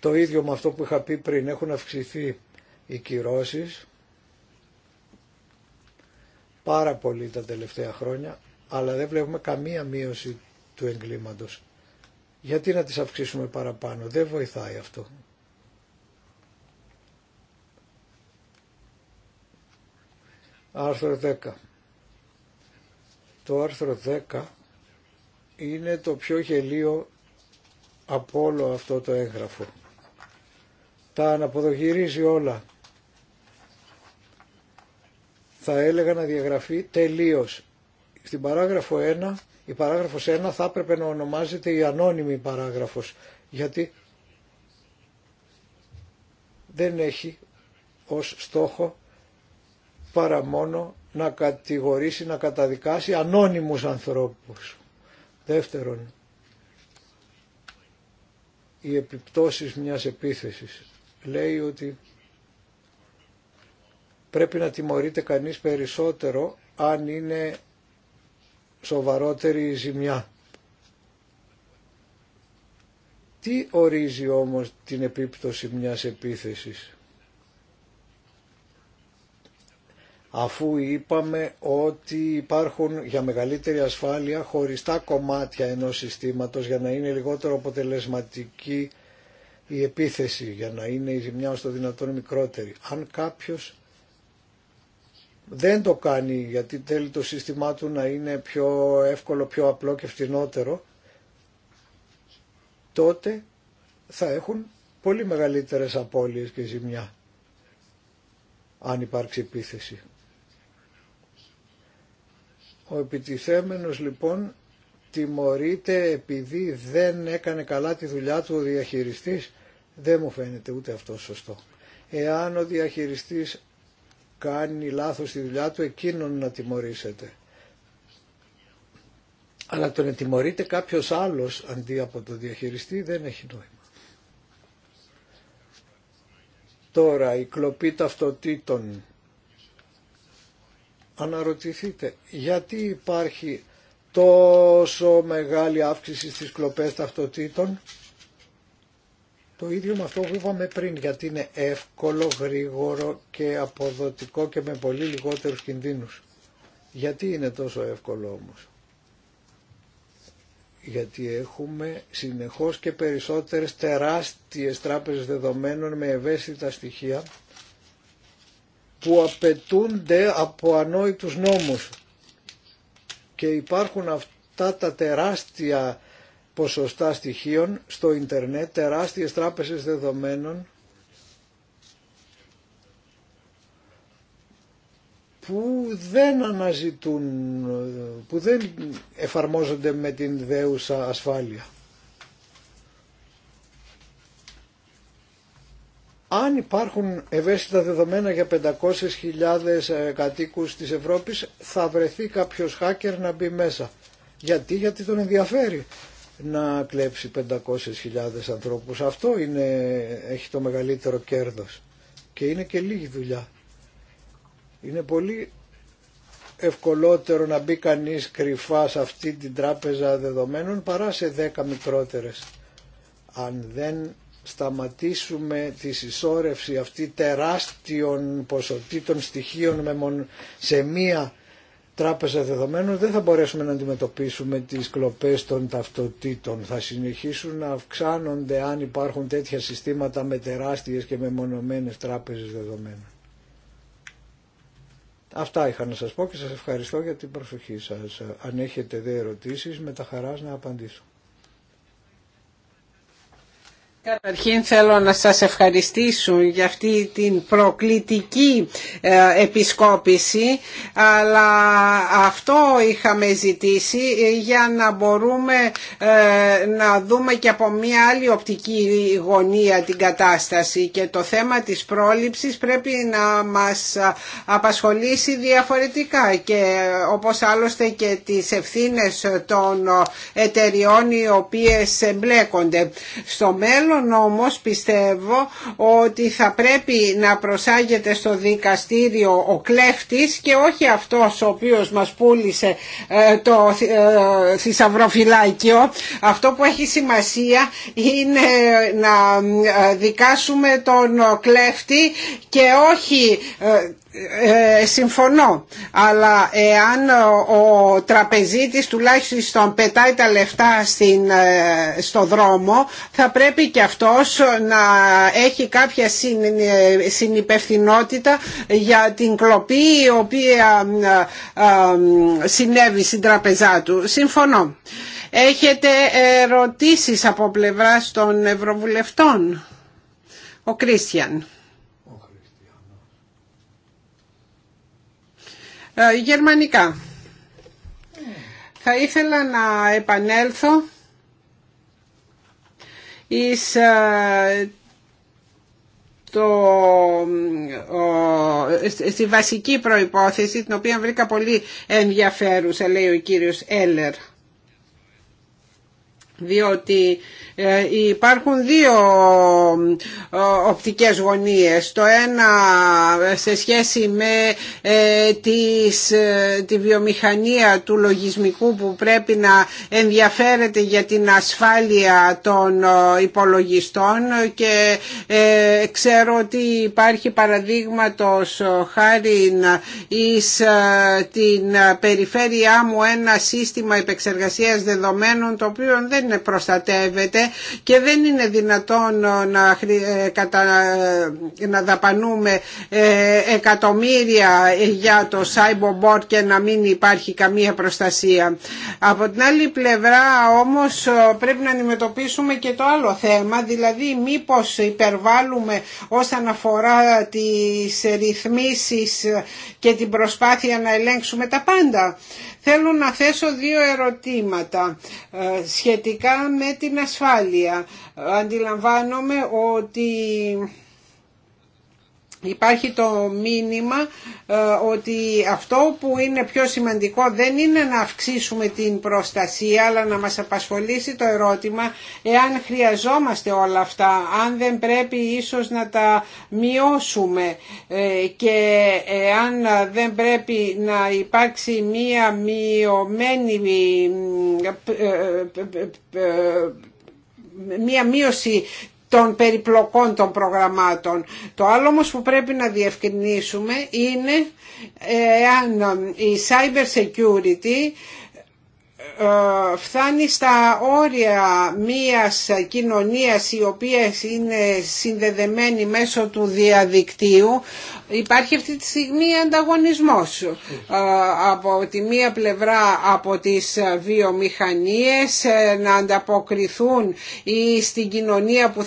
Το ίδιο με αυτό που είχα πει πριν, έχουν αυξηθεί οι κυρώσεις πάρα πολύ τα τελευταία χρόνια, αλλά δεν βλέπουμε καμία μείωση του εγκλήματος. Γιατί να τις αυξήσουμε παραπάνω, δεν βοηθάει αυτό. Άρθρο 10. Το άρθρο 10 είναι το πιο γελίο από όλο αυτό το έγγραφο. Τα αναποδογυρίζει όλα θα έλεγα να διαγραφεί τελείως. Στην παράγραφο 1, η παράγραφος 1 θα έπρεπε να ονομάζεται η ανώνυμη παράγραφος, γιατί δεν έχει ως στόχο παρά μόνο να κατηγορήσει, να καταδικάσει ανώνυμους ανθρώπους. Δεύτερον, οι επιπτώσεις μιας επίθεσης. Λέει ότι πρέπει να τιμωρείται κανείς περισσότερο αν είναι σοβαρότερη η ζημιά. Τι ορίζει όμως την επίπτωση μιας επίθεσης. Αφού είπαμε ότι υπάρχουν για μεγαλύτερη ασφάλεια χωριστά κομμάτια ενός συστήματος για να είναι λιγότερο αποτελεσματική η επίθεση, για να είναι η ζημιά το δυνατόν μικρότερη. Αν κάποιος δεν το κάνει γιατί θέλει το σύστημά του να είναι πιο εύκολο, πιο απλό και φτηνότερο, τότε θα έχουν πολύ μεγαλύτερες απώλειες και ζημιά αν υπάρξει επίθεση. Ο επιτιθέμενος λοιπόν τιμωρείται επειδή δεν έκανε καλά τη δουλειά του ο διαχειριστής. Δεν μου φαίνεται ούτε αυτό σωστό. Εάν ο διαχειριστής κάνει λάθος τη δουλειά του εκείνον να τιμωρήσετε. Αλλά τον να τιμωρείται κάποιος άλλος αντί από τον διαχειριστή δεν έχει νόημα. Τώρα η κλοπή ταυτοτήτων. Αναρωτηθείτε γιατί υπάρχει τόσο μεγάλη αύξηση στις κλοπές ταυτοτήτων το ίδιο με αυτό που είπαμε πριν, γιατί είναι εύκολο, γρήγορο και αποδοτικό και με πολύ λιγότερους κινδύνους. Γιατί είναι τόσο εύκολο όμως. Γιατί έχουμε συνεχώς και περισσότερες τεράστιες τράπεζες δεδομένων με ευαίσθητα στοιχεία που απαιτούνται από ανόητους νόμους. Και υπάρχουν αυτά τα τεράστια ποσοστά στοιχείων στο ίντερνετ, τεράστιες τράπεζες δεδομένων που δεν αναζητούν, που δεν εφαρμόζονται με την δέουσα ασφάλεια. Αν υπάρχουν ευαίσθητα δεδομένα για 500.000 ε, κατοίκους της Ευρώπης θα βρεθεί κάποιος hacker να μπει μέσα. Γιατί, γιατί τον ενδιαφέρει να κλέψει 500.000 ανθρώπους. Αυτό είναι, έχει το μεγαλύτερο κέρδος και είναι και λίγη δουλειά. Είναι πολύ ευκολότερο να μπει κανείς κρυφά σε αυτή την τράπεζα δεδομένων παρά σε 10 μικρότερες. Αν δεν σταματήσουμε τη συσσόρευση αυτή τεράστιων ποσοτήτων στοιχείων σε μία τράπεζα δεδομένων δεν θα μπορέσουμε να αντιμετωπίσουμε τις κλοπές των ταυτοτήτων. Θα συνεχίσουν να αυξάνονται αν υπάρχουν τέτοια συστήματα με τεράστιες και μεμονωμένες τράπεζες δεδομένων. Αυτά είχα να σας πω και σας ευχαριστώ για την προσοχή σας. Αν έχετε δε ερωτήσεις με τα χαράς να απαντήσω. Καταρχήν θέλω να σας ευχαριστήσω για αυτή την προκλητική ε, επισκόπηση αλλά αυτό είχαμε ζητήσει ε, για να μπορούμε ε, να δούμε και από μια άλλη οπτική γωνία την κατάσταση και το θέμα της πρόληψης πρέπει να μας απασχολήσει διαφορετικά και όπως άλλωστε και τις ευθύνες των εταιριών οι οποίες εμπλέκονται στο μέλλον μέλλον όμως πιστεύω ότι θα πρέπει να προσάγεται στο δικαστήριο ο κλέφτης και όχι αυτός ο οποίος μας πούλησε ε, το ε, θησαυροφυλάκιο. Αυτό που έχει σημασία είναι να ε, δικάσουμε τον κλέφτη και όχι ε, ε, συμφωνώ, αλλά εάν ο, ο τραπεζίτης τουλάχιστον πετάει τα λεφτά στην, ε, στο δρόμο θα πρέπει και αυτός να έχει κάποια συν, συνυπευθυνότητα για την κλοπή η οποία συνέβη στην τραπεζά του. Συμφωνώ. Έχετε ερωτήσεις από πλευράς των Ευρωβουλευτών. Ο Κρίστιαν. Ε, γερμανικά. Θα ήθελα να επανέλθω εις ε, το, ο, ε, στη βασική προϋπόθεση την οποία βρήκα πολύ ενδιαφέρουσα λέει ο κύριος Έλλερ διότι ε, υπάρχουν δύο ε, οπτικές γωνίες. Το ένα ε, σε σχέση με τη βιομηχανία του λογισμικού που πρέπει να ενδιαφέρεται για την ασφάλεια των υπολογιστών και ξέρω ότι υπάρχει παραδείγματος χάρη εις την περιφέρειά μου ένα σύστημα επεξεργασίας δεδομένων το οποίο δεν προστατεύεται και δεν είναι δυνατόν ε, να, ε, ε, να δαπανούμε εκατομμύρια για το cyberboard και να μην υπάρχει καμία προστασία. Από την άλλη πλευρά όμως πρέπει να αντιμετωπίσουμε και το άλλο θέμα, δηλαδή μήπως υπερβάλλουμε όσον αφορά τις ρυθμίσεις και την προσπάθεια να ελέγξουμε τα πάντα. Θέλω να θέσω δύο ερωτήματα ε, σχετικά με την ασφάλεια. Αντιλαμβάνομαι ότι Υπάρχει το μήνυμα ε, ότι αυτό που είναι πιο σημαντικό δεν είναι να αυξήσουμε την προστασία αλλά να μας απασχολήσει το ερώτημα εάν χρειαζόμαστε όλα αυτά, αν δεν πρέπει ίσως να τα μειώσουμε ε, και εάν δεν πρέπει να υπάρξει μία μειωμένη ε, μία μείωση των περιπλοκών των προγραμμάτων. Το άλλο όμως που πρέπει να διευκρινίσουμε είναι ε, εάν ε, η cyber security ε, φτάνει στα όρια μίας κοινωνίας η οποία είναι συνδεδεμένη μέσω του διαδικτύου υπάρχει αυτή τη στιγμή ανταγωνισμός ε, από τη μία πλευρά από τις βιομηχανίες ε, να ανταποκριθούν ή στην κοινωνία που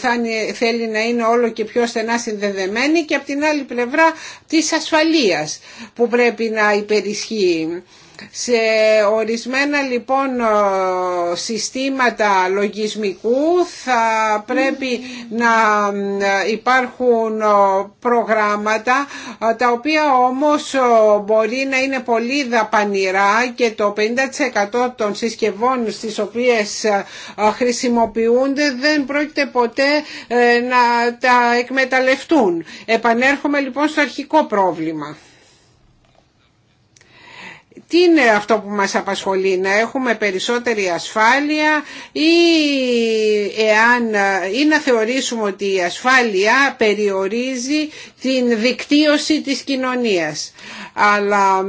θέλει να είναι όλο και πιο στενά συνδεδεμένη και από την άλλη πλευρά της ασφαλείας που πρέπει να υπερισχύει. Σε ορισμένα λοιπόν συστήματα λογισμικού θα πρέπει να ε, υπάρχουν προγράμματα ε, τα οποία όμως μπορεί να είναι πολύ δαπανηρά και το 50% των συσκευών στις οποίες ε, χρησιμοποιούνται δεν πρόκειται ποτέ να τα εκμεταλλευτούν. Επανέρχομαι λοιπόν στο αρχικό πρόβλημα τι είναι αυτό που μας απασχολεί, να έχουμε περισσότερη ασφάλεια ή εάν ή να θεωρήσουμε ότι η ασφάλεια περιορίζει την δικτύωση της κοινωνίας αλλά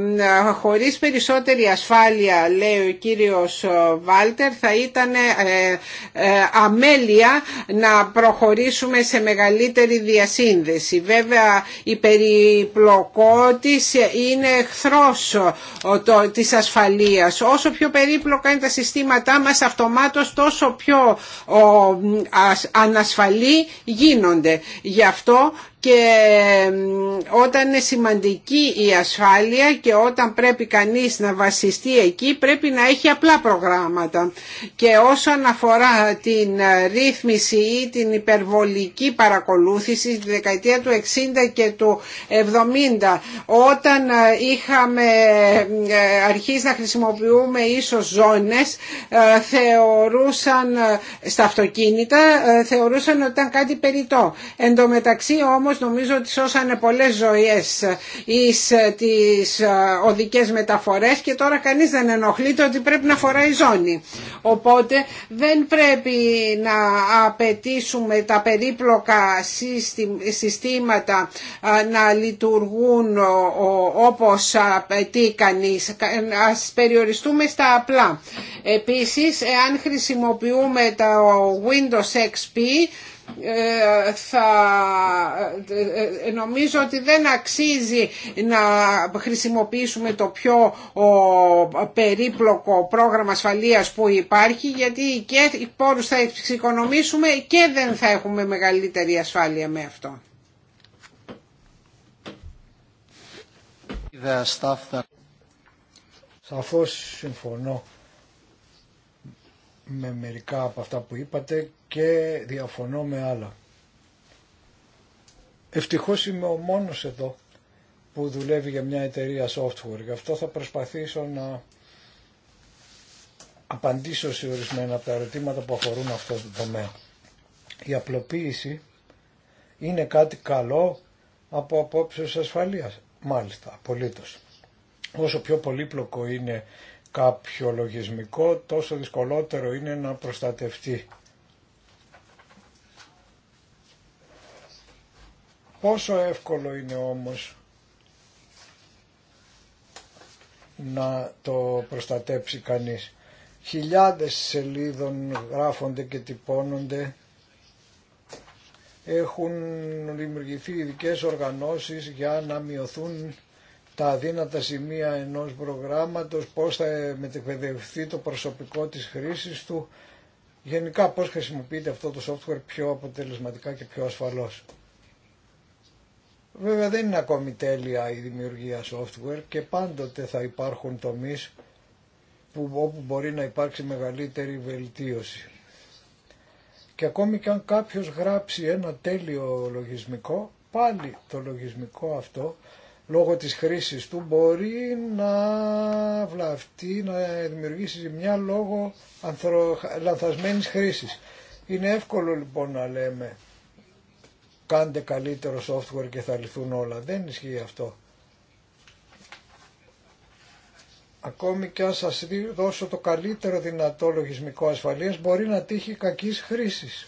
χωρίς περισσότερη ασφάλεια λέει ο κύριος ε, Βάλτερ θα ήταν ε, ε, αμέλεια να προχωρήσουμε σε μεγαλύτερη διασύνδεση. Βέβαια η περιπλοκότηση είναι εχθρός της ασφαλείας. Όσο πιο περίπλοκα είναι τα συστήματά μας αυτομάτως τόσο πιο ανασφαλή γίνονται. Γι' αυτό και όταν είναι σημαντική η ασφάλεια και όταν πρέπει κανείς να βασιστεί εκεί πρέπει να έχει απλά προγράμματα και όσον αφορά την ε, ρύθμιση ή την υπερβολική παρακολούθηση στη δεκαετία του 60 και του 70 όταν ε, είχαμε ε, αρχίσει να χρησιμοποιούμε ίσως ζώνες θεωρούσαν στα αυτοκίνητα θεωρούσαν ότι ήταν κάτι περιττό. Εν όμως νομίζω ότι σώσανε πολλές ζωές εις ε, τις ε, οδικές μεταφορές και τώρα κανείς δεν ενοχλείται ότι πρέπει να φοράει ζώνη. Οπότε δεν πρέπει να απαιτήσουμε τα περίπλοκα συστήματα ε, να λειτουργούν όπως απαιτεί κανείς. Ας περιοριστούμε στα απλά. Επίσης, εάν χρησιμοποιούμε το Windows XP ε, θα, ε, ε, νομίζω ότι δεν αξίζει να χρησιμοποιήσουμε το πιο περίπλοκο πρόγραμμα ασφαλείας που υπάρχει γιατί και πόρους θα εξοικονομήσουμε και δεν θα έχουμε μεγαλύτερη ασφάλεια με αυτό. Σαφώς συμφωνώ με μερικά από αυτά που είπατε και διαφωνώ με άλλα. Ευτυχώς είμαι ο μόνος εδώ που δουλεύει για μια εταιρεία software. Γι' αυτό θα προσπαθήσω να απαντήσω σε ορισμένα από τα ερωτήματα που αφορούν αυτό το τομέα. Η απλοποίηση είναι κάτι καλό από απόψεως ασφαλείας. Μάλιστα, απολύτως. Όσο πιο πολύπλοκο είναι κάποιο λογισμικό, τόσο δυσκολότερο είναι να προστατευτεί Πόσο εύκολο είναι όμως να το προστατέψει κανείς. Χιλιάδες σελίδων γράφονται και τυπώνονται. Έχουν δημιουργηθεί ειδικέ οργανώσεις για να μειωθούν τα αδύνατα σημεία ενός προγράμματος, πώς θα μετεκπαιδευτεί το προσωπικό της χρήσης του, γενικά πώς χρησιμοποιείται αυτό το software πιο αποτελεσματικά και πιο ασφαλώς. Βέβαια δεν είναι ακόμη τέλεια η δημιουργία software και πάντοτε θα υπάρχουν τομείς που, όπου μπορεί να υπάρξει μεγαλύτερη βελτίωση. Και ακόμη και αν κάποιος γράψει ένα τέλειο λογισμικό, πάλι το λογισμικό αυτό, λόγω της χρήσης του, μπορεί να βλαφτεί, να δημιουργήσει μια λόγω ανθρω... λανθασμένης χρήσης. Είναι εύκολο λοιπόν να λέμε κάντε καλύτερο software και θα λυθούν όλα. Δεν ισχύει αυτό. Ακόμη και αν σας δώσω το καλύτερο δυνατό λογισμικό ασφαλείας μπορεί να τύχει κακής χρήσης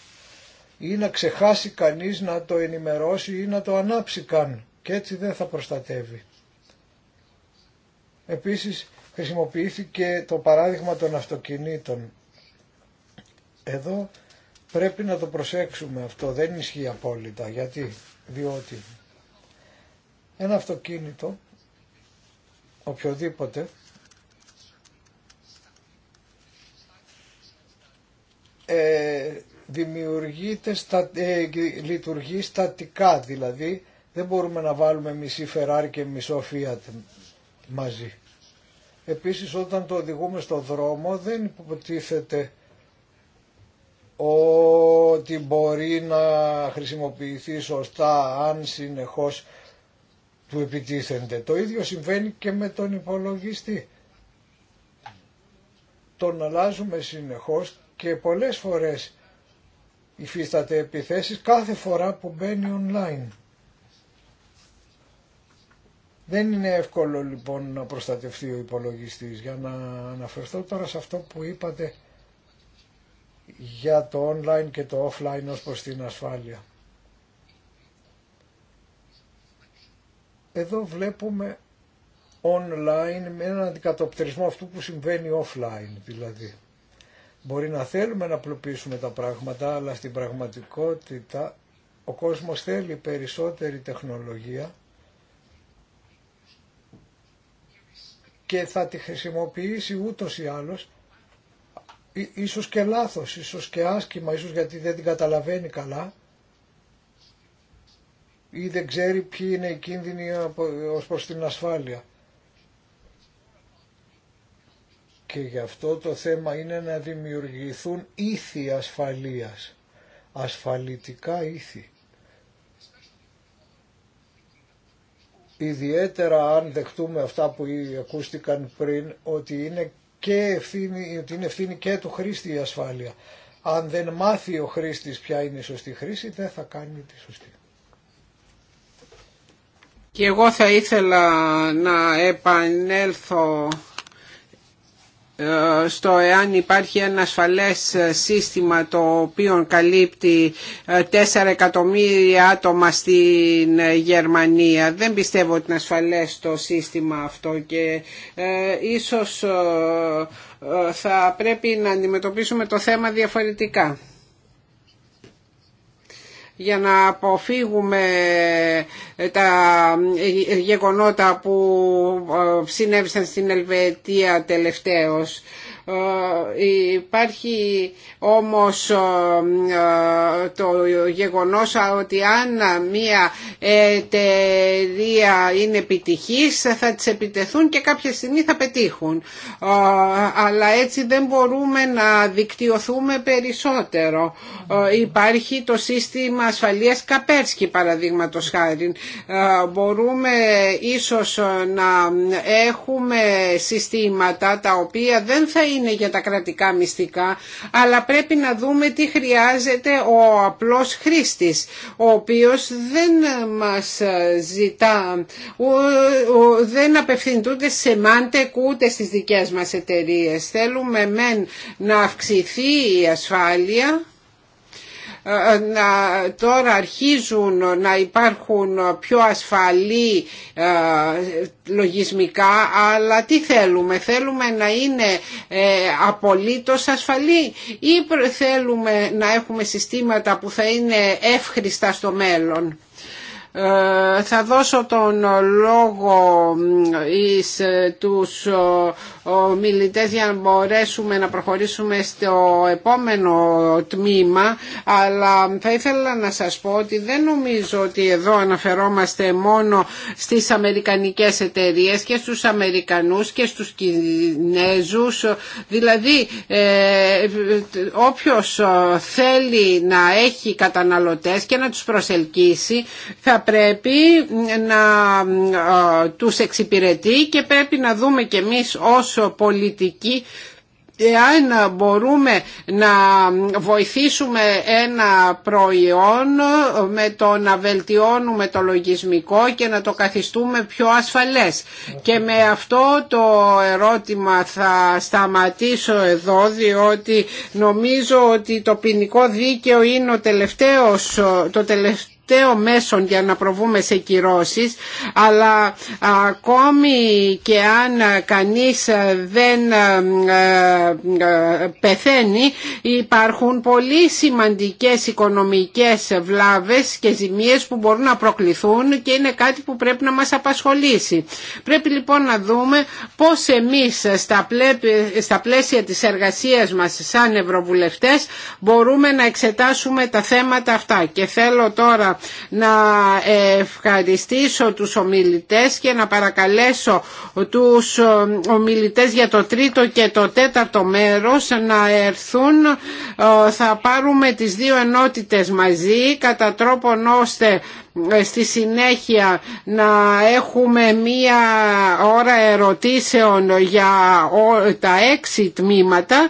ή να ξεχάσει κανείς να το ενημερώσει ή να το ανάψει καν και έτσι δεν θα προστατεύει. Επίσης χρησιμοποιήθηκε το παράδειγμα των αυτοκινήτων. Εδώ Πρέπει να το προσέξουμε αυτό, δεν ισχύει απόλυτα. Γιατί, διότι ένα αυτοκίνητο, οποιοδήποτε, ε, δημιουργείται, στα, ε, λειτουργεί στατικά, δηλαδή δεν μπορούμε να βάλουμε μισή Φεράρι και μισό ΦΙΑΤ μαζί. Επίσης όταν το οδηγούμε στο δρόμο δεν υποτίθεται ότι μπορεί να χρησιμοποιηθεί σωστά αν συνεχώς του επιτίθενται. Το ίδιο συμβαίνει και με τον υπολογιστή. Τον αλλάζουμε συνεχώς και πολλές φορές υφίσταται επιθέσεις κάθε φορά που μπαίνει online. Δεν είναι εύκολο λοιπόν να προστατευτεί ο υπολογιστής. Για να αναφερθώ τώρα σε αυτό που είπατε για το online και το offline ως προς την ασφάλεια. Εδώ βλέπουμε online με έναν αντικατοπτρισμό αυτού που συμβαίνει offline δηλαδή. Μπορεί να θέλουμε να απλοποιήσουμε τα πράγματα, αλλά στην πραγματικότητα ο κόσμος θέλει περισσότερη τεχνολογία και θα τη χρησιμοποιήσει ούτως ή άλλως ίσως και λάθος, ίσως και άσκημα, ίσως γιατί δεν την καταλαβαίνει καλά ή δεν ξέρει ποιοι είναι οι κίνδυνοι ως προς την ασφάλεια. Και γι' αυτό το θέμα είναι να δημιουργηθούν ήθη ασφαλείας, ασφαλιτικά ήθη. Ιδιαίτερα αν δεχτούμε αυτά που ακούστηκαν πριν, ότι είναι και ευθύνη, είναι ευθύνη και του χρήστη η ασφάλεια. Αν δεν μάθει ο χρήστης ποια είναι η σωστή χρήση, δεν θα κάνει τη σωστή. Και εγώ θα ήθελα να επανέλθω ε, στο εάν υπάρχει ένα ασφαλές ε, σύστημα το οποίο καλύπτει 4 ε, εκατομμύρια άτομα στην Γερμανία. Δεν πιστεύω ότι είναι ασφαλές το σύστημα αυτό και ίσως θα πρέπει να αντιμετωπίσουμε το θέμα διαφορετικά για να αποφύγουμε ε, τα ε, γεγονότα που ε, συνέβησαν στην Ελβετία τελευταίως. Ε, υπάρχει όμως ε, ε, το γεγονός ότι αν μία εταιρεία είναι επιτυχής θα τις επιτεθούν και κάποια στιγμή θα πετύχουν. Αλλά έτσι δεν μπορούμε να δικτυωθούμε περισσότερο. Υπάρχει το σύστημα ασφαλείας Καπέρσκι παραδείγματος χάρη. Μπορούμε ίσως να έχουμε συστήματα τα οποία δεν θα είναι είναι για τα κρατικά μυστικά, αλλά πρέπει να δούμε τι χρειάζεται ο απλός χρήστης, ο οποίος δεν μας ζητά, δεν απευθυντούνται σε Μάντεκ ούτε στις δικές μας εταιρείες. Θέλουμε μεν να αυξηθεί η ασφάλεια, να, τώρα αρχίζουν να υπάρχουν πιο ασφαλή ε, λογισμικά αλλά τι θέλουμε θέλουμε να είναι ε, απολύτως ασφαλή ή θέλουμε να έχουμε συστήματα που θα είναι εύχριστα στο μέλλον ε, θα δώσω τον λόγο εις τους μιλητέ, για να μπορέσουμε να προχωρήσουμε στο επόμενο τμήμα αλλά θα ήθελα να σας πω ότι δεν νομίζω ότι εδώ αναφερόμαστε μόνο στις αμερικανικές εταιρείες και στους Αμερικανούς και στους Κινέζους δηλαδή ε, όποιος θέλει να έχει καταναλωτές και να τους προσελκύσει θα πρέπει να ε, τους εξυπηρετεί και πρέπει να δούμε και εμείς πολιτική εάν μπορούμε να βοηθήσουμε ένα προϊόν με το να βελτιώνουμε το λογισμικό και να το καθιστούμε πιο ασφαλές. Και με αυτό το ερώτημα θα σταματήσω εδώ διότι νομίζω ότι το ποινικό δίκαιο είναι ο τελευταίος, το τελευταίο τελευταίο για να προβούμε σε κυρώσεις αλλά ακόμη και αν κανείς δεν ε, ε, πεθαίνει υπάρχουν πολύ σημαντικές οικονομικές βλάβες και ζημίες που μπορούν να προκληθούν και είναι κάτι που πρέπει να μας απασχολήσει. Πρέπει λοιπόν να δούμε πώς εμείς στα πλαίσια της εργασίας μας σαν Ευρωβουλευτές μπορούμε να εξετάσουμε τα θέματα αυτά και θέλω τώρα να ευχαριστήσω τους ομιλητές και να παρακαλέσω τους ομιλητές για το τρίτο και το τέταρτο μέρος να έρθουν. Ε, θα πάρουμε τις δύο ενότητες μαζί κατά τρόπον ώστε ε, στη συνέχεια να έχουμε μία ώρα ερωτήσεων για τα έξι τμήματα,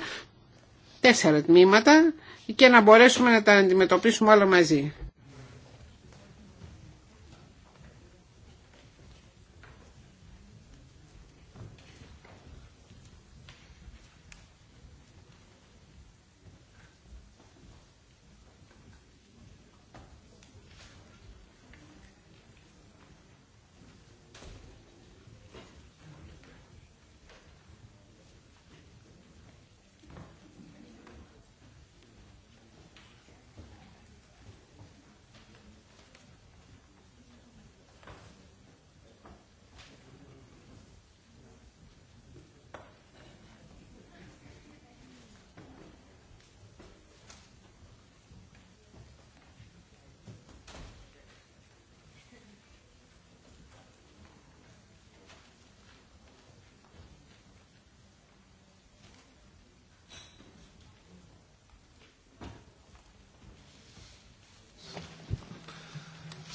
τέσσερα τμήματα και να μπορέσουμε να τα αντιμετωπίσουμε όλα μαζί.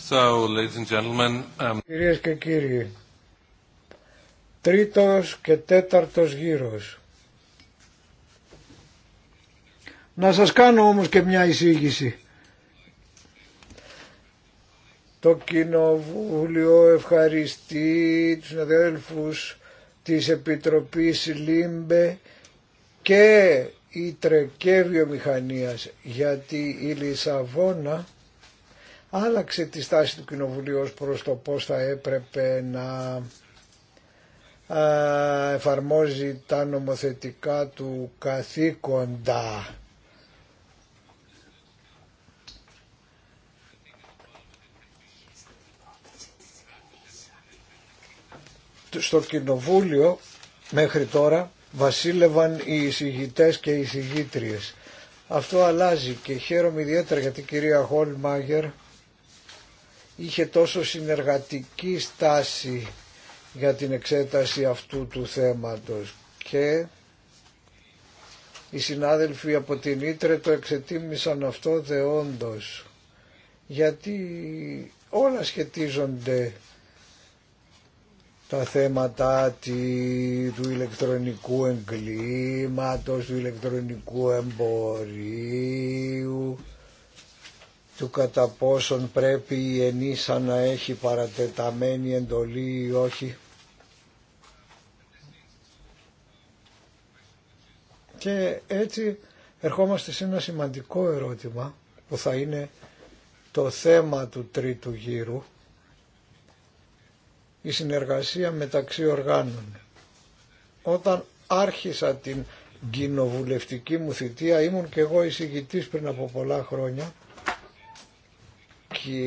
So, um, Κυρίες και κύριοι, τρίτος και τέταρτος γύρος. Να σας κάνω όμως και μια εισήγηση. Το Κοινοβούλιο ευχαριστεί τους αδέλφους της Επιτροπής Λίμπε και η τρεκέ βιομηχανίας γιατί η Λισαβόνα άλλαξε τη στάση του Κοινοβουλίου ως προς το πώς θα έπρεπε να εφαρμόζει τα νομοθετικά του καθήκοντα. Στο Κοινοβούλιο μέχρι τώρα βασίλευαν οι εισηγητές και οι εισηγήτριες. Αυτό αλλάζει και χαίρομαι ιδιαίτερα γιατί κυρία Χολμάγερ είχε τόσο συνεργατική στάση για την εξέταση αυτού του θέματος και οι συνάδελφοι από την Ήτρε το εξετίμησαν αυτό δεόντως γιατί όλα σχετίζονται τα θέματα του ηλεκτρονικού εγκλήματος, του ηλεκτρονικού εμπορίου, του κατά πόσον πρέπει η ενίσα να έχει παρατεταμένη εντολή ή όχι. Και έτσι ερχόμαστε σε ένα σημαντικό ερώτημα που θα είναι το θέμα του τρίτου γύρου, η συνεργασία μεταξύ οργάνων. Όταν άρχισα την κοινοβουλευτική μου θητεία, ήμουν και εγώ εισηγητής πριν από πολλά χρόνια και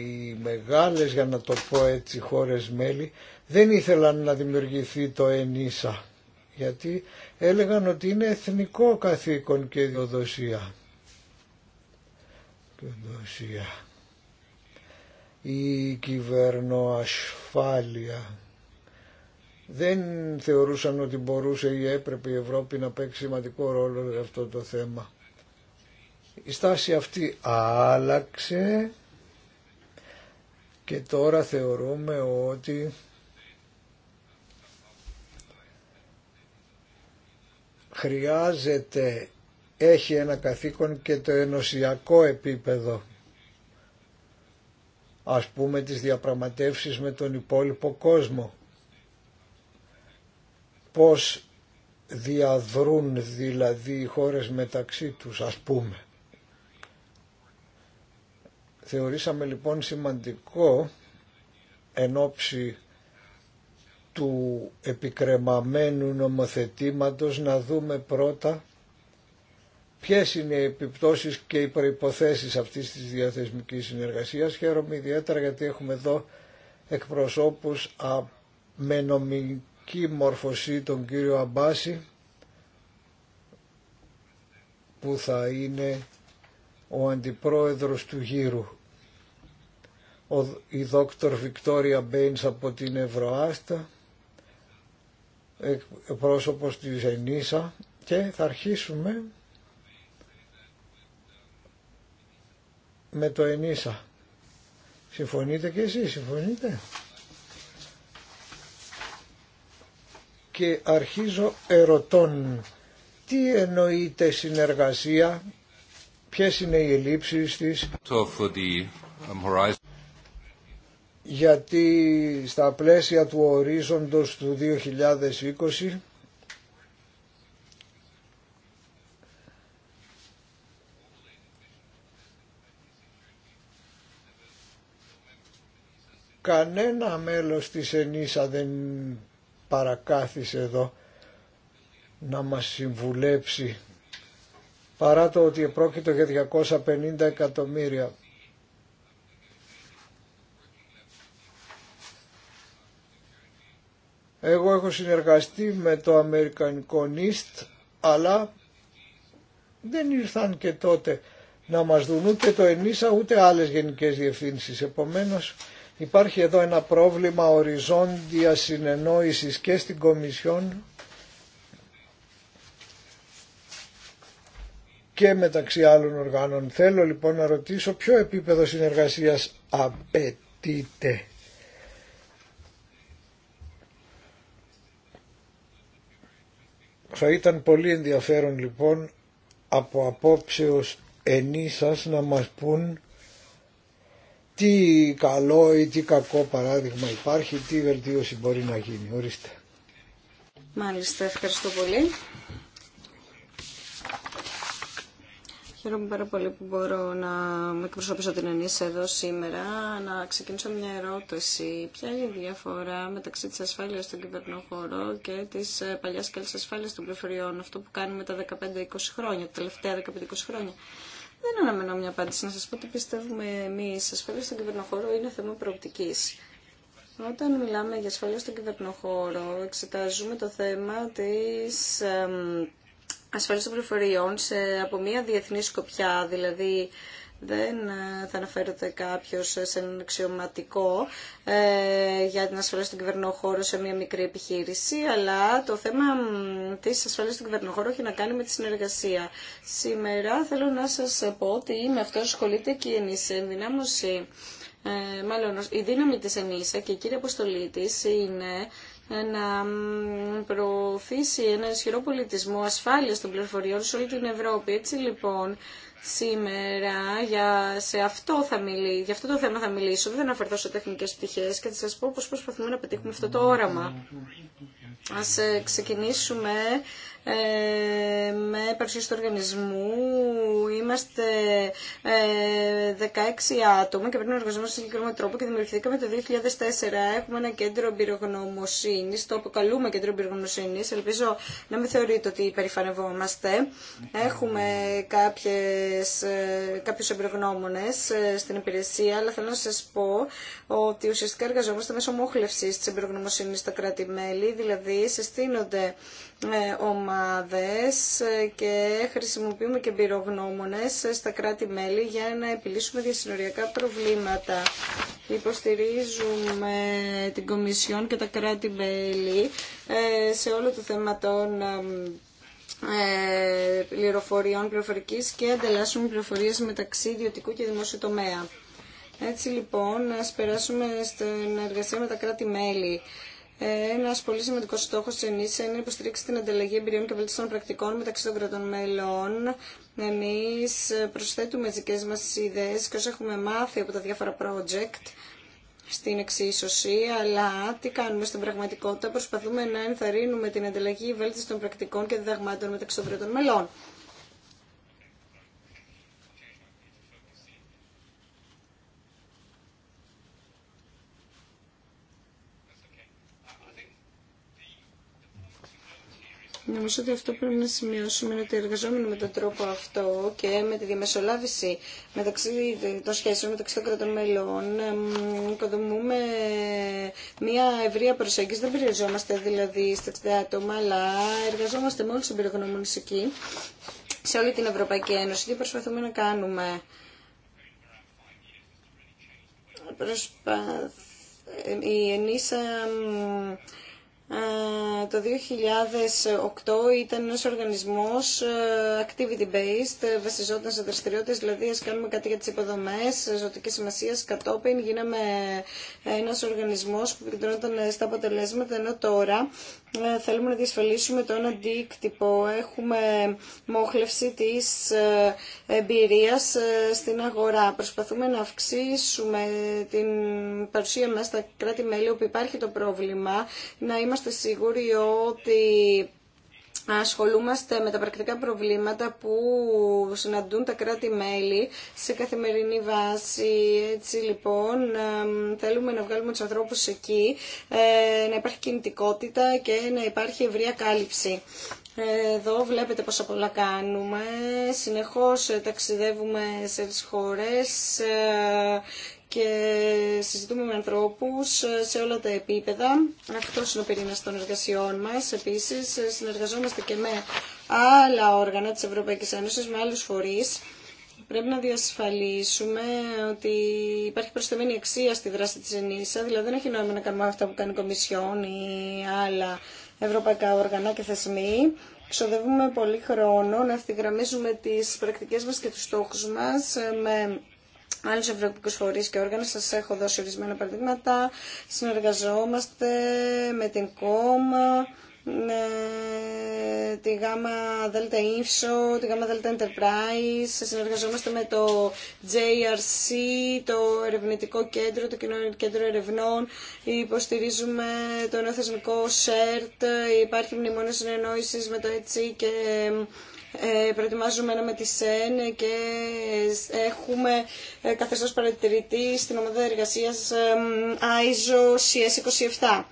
οι μεγάλες για να το πω έτσι χώρες μέλη δεν ήθελαν να δημιουργηθεί το ΕΝΙΣΑ γιατί έλεγαν ότι είναι εθνικό καθήκον και ιδιοδοσία. Η κυβερνοασφάλεια. Δεν θεωρούσαν ότι μπορούσε ή έπρεπε η Ευρώπη να παίξει σημαντικό ρόλο για αυτό το θέμα. Η στάση αυτή άλλαξε και τώρα θεωρούμε ότι χρειάζεται, έχει ένα καθήκον και το ενωσιακό επίπεδο ας πούμε τις διαπραγματεύσεις με τον υπόλοιπο κόσμο. Πώς διαδρούν δηλαδή οι χώρες μεταξύ τους ας πούμε. Θεωρήσαμε λοιπόν σημαντικό εν ώψη του επικρεμαμένου νομοθετήματος να δούμε πρώτα ποιες είναι οι επιπτώσεις και οι προϋποθέσεις αυτής της διαθεσμικής συνεργασίας. Χαίρομαι ιδιαίτερα γιατί έχουμε εδώ εκπροσώπους με νομική μορφωσή τον κύριο Αμπάση που θα είναι ο αντιπρόεδρος του γύρου η δόκτωρ Βικτόρια Μπέινς από την Ευρωάστα, πρόσωπος της ΕΝΙΣΑ και θα αρχίσουμε με το ΕΝΙΣΑ. Συμφωνείτε και εσείς, συμφωνείτε. Και αρχίζω ερωτών. Τι εννοείται συνεργασία, ποιες είναι οι ελλείψεις της γιατί στα πλαίσια του ορίζοντος του 2020 κανένα μέλος της ΕΝΙΣΑ δεν παρακάθισε εδώ να μας συμβουλέψει παρά το ότι επρόκειτο για 250 εκατομμύρια Εγώ έχω συνεργαστεί με το Αμερικανικό ΝΙΣΤ αλλά δεν ήρθαν και τότε να μας δουν ούτε το ΕΝΙΣΑ ούτε άλλες γενικές διευθύνσεις. Επομένως υπάρχει εδώ ένα πρόβλημα οριζόντια συνεννόησης και στην Κομισιόν και μεταξύ άλλων οργάνων. Θέλω λοιπόν να ρωτήσω ποιο επίπεδο συνεργασίας απαιτείται. Θα ήταν πολύ ενδιαφέρον λοιπόν από απόψεως ενίσας να μας πούν τι καλό ή τι κακό παράδειγμα υπάρχει, τι βελτίωση μπορεί να γίνει. Ορίστε. Μάλιστα, ευχαριστώ πολύ. Χαίρομαι πάρα πολύ που μπορώ να με εκπροσωπήσω την Ενίση εδώ σήμερα. Να ξεκινήσω μια ερώτηση. Ποια είναι η διαφορά μεταξύ της ασφάλειας στον κυβερνοχώρο και της ε, παλιάς και της ασφάλειας των πληροφοριών, αυτό που κάνουμε τα 15-20 χρόνια, τα τελευταία 15-20 χρόνια. Δεν αναμένω μια απάντηση. Να σας πω ότι πιστεύουμε εμείς. Ασφάλεια στον κυβερνοχώρο είναι θέμα προοπτικής. Όταν μιλάμε για ασφάλεια στον κυβερνοχώρο, εξετάζουμε το θέμα τη. Ασφάλιση των πληροφοριών σε, από μια διεθνή σκοπιά, δηλαδή δεν ε, θα αναφέρεται κάποιος σε έναν αξιωματικό ε, για την ασφάλιση στον κυβερνοχώρου σε μια μικρή επιχείρηση, αλλά το θέμα της ασφάλειας στον κυβερνοχώρου έχει να κάνει με τη συνεργασία. Σήμερα θέλω να σας πω ότι με αυτό ασχολείται και η ενίσχυση, ενδυνάμωση. Ε, μάλλον η δύναμη της ενίσα ε, και η κύρια αποστολή της είναι να προωθήσει ένα ισχυρό πολιτισμό ασφάλειας των πληροφοριών σε όλη την Ευρώπη. Έτσι λοιπόν σήμερα για, σε αυτό θα μιλή, για αυτό το θέμα θα μιλήσω, δεν θα αναφερθώ σε τεχνικές πτυχές και θα σας πω πώς προσπαθούμε να πετύχουμε αυτό το όραμα. Ας ε, ξεκινήσουμε ε, με παρουσίαση του οργανισμού είμαστε 16 ε, άτομα και πρέπει να εργαζόμαστε σε συγκεκριμένο τρόπο και δημιουργηθήκαμε το 2004. Έχουμε ένα κέντρο εμπειρογνωμοσύνη, το αποκαλούμε κέντρο εμπειρογνωμοσύνη. Ελπίζω να με θεωρείτε ότι υπερηφανευόμαστε. Έχουμε κάποιες, ε, κάποιους εμπειρογνώμονες στην υπηρεσία, αλλά θέλω να σας πω ότι ουσιαστικά εργαζόμαστε μέσω μόχλευσης της εμπειρογνωμοσύνης στα κράτη-μέλη, δηλαδή συστήνονται ομάδες και χρησιμοποιούμε και πυρογνώμονες στα κράτη-μέλη για να επιλύσουμε διασυνοριακά προβλήματα. Υποστηρίζουμε την Κομισιόν και τα κράτη-μέλη ε, σε όλο το θέμα των ε, πληροφοριών πληροφορικής και ανταλλάσσουμε πληροφορίες μεταξύ ιδιωτικού και δημόσιου τομέα. Έτσι λοιπόν, ας περάσουμε στην εργασία με τα κράτη-μέλη. Ε, Ένα πολύ σημαντικό στόχο τη ΕΝΗΣΑ είναι να υποστηρίξει την ανταλλαγή εμπειριών και βελτιστών πρακτικών μεταξύ των κρατών μέλων. Εμεί προσθέτουμε τι δικέ μα ιδέε και όσα έχουμε μάθει από τα διάφορα project στην εξίσωση, αλλά τι κάνουμε στην πραγματικότητα. Προσπαθούμε να ενθαρρύνουμε την ανταλλαγή των πρακτικών και διδαγμάτων μεταξύ των κρατών μελών. Νομίζω ότι αυτό πρέπει να σημειώσουμε είναι ότι εργαζόμενοι με τον τρόπο αυτό και με τη διαμεσολάβηση μεταξύ των σχέσεων μεταξύ των κρατών μελών οικοδομούμε μια ευρεία προσέγγιση. Δεν περιοριζόμαστε δηλαδή στα 60 άτομα, αλλά εργαζόμαστε με όλου του εμπειρογνώμονε εκεί, σε όλη την Ευρωπαϊκή Ένωση και προσπαθούμε να κάνουμε. Ε, η Ενίσα ε, το 2008 ήταν ένας οργανισμός ε, activity based, ε, βασιζόταν σε δραστηριότητες, δηλαδή ας κάνουμε κάτι για τις υποδομές, ζωτικής σημασίας, κατόπιν γίναμε ένας οργανισμός που επικεντρώνονταν στα αποτελέσματα, ενώ τώρα ε, θέλουμε να διασφαλίσουμε τον αντίκτυπο. Έχουμε μόχλευση της ε, εμπειρίας ε, στην αγορά. Προσπαθούμε να αυξήσουμε την παρουσία μας στα κράτη-μέλη όπου υπάρχει το πρόβλημα, να είμαστε σίγουροι ότι ασχολούμαστε με τα πρακτικά προβλήματα που συναντούν τα κράτη-μέλη σε καθημερινή βάση. Έτσι λοιπόν θέλουμε να βγάλουμε τους ανθρώπους εκεί, ε, να υπάρχει κινητικότητα και να υπάρχει ευρία κάλυψη. Εδώ βλέπετε πόσα πολλά κάνουμε. Συνεχώς ταξιδεύουμε σε τις χώρες ε, και συζητούμε με ανθρώπους σε όλα τα επίπεδα. αυτό είναι ο πυρήνας των εργασιών μας. Επίσης, συνεργαζόμαστε και με άλλα όργανα της Ευρωπαϊκής Ένωσης, με άλλους φορείς. Πρέπει να διασφαλίσουμε ότι υπάρχει προσθεμένη αξία στη δράση της ΕΝΗΣΑ, δηλαδή δεν έχει νόημα να κάνουμε αυτά που κάνει η Κομισιόν ή άλλα ευρωπαϊκά όργανα και θεσμοί. Ξοδεύουμε πολύ χρόνο να ευθυγραμμίζουμε τις πρακτικές μας και τους στόχους μα. με Άλλου ευρωπαϊκού φορεί και όργανα. Σα έχω δώσει ορισμένα παραδείγματα. Συνεργαζόμαστε με την κόμμα, με τη γάμα Δέλτα Ίφσο, τη γάμα Δέλτα Enterprise, συνεργαζόμαστε με το JRC, το Ερευνητικό Κέντρο, το Κοινό Κέντρο Ερευνών, υποστηρίζουμε το νέο θεσμικό υπάρχει μνημόνιο συνεννόηση με το ETSI και ε, προετοιμάζουμε ένα με τη ΣΕΝ και έχουμε ε, καθεστώς παρατηρητή στην ομάδα εργασίας ISO ε, CS27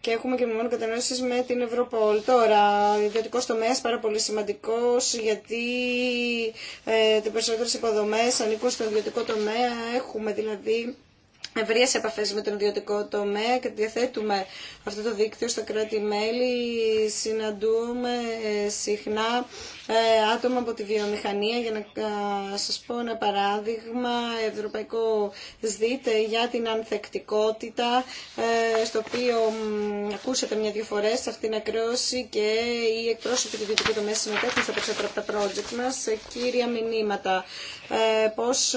και έχουμε και μόνο κατανόησης με την Ευρωπόλ. Τώρα, ο ιδιωτικό τομέα πάρα πολύ σημαντικός γιατί ε, οι περισσότερε υποδομέ ανήκουν στον ιδιωτικό τομέα. Έχουμε δηλαδή ευρείε επαφέ με τον ιδιωτικό τομέα και διαθέτουμε αυτό το δίκτυο στα κράτη-μέλη. Συναντούμε συχνά ε, άτομα από τη βιομηχανία. Για να σας πω ένα παράδειγμα, ευρωπαϊκό ΣΔΙΤ για την ανθεκτικότητα, ε, στο οποίο ακούσατε μια-δυο φορές σε αυτήν την ακρόση και η εκπρόσωποι του Διευθυντικού τομέα συμμετέχουν στα περισσότερα από τα project μας. Ε, κύρια μηνύματα, πώς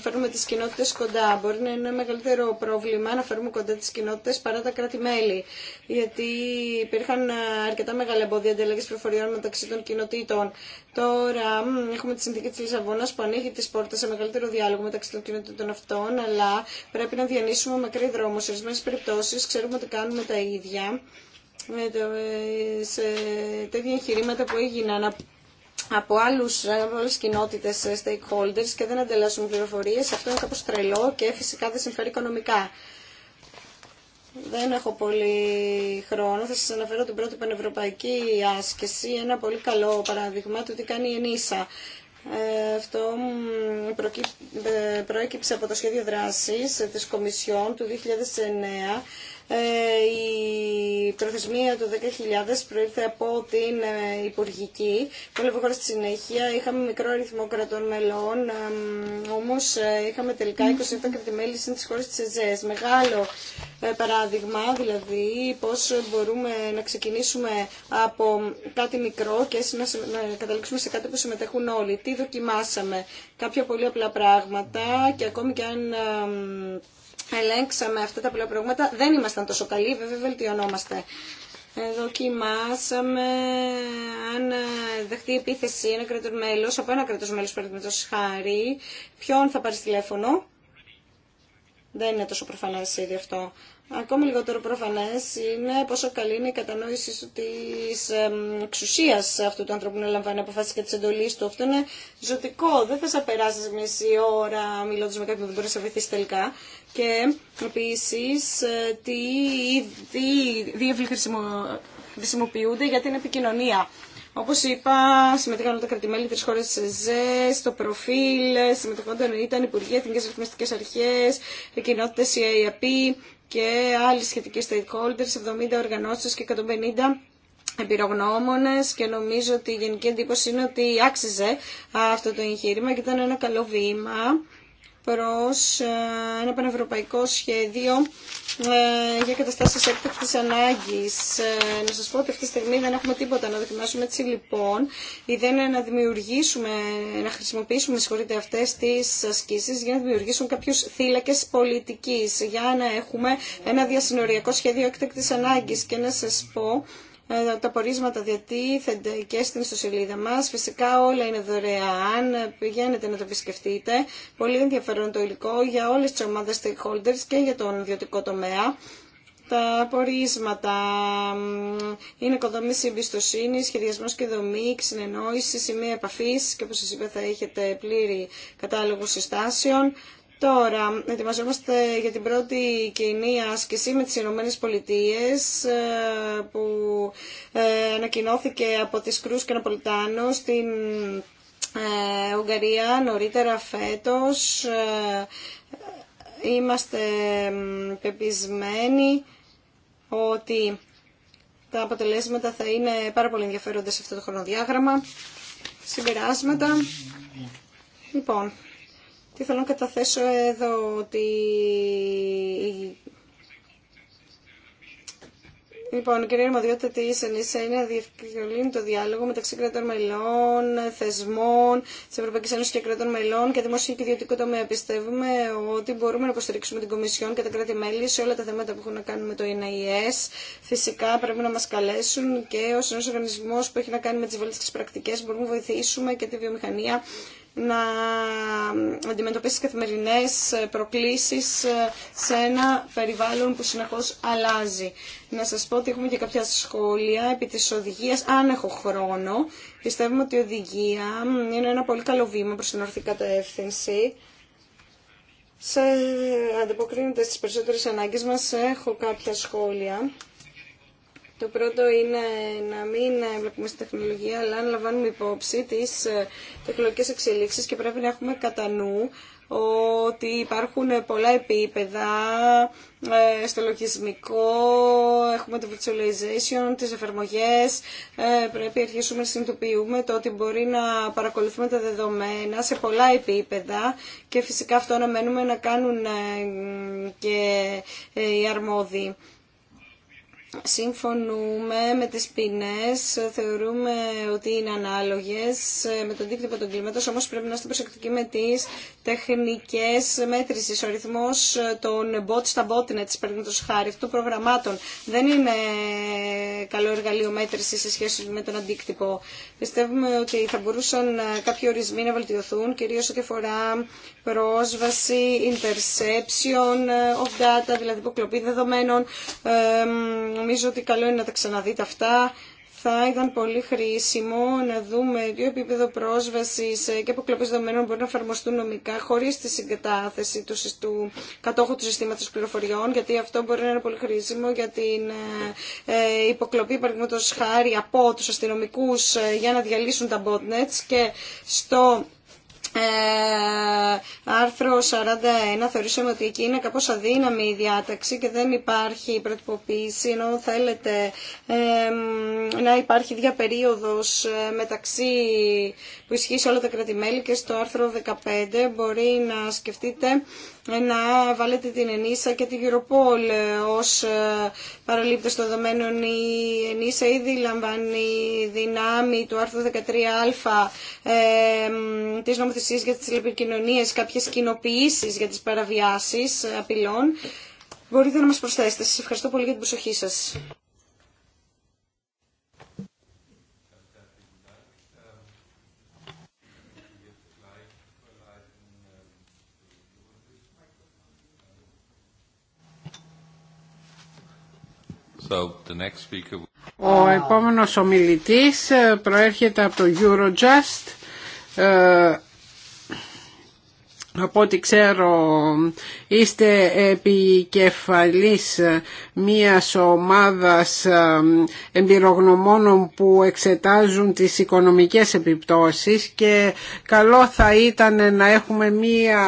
φέρνουμε τις κοινότητες κοντά. Μπορεί να είναι ένα μεγαλύτερο πρόβλημα να φέρουμε κοντά τις κοινότητες παρά τα κράτη-μέλη, γιατί υπήρχαν αρκετά μεγάλα εμπόδια ανταλλαγής προφοριών μεταξύ των κοινοτήτων Λοιπόν, Τώρα έχουμε τη συνθήκη τη Λισαβόνα που ανοίγει τι πόρτε σε μεγαλύτερο διάλογο μεταξύ των κοινωνικών αυτών, αλλά πρέπει να διανύσουμε μακρύ δρόμο. Σε ορισμένε περιπτώσει ξέρουμε ότι κάνουμε τα ίδια με ε, σε τέτοια εγχειρήματα που έγιναν από άλλου, κοινότητε άλλες ε, stakeholders και δεν ανταλλάσσουν πληροφορίε. Αυτό είναι κάπως τρελό και φυσικά δεν συμφέρει οικονομικά. Δεν έχω πολύ χρόνο. Θα σας αναφέρω την πρώτη πανευρωπαϊκή άσκηση, ένα πολύ καλό παράδειγμα του τι κάνει η ΕΝΙΣΑ. Ε, αυτό ε, προέκυψε από το σχέδιο δράσης της Κομισιόν του 2009 ε, η προθεσμία του 10.000 προήρθε από την ε, Υπουργική. Πολύ χώρα στη συνέχεια. Είχαμε μικρό αριθμό κρατών μελών, όμως ε, είχαμε τελικά 27 κρατημέλη μέλη στην χώρες της ΕΖΕΣ. Μεγάλο παράδειγμα, δηλαδή πώς μπορούμε να ξεκινήσουμε από κάτι μικρό και να καταλήξουμε σε κάτι που συμμετέχουν όλοι. Τι δοκιμάσαμε. Κάποια πολύ απλά πράγματα και ακόμη και αν ελέγξαμε αυτά τα πράγματα. δεν ήμασταν τόσο καλοί, βέβαια βελτιωνόμαστε. Δοκιμάσαμε αν δεχτεί επίθεση ένα κράτος μέλος, από ένα κράτος μέλος παραδείγματος χάρη, ποιον θα πάρει τηλέφωνο δεν είναι τόσο προφανέ ήδη αυτό. Ακόμη λιγότερο προφανές είναι πόσο καλή είναι η κατανόηση τη εξουσία αυτού του ανθρώπου να λαμβάνει αποφάσεις και τις εντολής του. Αυτό είναι ζωτικό. Δεν θα σε περάσει μισή ώρα μιλώντα με κάποιον που δεν μπορεί να σε βοηθήσει τελικά. Και επίση ε, τι, τι χρησιμοποιούνται για την επικοινωνία. Όπως είπα, συμμετείχαν όλα τα κρατημέλη τη χώρες τη ΕΖΕ, στο προφίλ, συμμετείχαν ήταν Υπουργοί, Εθνικές Ρυθμιστικές Αρχές, κοινότητες EAP και άλλοι σχετικοί stakeholders, 70 οργανώσει και 150 εμπειρογνώμονε και νομίζω ότι η γενική εντύπωση είναι ότι άξιζε αυτό το εγχείρημα και ήταν ένα καλό βήμα προς ε, ένα πανευρωπαϊκό σχέδιο ε, για καταστάσεις έκτακτης ανάγκης. Ε, να σας πω ότι αυτή τη στιγμή δεν έχουμε τίποτα να δοκιμάσουμε έτσι λοιπόν. Η ιδέα είναι να δημιουργήσουμε, να χρησιμοποιήσουμε συγχωρείτε αυτές τις ασκήσεις για να δημιουργήσουν κάποιους θύλακες πολιτικής, για να έχουμε ένα διασυνοριακό σχέδιο έκτακτης ανάγκης και να σας πω ε, τα πορίσματα διατίθενται και στην ιστοσελίδα μας. Φυσικά όλα είναι δωρεάν, πηγαίνετε να το επισκεφτείτε. Πολύ ενδιαφέρον το υλικό για όλες τις ομάδες stakeholders και για τον ιδιωτικό τομέα. Τα πορίσματα είναι οικοδόμηση εμπιστοσύνη, σχεδιασμό και δομή, συνεννόηση, σημεία επαφή και όπω σα είπα θα έχετε πλήρη κατάλογο συστάσεων. Τώρα, ετοιμαζόμαστε για την πρώτη κοινή άσκηση με τις Ηνωμένες Πολιτείες ε, που ε, ανακοινώθηκε από τις Κρούς και Ναπολιτάνο στην ε, Ουγγαρία νωρίτερα φέτος. Είμαστε πεπισμένοι ότι τα αποτελέσματα θα είναι πάρα πολύ ενδιαφέροντα σε αυτό το χρονοδιάγραμμα. Συμπεράσματα. Λοιπόν, τι θέλω να καταθέσω εδώ, ότι... Λοιπόν, κύριε κυρία τι τη διευκολύνει το διάλογο μεταξύ κρατών μελών, θεσμών τη Ευρωπαϊκή Ένωση και κρατών μελών και δημοσίου και ιδιωτικού τομέα. Πιστεύουμε ότι μπορούμε να υποστηρίξουμε την Κομισιόν και τα κράτη-μέλη σε όλα τα θέματα που έχουν να κάνουν με το ΕΝΑΙΕΣ. Φυσικά πρέπει να μα καλέσουν και ω ένα οργανισμό που έχει να κάνει με τι βολιστικέ πρακτικέ μπορούμε να βοηθήσουμε και τη βιομηχανία να αντιμετωπίσει καθημερινές προκλήσεις σε ένα περιβάλλον που συνεχώς αλλάζει. Να σας πω ότι έχουμε και κάποια σχόλια επί της οδηγίας, αν έχω χρόνο. Πιστεύουμε ότι η οδηγία είναι ένα πολύ καλό βήμα προς την ορθή κατεύθυνση. Σε ανταποκρίνεται στις περισσότερες ανάγκες μας, έχω κάποια σχόλια. Το πρώτο είναι να μην βλέπουμε στη τεχνολογία, αλλά να λαμβάνουμε υπόψη τις ε, τεχνολογικές εξελίξεις και πρέπει να έχουμε κατά νου ότι υπάρχουν πολλά επίπεδα ε, στο λογισμικό, έχουμε το virtualization, τις εφαρμογές, ε, πρέπει να αρχίσουμε να συνειδητοποιούμε το ότι μπορεί να παρακολουθούμε τα δεδομένα σε πολλά επίπεδα και φυσικά αυτό αναμένουμε να κάνουν και οι αρμόδιοι. Συμφωνούμε με τις ποινές, θεωρούμε ότι είναι ανάλογες με τον δίκτυπο των κλίματος, όμως πρέπει να είστε προσεκτικοί με τις τεχνικές μέτρησης, Ο ρυθμός των bot στα botnets, παραδείγματος χάρη, του προγραμμάτων, δεν είναι καλό εργαλείο μέτρηση σε σχέση με τον αντίκτυπο. Πιστεύουμε ότι θα μπορούσαν κάποιοι ορισμοί να βελτιωθούν, κυρίως ό,τι αφορά πρόσβαση, interception of data, δηλαδή υποκλοπή δεδομένων. Ε, νομίζω ότι καλό είναι να τα ξαναδείτε αυτά. Θα ήταν πολύ χρήσιμο να δούμε δύο επίπεδο πρόσβαση και αποκλοπή δεδομένων μπορεί να εφαρμοστούν νομικά χωρί τη συγκατάθεση του, του κατόχου του συστήματο πληροφοριών, γιατί αυτό μπορεί να είναι πολύ χρήσιμο για την ε, ε, υποκλοπή, παραδείγματο χάρη, από του αστυνομικού ε, για να διαλύσουν τα botnets και στο ε, άρθρο 41 θεωρήσαμε ότι εκεί είναι κάπως αδύναμη η διάταξη και δεν υπάρχει προτυποποίηση ενώ θέλετε να υπάρχει διαπερίοδος ε, μεταξύ που ισχύει σε όλα τα κράτη-μέλη και στο άρθρο 15 μπορεί να σκεφτείτε να βάλετε την Ενίσα και την Europol ε, ως ε, παραλήπτες των δεδομένων. Η Ενίσα ήδη λαμβάνει δυνάμει του άρθρου 13α ε, της νομοθεσίας για τις λεπικοινωνίες, κάποιες κοινοποιήσεις για τις παραβιάσεις ε, απειλών. Μπορείτε να μας προσθέσετε. Σας ευχαριστώ πολύ για την προσοχή σας. Ο επόμενος ομιλητής ε, προέρχεται από το Eurojust ε, από ό,τι ξέρω είστε επικεφαλής μίας ομάδας εμπειρογνωμόνων που εξετάζουν τις οικονομικές επιπτώσεις και καλό θα ήταν να έχουμε μία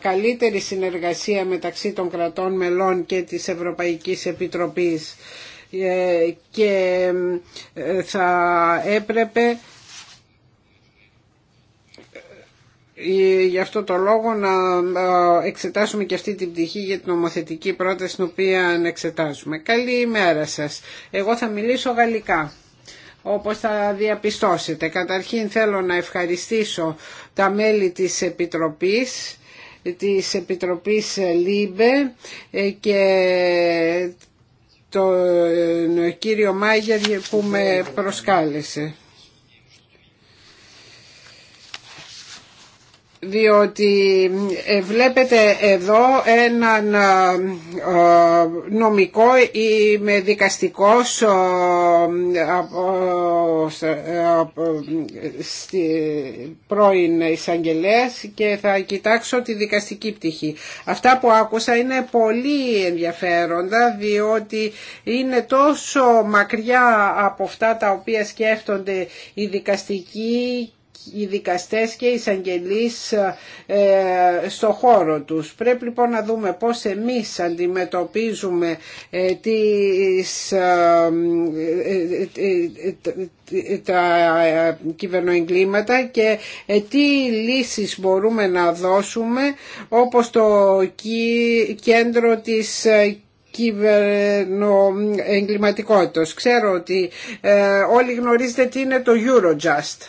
καλύτερη συνεργασία μεταξύ των κρατών μελών και της Ευρωπαϊκής Επιτροπής ε, και ε, θα έπρεπε Ε, γι' αυτό το λόγο να ε, εξετάσουμε και αυτή την πτυχή για την νομοθετική πρόταση την οποία εξετάζουμε. ημέρα σας. Εγώ θα μιλήσω γαλλικά όπως θα διαπιστώσετε. Καταρχήν θέλω να ευχαριστήσω τα μέλη της Επιτροπής, της Επιτροπής ΛΥΜΠΕ ε, και τον κύριο Μάγερ που με προσκάλεσε. διότι ε, βλέπετε εδώ έναν ε, νομικό ή με δικαστικός ε, πρώην εισαγγελέα και θα κοιτάξω τη δικαστική πτυχή. Αυτά που άκουσα είναι πολύ ενδιαφέροντα διότι είναι τόσο μακριά από αυτά τα οποία σκέφτονται οι δικαστικοί οι δικαστές και οι εισαγγελείς ε, ε, στο χώρο τους. Πρέπει λοιπόν να δούμε πώς εμείς αντιμετωπίζουμε ε, τις, τα κυβερνοεγκλήματα και τι λύσεις μπορούμε να δώσουμε όπως το κέντρο της κυβερνοεγκληματικότητας. Ξέρω ότι όλοι γνωρίζετε τι είναι το Eurojust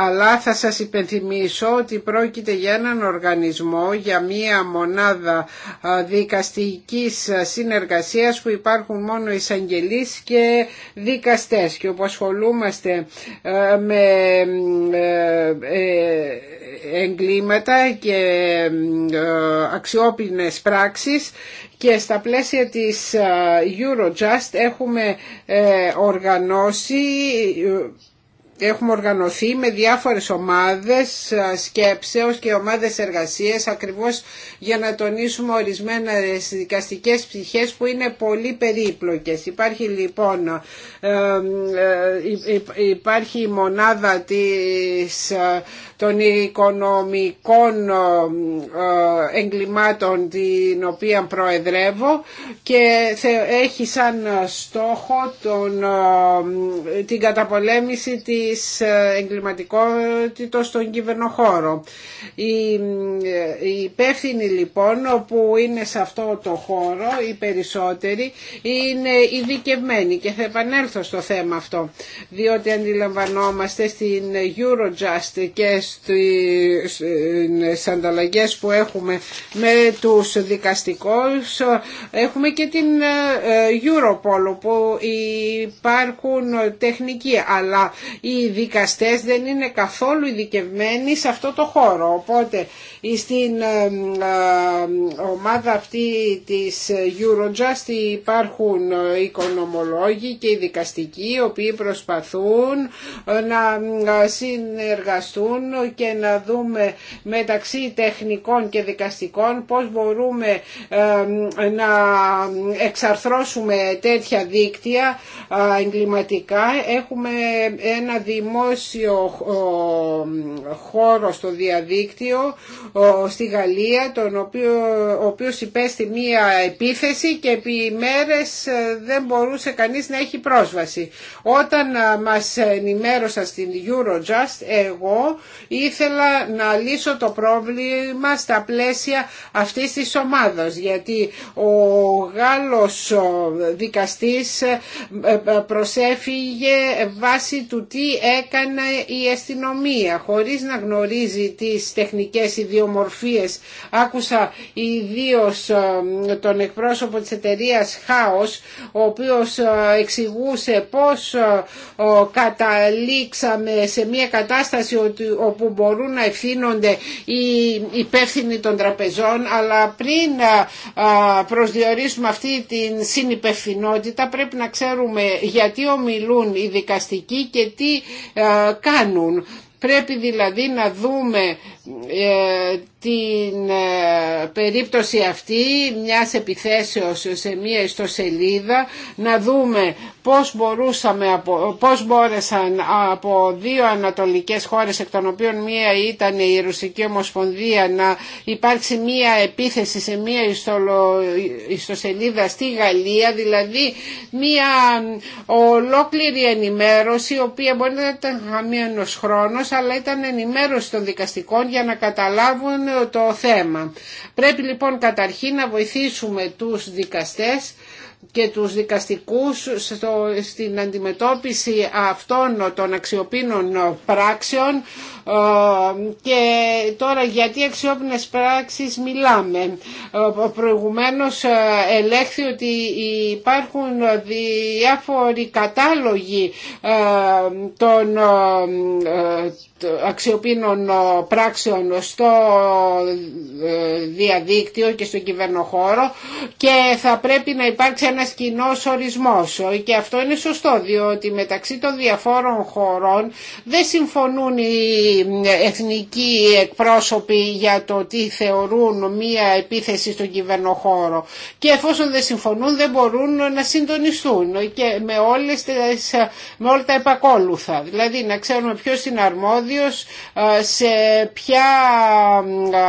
αλλά θα σας υπενθυμίσω ότι πρόκειται για έναν οργανισμό, για μία μονάδα δικαστικής συνεργασίας που υπάρχουν μόνο εισαγγελείς και δικαστές και όπου ασχολούμαστε με ε, ε, εγκλήματα και αξιόπινες πράξεις και στα πλαίσια της Eurojust έχουμε ε, οργανώσει έχουμε οργανωθεί με διάφορες ομάδες σκέψεως και ομάδες εργασίας ακριβώς για να τονίσουμε ορισμένες δικαστικές ψυχές που είναι πολύ περίπλοκες. Υπάρχει λοιπόν ε, ε, υπάρχει η μονάδα της, ε, των οικονομικών εγκλημάτων την οποία προεδρεύω και έχει σαν στόχο τον, την καταπολέμηση της της ε, εγκληματικότητας στον κυβερνοχώρο. Οι ε, υπεύθυνοι λοιπόν που είναι σε αυτό το χώρο, οι περισσότεροι, είναι ειδικευμένοι και θα επανέλθω στο θέμα αυτό, διότι αντιλαμβανόμαστε στην Eurojust και στις ανταλλαγές που έχουμε με τους δικαστικούς, έχουμε και την ε, Europol που υπάρχουν τεχνικοί, αλλά οι οι δικαστές δεν είναι καθόλου ειδικευμένοι σε αυτό το χώρο. Οπότε ε, στην ε, ε, ομάδα αυτή της Eurojust υπάρχουν οικονομολόγοι και οι δικαστικοί οι οποίοι προσπαθούν να συνεργαστούν και να δούμε μεταξύ τεχνικών και δικαστικών πώς μπορούμε να εξαρθρώσουμε τέτοια δίκτυα εγκληματικά. Έχουμε ένα δημόσιο χώρο στο διαδίκτυο στη Γαλλία, τον οποίο, ο οποίος υπέστη μία επίθεση και επί μέρες ε, δεν μπορούσε κανείς να έχει πρόσβαση. Όταν ε, μας ενημέρωσα στην Eurojust, εγώ ήθελα να λύσω το πρόβλημα στα πλαίσια αυτής της ομάδας, γιατί ο Γάλλος ε, δικαστής προσέφυγε βάσει του τι έκανε η αστυνομία χωρίς να γνωρίζει τις τεχνικές ιδιομορφίες. Άκουσα ιδίω ε, τον εκπρόσωπο της εταιρείας Χάος ο οποίος ε, εξηγούσε πώς ε, καταλήξαμε σε μια κατάσταση όπου μπορούν να ευθύνονται οι υπεύθυνοι των τραπεζών αλλά πριν προσδιορίσουμε αυτή την συνυπευθυνότητα πρέπει να ξέρουμε γιατί ομιλούν οι δικαστικοί και τι ε, κάνουν. Πρέπει δηλαδή να δούμε ε, την ε, περίπτωση αυτή μιας επιθέσεως σε μία ιστοσελίδα να δούμε πώς, μπορούσαμε, πώς μπόρεσαν από δύο ανατολικές χώρες εκ των οποίων μία ήταν η Ρουσική Ομοσπονδία να υπάρξει μία επίθεση σε μία ιστοσελίδα στη Γαλλία δηλαδή μία ολόκληρη ενημέρωση η οποία μπορεί να ήταν χαμιανός χρόνος αλλά ήταν ενημέρωση των δικαστικών για να καταλάβουν το θέμα. Πρέπει λοιπόν καταρχήν να βοηθήσουμε τους δικαστές και τους δικαστικούς στο, στην αντιμετώπιση αυτών των αξιοπίνων πράξεων ε, και τώρα γιατί αξιόπινες πράξεις μιλάμε. Ε, προηγουμένως ε, ελέγχθη ότι υπάρχουν διάφοροι κατάλογοι των αξιοπίνων ε, πράξεων στο ε, διαδίκτυο και στον κυβερνοχώρο και θα πρέπει να υπάρξει ένας κοινό ορισμός και αυτό είναι σωστό διότι μεταξύ των διαφόρων χωρών δεν συμφωνούν οι ε, εθνικοί εκπρόσωποι για το τι θεωρούν μία επίθεση στον κυβερνοχώρο και εφόσον δεν συμφωνούν δεν μπορούν να συντονιστούν και με, όλες με όλα τα επακόλουθα δηλαδή να ξέρουμε ποιος είναι αρμόδιος ε, σε ποια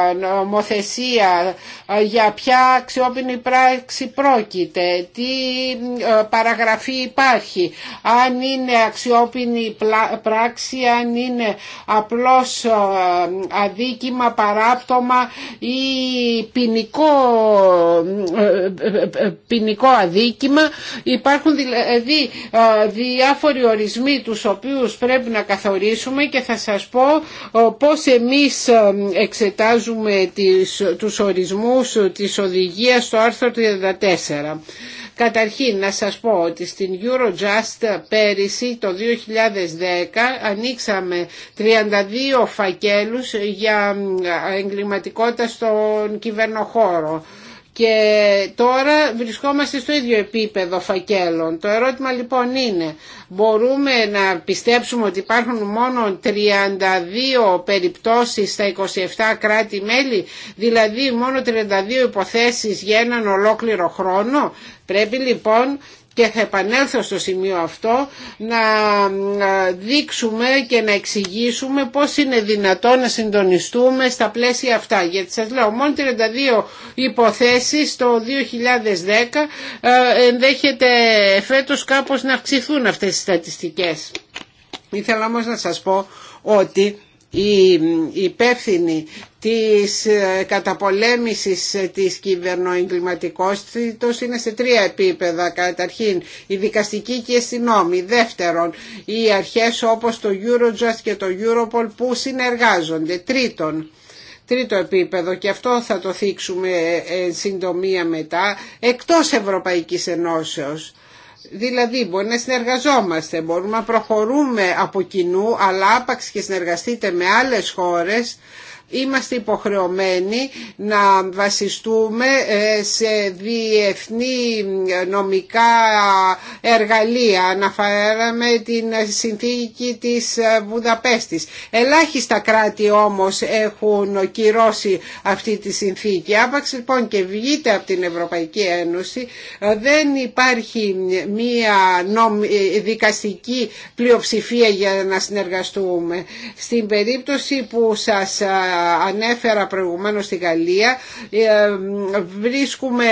ε, νομοθεσία, ε, για ποια αξιόπινη πράξη πρόκειται, τι παραγραφή υπάρχει, αν είναι αξιόπινη πράξη, αν είναι απλώς αδίκημα, παράπτωμα ή ποινικό, ποινικό αδίκημα. Υπάρχουν δηλαδή διάφοροι ορισμοί τους οποίους πρέπει να καθορίσουμε και θα σας σας πω ε, πώς εμείς ε, εξετάζουμε τους ορισμούς της οδηγίας στο άρθρο 34. Καταρχήν να σας πω ότι στην Eurojust πέρυσι το 2010 ανοίξαμε 32 φακέλους για ε, εγκληματικότητα στον κυβερνοχώρο και τώρα βρισκόμαστε στο ίδιο επίπεδο φακέλων. Το ερώτημα λοιπόν είναι, μπορούμε να πιστέψουμε ότι υπάρχουν μόνο 32 περιπτώσεις στα 27 κράτη-μέλη, δηλαδή μόνο 32 υποθέσεις για έναν ολόκληρο χρόνο. Πρέπει λοιπόν και θα επανέλθω στο σημείο αυτό να δείξουμε και να εξηγήσουμε πώς είναι δυνατόν να συντονιστούμε στα πλαίσια αυτά. Γιατί σας λέω μόνο 32 υποθέσεις το 2010 ε, ενδέχεται φέτος κάπως να αυξηθούν αυτές οι στατιστικές. Ήθελα όμως να σας πω ότι η υπεύθυνοι της ε, καταπολέμησης ε, της κυβερνοεγκληματικότητας είναι σε τρία επίπεδα καταρχήν η δικαστική και η αστυνόμη δεύτερον οι αρχές όπως το Eurojust και το Europol που συνεργάζονται τρίτον τρίτο επίπεδο και αυτό θα το θίξουμε ε, συντομία μετά εκτός Ευρωπαϊκής Ενώσεως Δηλαδή μπορεί να συνεργαζόμαστε, μπορούμε να προχωρούμε από κοινού, αλλά άπαξ και συνεργαστείτε με άλλες χώρες είμαστε υποχρεωμένοι να βασιστούμε ε, σε διεθνή νομικά εργαλεία. Αναφέραμε την συνθήκη της Βουδαπέστης. Ελάχιστα κράτη όμως έχουν κυρώσει αυτή τη συνθήκη. Άπαξ λοιπόν και βγείτε από την Ευρωπαϊκή Ένωση ε, δεν υπάρχει μία ε, δικαστική πλειοψηφία για να συνεργαστούμε. Στην περίπτωση που σας ανέφερα προηγουμένως στη Γαλλία ε, βρίσκουμε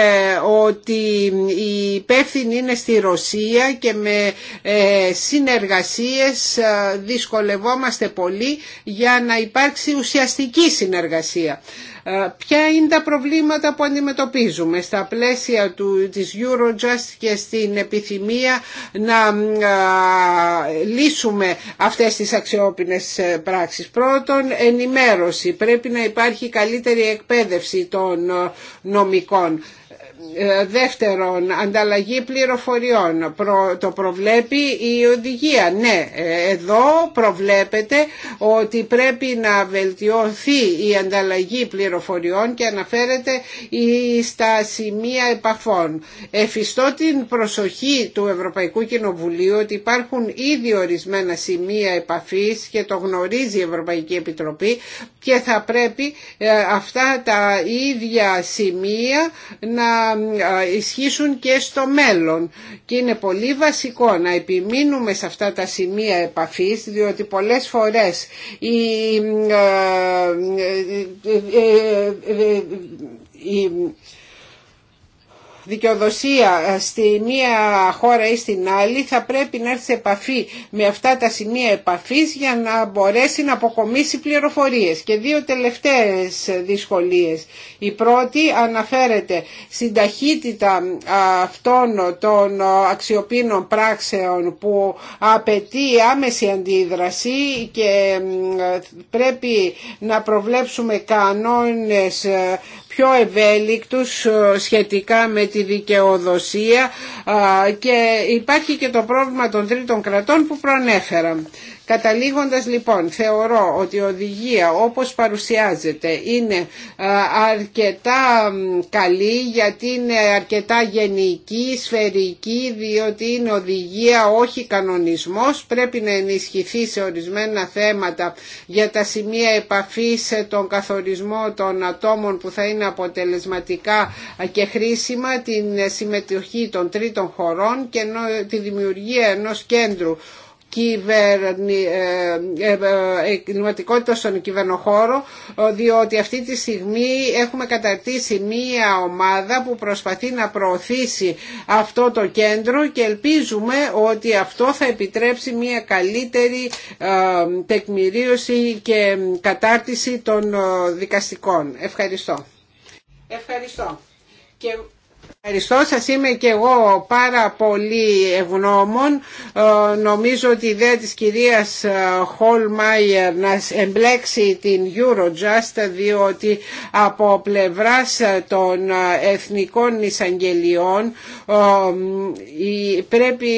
ότι η υπεύθυνη είναι στη Ρωσία και με ε, συνεργασίες ε, δυσκολευόμαστε πολύ για να υπάρξει ουσιαστική συνεργασία. Ε, ποια είναι τα προβλήματα που αντιμετωπίζουμε στα πλαίσια του, της Eurojust και στην επιθυμία να λύσουμε αυτές τις αξιόπινες ε, πράξεις. Πρώτον, ενημέρωση. Πρέπει να υπάρχει καλύτερη εκπαίδευση των ε, νομικών. Ε, δεύτερον, ανταλλαγή πληροφοριών. Το προβλέπει η οδηγία. Ναι, ε, εδώ προβλέπεται ότι πρέπει να βελτιωθεί η ανταλλαγή πληροφοριών και αναφέρεται στα σημεία επαφών. Εφιστώ την προσοχή του Ευρωπαϊκού Κοινοβουλίου ότι υπάρχουν ήδη ορισμένα σημεία επαφής και το γνωρίζει η Ευρωπαϊκή Επιτροπή και θα πρέπει ε, αυτά τα ίδια σημεία να ισχύσουν και στο μέλλον. Και είναι πολύ βασικό να επιμείνουμε σε αυτά τα σημεία επαφής, διότι πολλές φορές η ε, ε, ε, δικαιοδοσία ε, στη μία χώρα ή στην άλλη θα πρέπει να έρθει σε επαφή με αυτά τα σημεία επαφής για να μπορέσει να αποκομίσει πληροφορίες. Και δύο τελευταίες δυσκολίες. Η πρώτη αναφέρεται στην ταχύτητα ε, αυτών των αξιοπίνων πράξεων που απαιτεί άμεση αντίδραση και ε, πρέπει να προβλέψουμε κανόνες πιο ευέλικτους ε, σχετικά με τη δικαιοδοσία ε, και υπάρχει και το πρόβλημα των τρίτων κρατών που προανέφερα. Καταλήγοντας λοιπόν, θεωρώ ότι η οδηγία όπως παρουσιάζεται είναι αρκετά καλή γιατί είναι αρκετά γενική, σφαιρική, διότι είναι οδηγία όχι κανονισμός. Πρέπει να ενισχυθεί σε ορισμένα θέματα για τα σημεία επαφής ε, τον καθορισμό των ατόμων που θα είναι αποτελεσματικά και χρήσιμα, την ε, συμμετοχή των τρίτων χωρών και τη δημιουργία ενός κέντρου ε, ε, ε, εγκληματικότητα στον κυβερνοχώρο διότι αυτή τη στιγμή έχουμε καταρτήσει μία ομάδα που προσπαθεί να προωθήσει αυτό το κέντρο και ελπίζουμε ότι αυτό θα επιτρέψει μία καλύτερη τεκμηρίωση και κατάρτιση των δικαστικών. Ευχαριστώ. Ευχαριστώ. Και... Ευχαριστώ σας, είμαι και εγώ πάρα πολύ ευγνώμων. Ε, νομίζω ότι η ιδέα της κυρίας ε, Χολμάιερ να εμπλέξει την Eurojust διότι από πλευράς ε, των εθνικών εισαγγελιών πρέπει,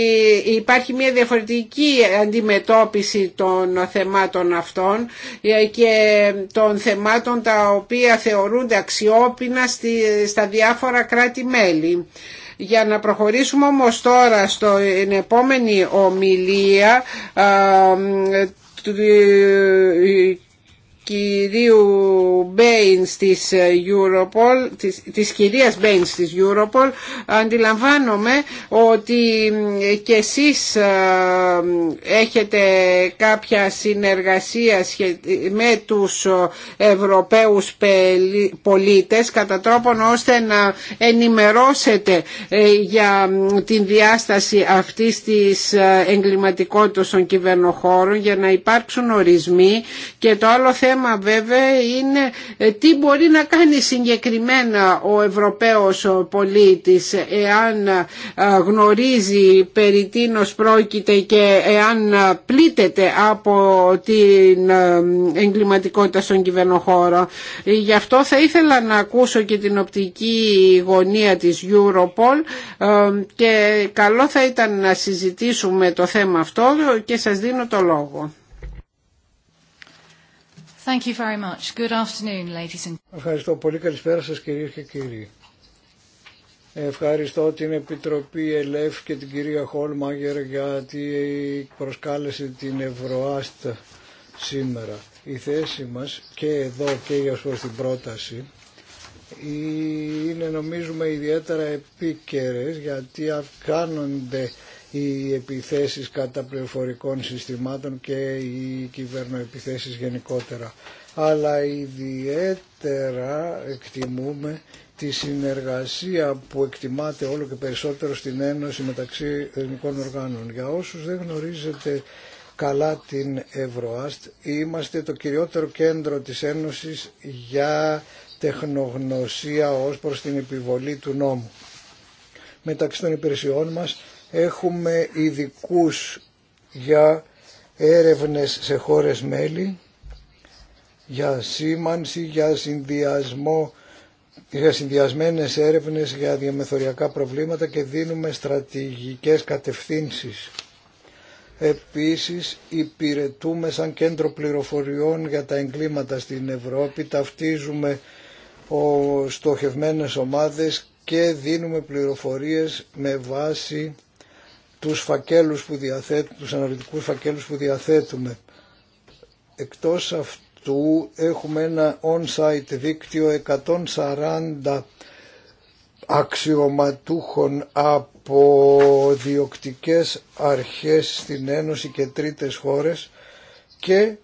υπάρχει μια διαφορετική αντιμετώπιση των θεμάτων αυτών και των θεμάτων τα οποία θεωρούνται αξιόπινα στα διάφορα κράτη-μέλη. Για να προχωρήσουμε όμως τώρα στην επόμενη ομιλία κυρίου Μπέιν της ε, Europol, της, της κυρίας Μπέινς της Europol αντιλαμβάνομαι ότι ε, και εσείς ε, έχετε κάποια συνεργασία με τους Ευρωπαίους πολίτες κατά τρόπον ώστε να ενημερώσετε για την διάσταση αυτής της εγκληματικότητας των κυβερνοχώρων για να υπάρξουν ορισμοί και το άλλο θέμα θέμα βέβαια είναι ε, τι μπορεί να κάνει συγκεκριμένα ο Ευρωπαίος πολίτης εάν ε, γνωρίζει περί τίνος πρόκειται και εάν ε, πλήτεται από την εγκληματικότητα στον κυβερνοχώρο. Γι' αυτό θα ήθελα να ακούσω και την οπτική γωνία της Europol και καλό θα ήταν να συζητήσουμε το θέμα αυτό και σας δίνω το λόγο. Thank you very much. Good afternoon, ladies and... Ευχαριστώ πολύ. Καλησπέρα σας κυρίες και κύριοι. Ευχαριστώ την Επιτροπή ΕΛΕΦ και την κυρία Χόλμαγερ γιατί προσκάλεσε την Ευρωάστ σήμερα. Η θέση μας και εδώ και για προς στην πρόταση είναι νομίζουμε ιδιαίτερα επίκαιρες γιατί αυξάνονται οι επιθέσεις κατά πληροφορικών συστημάτων και οι κυβερνοεπιθέσεις γενικότερα. Αλλά ιδιαίτερα εκτιμούμε τη συνεργασία που εκτιμάται όλο και περισσότερο στην Ένωση μεταξύ ελληνικών οργάνων. Για όσους δεν γνωρίζετε καλά την Ευρωάστ, είμαστε το κυριότερο κέντρο της Ένωσης για τεχνογνωσία ως προς την επιβολή του νόμου. Μεταξύ των υπηρεσιών μας Έχουμε ειδικού για έρευνες σε χώρες μέλη, για σήμανση, για συνδυασμό για συνδυασμένες έρευνες για διαμεθοριακά προβλήματα και δίνουμε στρατηγικές κατευθύνσεις. Επίσης υπηρετούμε σαν κέντρο πληροφοριών για τα εγκλήματα στην Ευρώπη, ταυτίζουμε ο, στοχευμένες ομάδες και δίνουμε πληροφορίες με βάση τους φακέλους που διαθέτουμε, τους αναλυτικούς φακέλους που διαθέτουμε. Εκτός αυτού έχουμε ένα on-site δίκτυο 140 αξιωματούχων από διοκτικές αρχές στην Ένωση και τρίτες χώρες και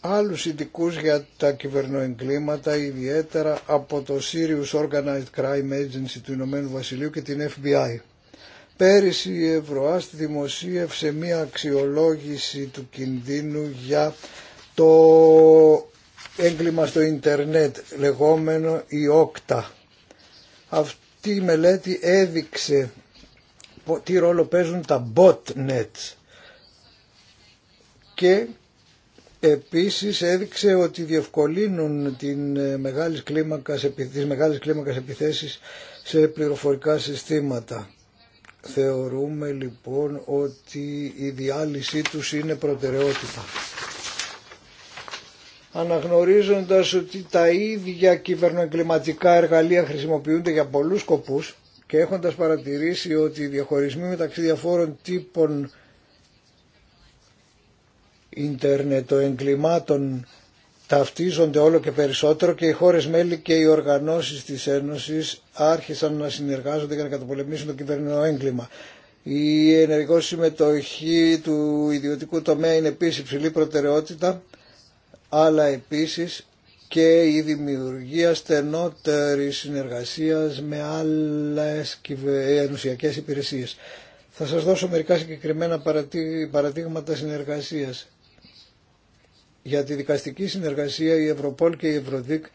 άλλους ειδικού για τα κυβερνοεγκλήματα, ιδιαίτερα από το Serious Organized Crime Agency του Ηνωμένου Βασιλείου και την FBI. Πέρυσι η Ευρωάς δημοσίευσε μία αξιολόγηση του κινδύνου για το έγκλημα στο ίντερνετ λεγόμενο η όκτα. Αυτή η μελέτη έδειξε τι ρόλο παίζουν τα botnets και επίσης έδειξε ότι διευκολύνουν την ε, μεγάλης κλίμακας, τις μεγάλες κλίμακας επιθέσεις σε πληροφορικά συστήματα. Θεωρούμε λοιπόν ότι η διάλυσή τους είναι προτεραιότητα. Αναγνωρίζοντας ότι τα ίδια κυβερνοεγκληματικά εργαλεία χρησιμοποιούνται για πολλούς σκοπούς και έχοντας παρατηρήσει ότι οι διαχωρισμοί μεταξύ διαφόρων τύπων ίντερνετο εγκλημάτων ταυτίζονται όλο και περισσότερο και οι χώρες μέλη και οι οργανώσεις της Ένωσης άρχισαν να συνεργάζονται για να καταπολεμήσουν το κυβερνητικό έγκλημα. Η ενεργό συμμετοχή του ιδιωτικού τομέα είναι επίση υψηλή προτεραιότητα, αλλά επίσης και η δημιουργία στενότερης συνεργασίας με άλλες ε, ενωσιακέ υπηρεσίες. Θα σας δώσω μερικά συγκεκριμένα παραδείγματα συνεργασίας για τη δικαστική συνεργασία η Ευρωπόλ και η Ευρωδίκ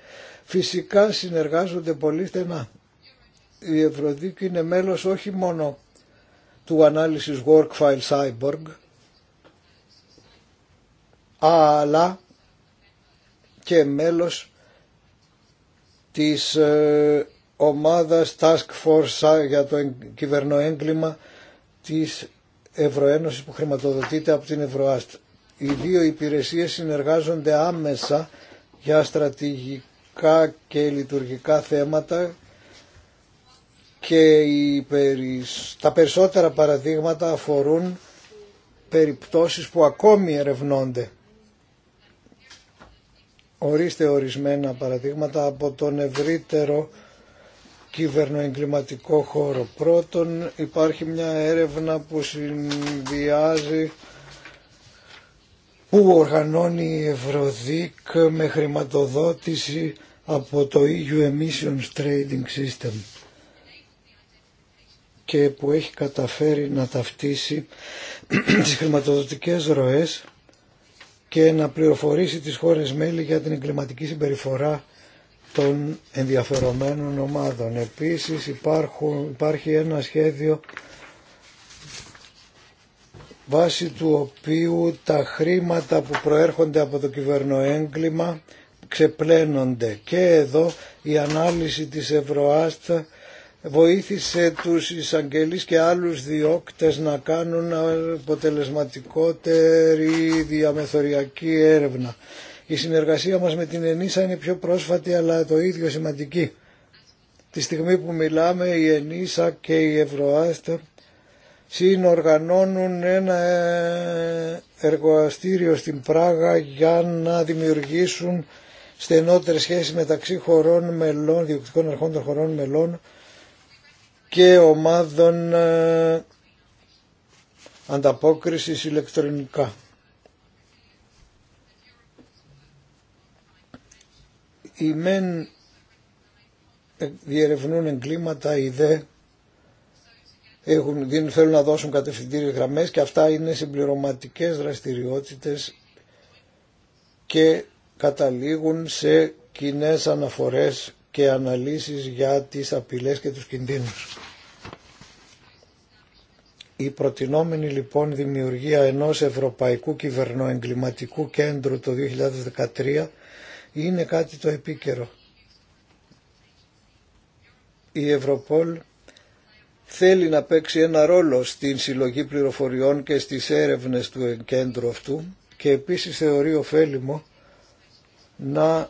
φυσικά συνεργάζονται πολύ στενά. Η Ευρωδίκ είναι μέλος όχι μόνο του ανάλυσης Workfile Cyborg αλλά και μέλος της ε, ομάδας Task Force για το κυβερνοέγκλημα της Ευρωένωσης που χρηματοδοτείται από την Ευρωάστ οι δύο υπηρεσίες συνεργάζονται άμεσα για στρατηγικά και λειτουργικά θέματα και τα περισσότερα παραδείγματα αφορούν περιπτώσεις που ακόμη ερευνώνται. Ορίστε ορισμένα παραδείγματα από τον ευρύτερο κυβερνοεγκληματικό χώρο. Πρώτον υπάρχει μια έρευνα που συνδυάζει που οργανώνει η Ευρωδίκ με χρηματοδότηση από το EU Emissions Trading System και που έχει καταφέρει να ταυτίσει <clears throat> τις χρηματοδοτικές ροές και να πληροφορήσει τις χώρες μέλη για την εγκληματική συμπεριφορά των ενδιαφερομένων ομάδων. Επίσης υπάρχουν, υπάρχει ένα σχέδιο βάσει του οποίου τα χρήματα που προέρχονται από το κυβερνοέγκλημα ξεπλένονται. Και εδώ η ανάλυση της Ευρωάστα βοήθησε τους εισαγγελείς και άλλους διώκτες να κάνουν αποτελεσματικότερη διαμεθοριακή έρευνα. Η συνεργασία μας με την Ενίσα είναι πιο πρόσφατη αλλά το ίδιο σημαντική. Τη στιγμή που μιλάμε η Ενίσα και η Ευρωάστα συνοργανώνουν ένα ε, εργοαστήριο στην Πράγα για να δημιουργήσουν στενότερες σχέσεις μεταξύ χωρών μελών, διοικητικών αρχών των χωρών μελών και ομάδων ε, ανταπόκρισης ηλεκτρονικά. Οι μεν ε, διερευνούν εγκλήματα, οι δε έχουν, δίνουν, θέλουν να δώσουν κατευθυντήριες γραμμές και αυτά είναι συμπληρωματικές δραστηριότητες και καταλήγουν σε κοινέ αναφορές και αναλύσεις για τις απειλές και τους κινδύνους. Η προτινόμενη λοιπόν δημιουργία ενός Ευρωπαϊκού Κυβερνοεγκληματικού Κέντρου το 2013 είναι κάτι το επίκαιρο. Η Ευρωπόλ θέλει να παίξει ένα ρόλο στην συλλογή πληροφοριών και στις έρευνες του κέντρου αυτού και επίσης θεωρεί ωφέλιμο να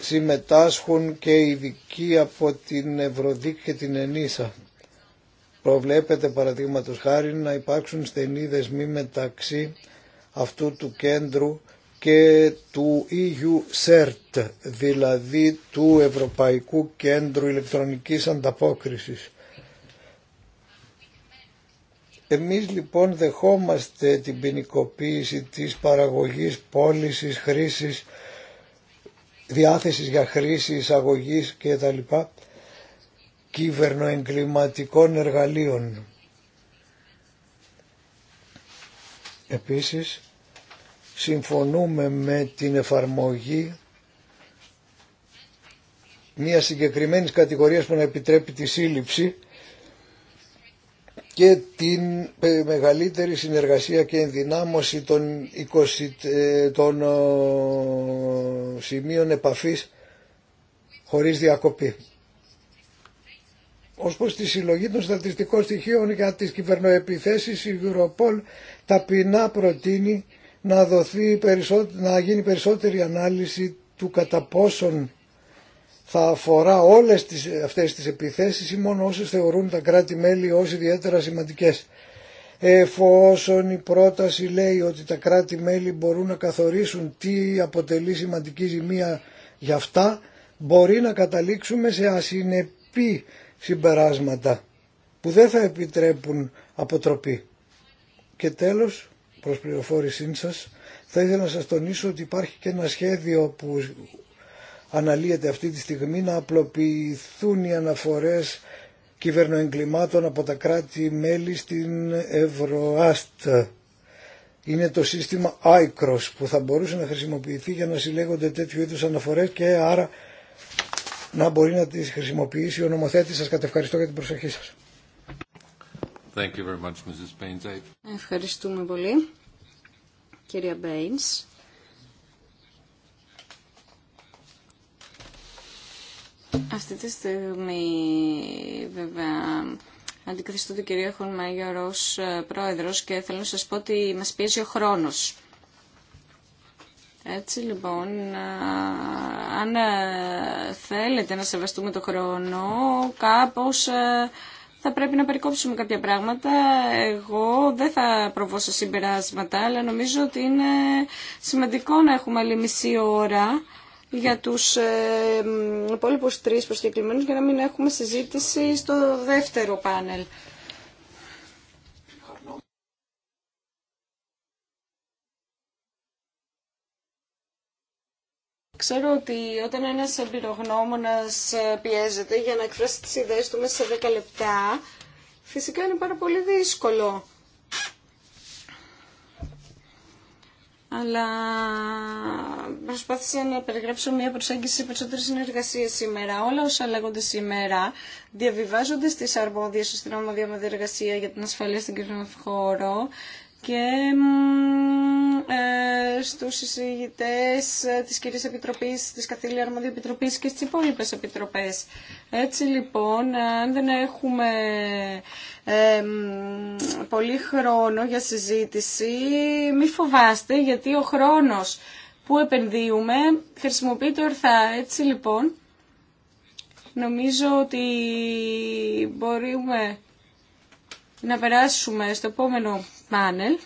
συμμετάσχουν και ειδικοί από την Ευρωδίκη και την Ενίσα. Προβλέπεται παραδείγματο χάρη να υπάρξουν στενοί δεσμοί μεταξύ αυτού του κέντρου και του EU CERT, δηλαδή του Ευρωπαϊκού Κέντρου Ηλεκτρονικής Ανταπόκρισης. Εμείς λοιπόν δεχόμαστε την ποινικοποίηση της παραγωγής, πώληση, χρήσης, διάθεσης για χρήση, εισαγωγής κτλ. κυβερνοεγκληματικών εργαλείων. Επίσης, συμφωνούμε με την εφαρμογή μια συγκεκριμένης κατηγορίας που να επιτρέπει τη σύλληψη και την ε, μεγαλύτερη συνεργασία και ενδυνάμωση των, 20, ε, των ε, σημείων επαφής χωρίς διακοπή. Ως προς τη συλλογή των στατιστικών στοιχείων για τις κυβερνοεπιθέσεις η Europol ταπεινά προτείνει να, δοθεί να γίνει περισσότερη ανάλυση του κατά πόσον θα αφορά όλες τις, αυτές τις επιθέσεις ή μόνο όσες θεωρούν τα κράτη-μέλη ως ιδιαίτερα σημαντικές. Εφόσον η πρόταση λέει ότι τα κράτη-μέλη μπορούν να καθορίσουν τι αποτελεί σημαντική ζημία για αυτά, μπορεί να καταλήξουμε σε ασυνεπή συμπεράσματα που δεν θα επιτρέπουν αποτροπή. Και τέλος, προς πληροφόρησή σας, θα ήθελα να σας τονίσω ότι υπάρχει και ένα σχέδιο που αναλύεται αυτή τη στιγμή να απλοποιηθούν οι αναφορές κυβερνοεγκλημάτων από τα κράτη-μέλη στην Ευρωάστ. Είναι το σύστημα ICROS που θα μπορούσε να χρησιμοποιηθεί για να συλλέγονται τέτοιου είδους αναφορές και άρα να μπορεί να τις χρησιμοποιήσει ο νομοθέτης. Σας κατευχαριστώ για την προσοχή σας. Thank you very much, Mrs. Ευχαριστούμε πολύ, κυρία Μπέινς. Αυτή τη στιγμή βέβαια αντικριστώ του κυρίο έχουν ε, πρόεδρος και θέλω να σας πω ότι μας πιέζει ο χρόνος. Έτσι λοιπόν, ε, αν ε, θέλετε να σεβαστούμε το χρόνο, κάπως θα πρέπει να περικόψουμε κάποια πράγματα. Εγώ δεν θα προβώ σε συμπεράσματα, αλλά νομίζω ότι είναι σημαντικό να έχουμε άλλη μισή ώρα για τους ε, υπόλοιπους τρεις προσκεκλημένους για να μην έχουμε συζήτηση στο δεύτερο πάνελ. Ξέρω ότι όταν ένας εμπειρογνώμονας ε, πιέζεται για να εκφράσει τις ιδέες του μέσα σε 10 λεπτά, φυσικά είναι πάρα πολύ δύσκολο αλλά προσπάθησα να περιγράψω μια προσέγγιση σε περισσότερε συνεργασία σήμερα. Όλα όσα λέγονται σήμερα διαβιβάζονται στις αρμόδιες στην Ομαδία Εργασία για την ασφαλεία στην κοινωνική χώρο και ε, στους εισηγητές της κυρίας Επιτροπής, της Καθήλια Αρμόδια Επιτροπής και στις υπόλοιπες επιτροπές. Έτσι λοιπόν, αν δεν έχουμε ε, πολύ χρόνο για συζήτηση, μη φοβάστε γιατί ο χρόνος που επενδύουμε χρησιμοποιείται ορθά. Έτσι λοιπόν, νομίζω ότι μπορούμε να περάσουμε στο επόμενο πάνελ.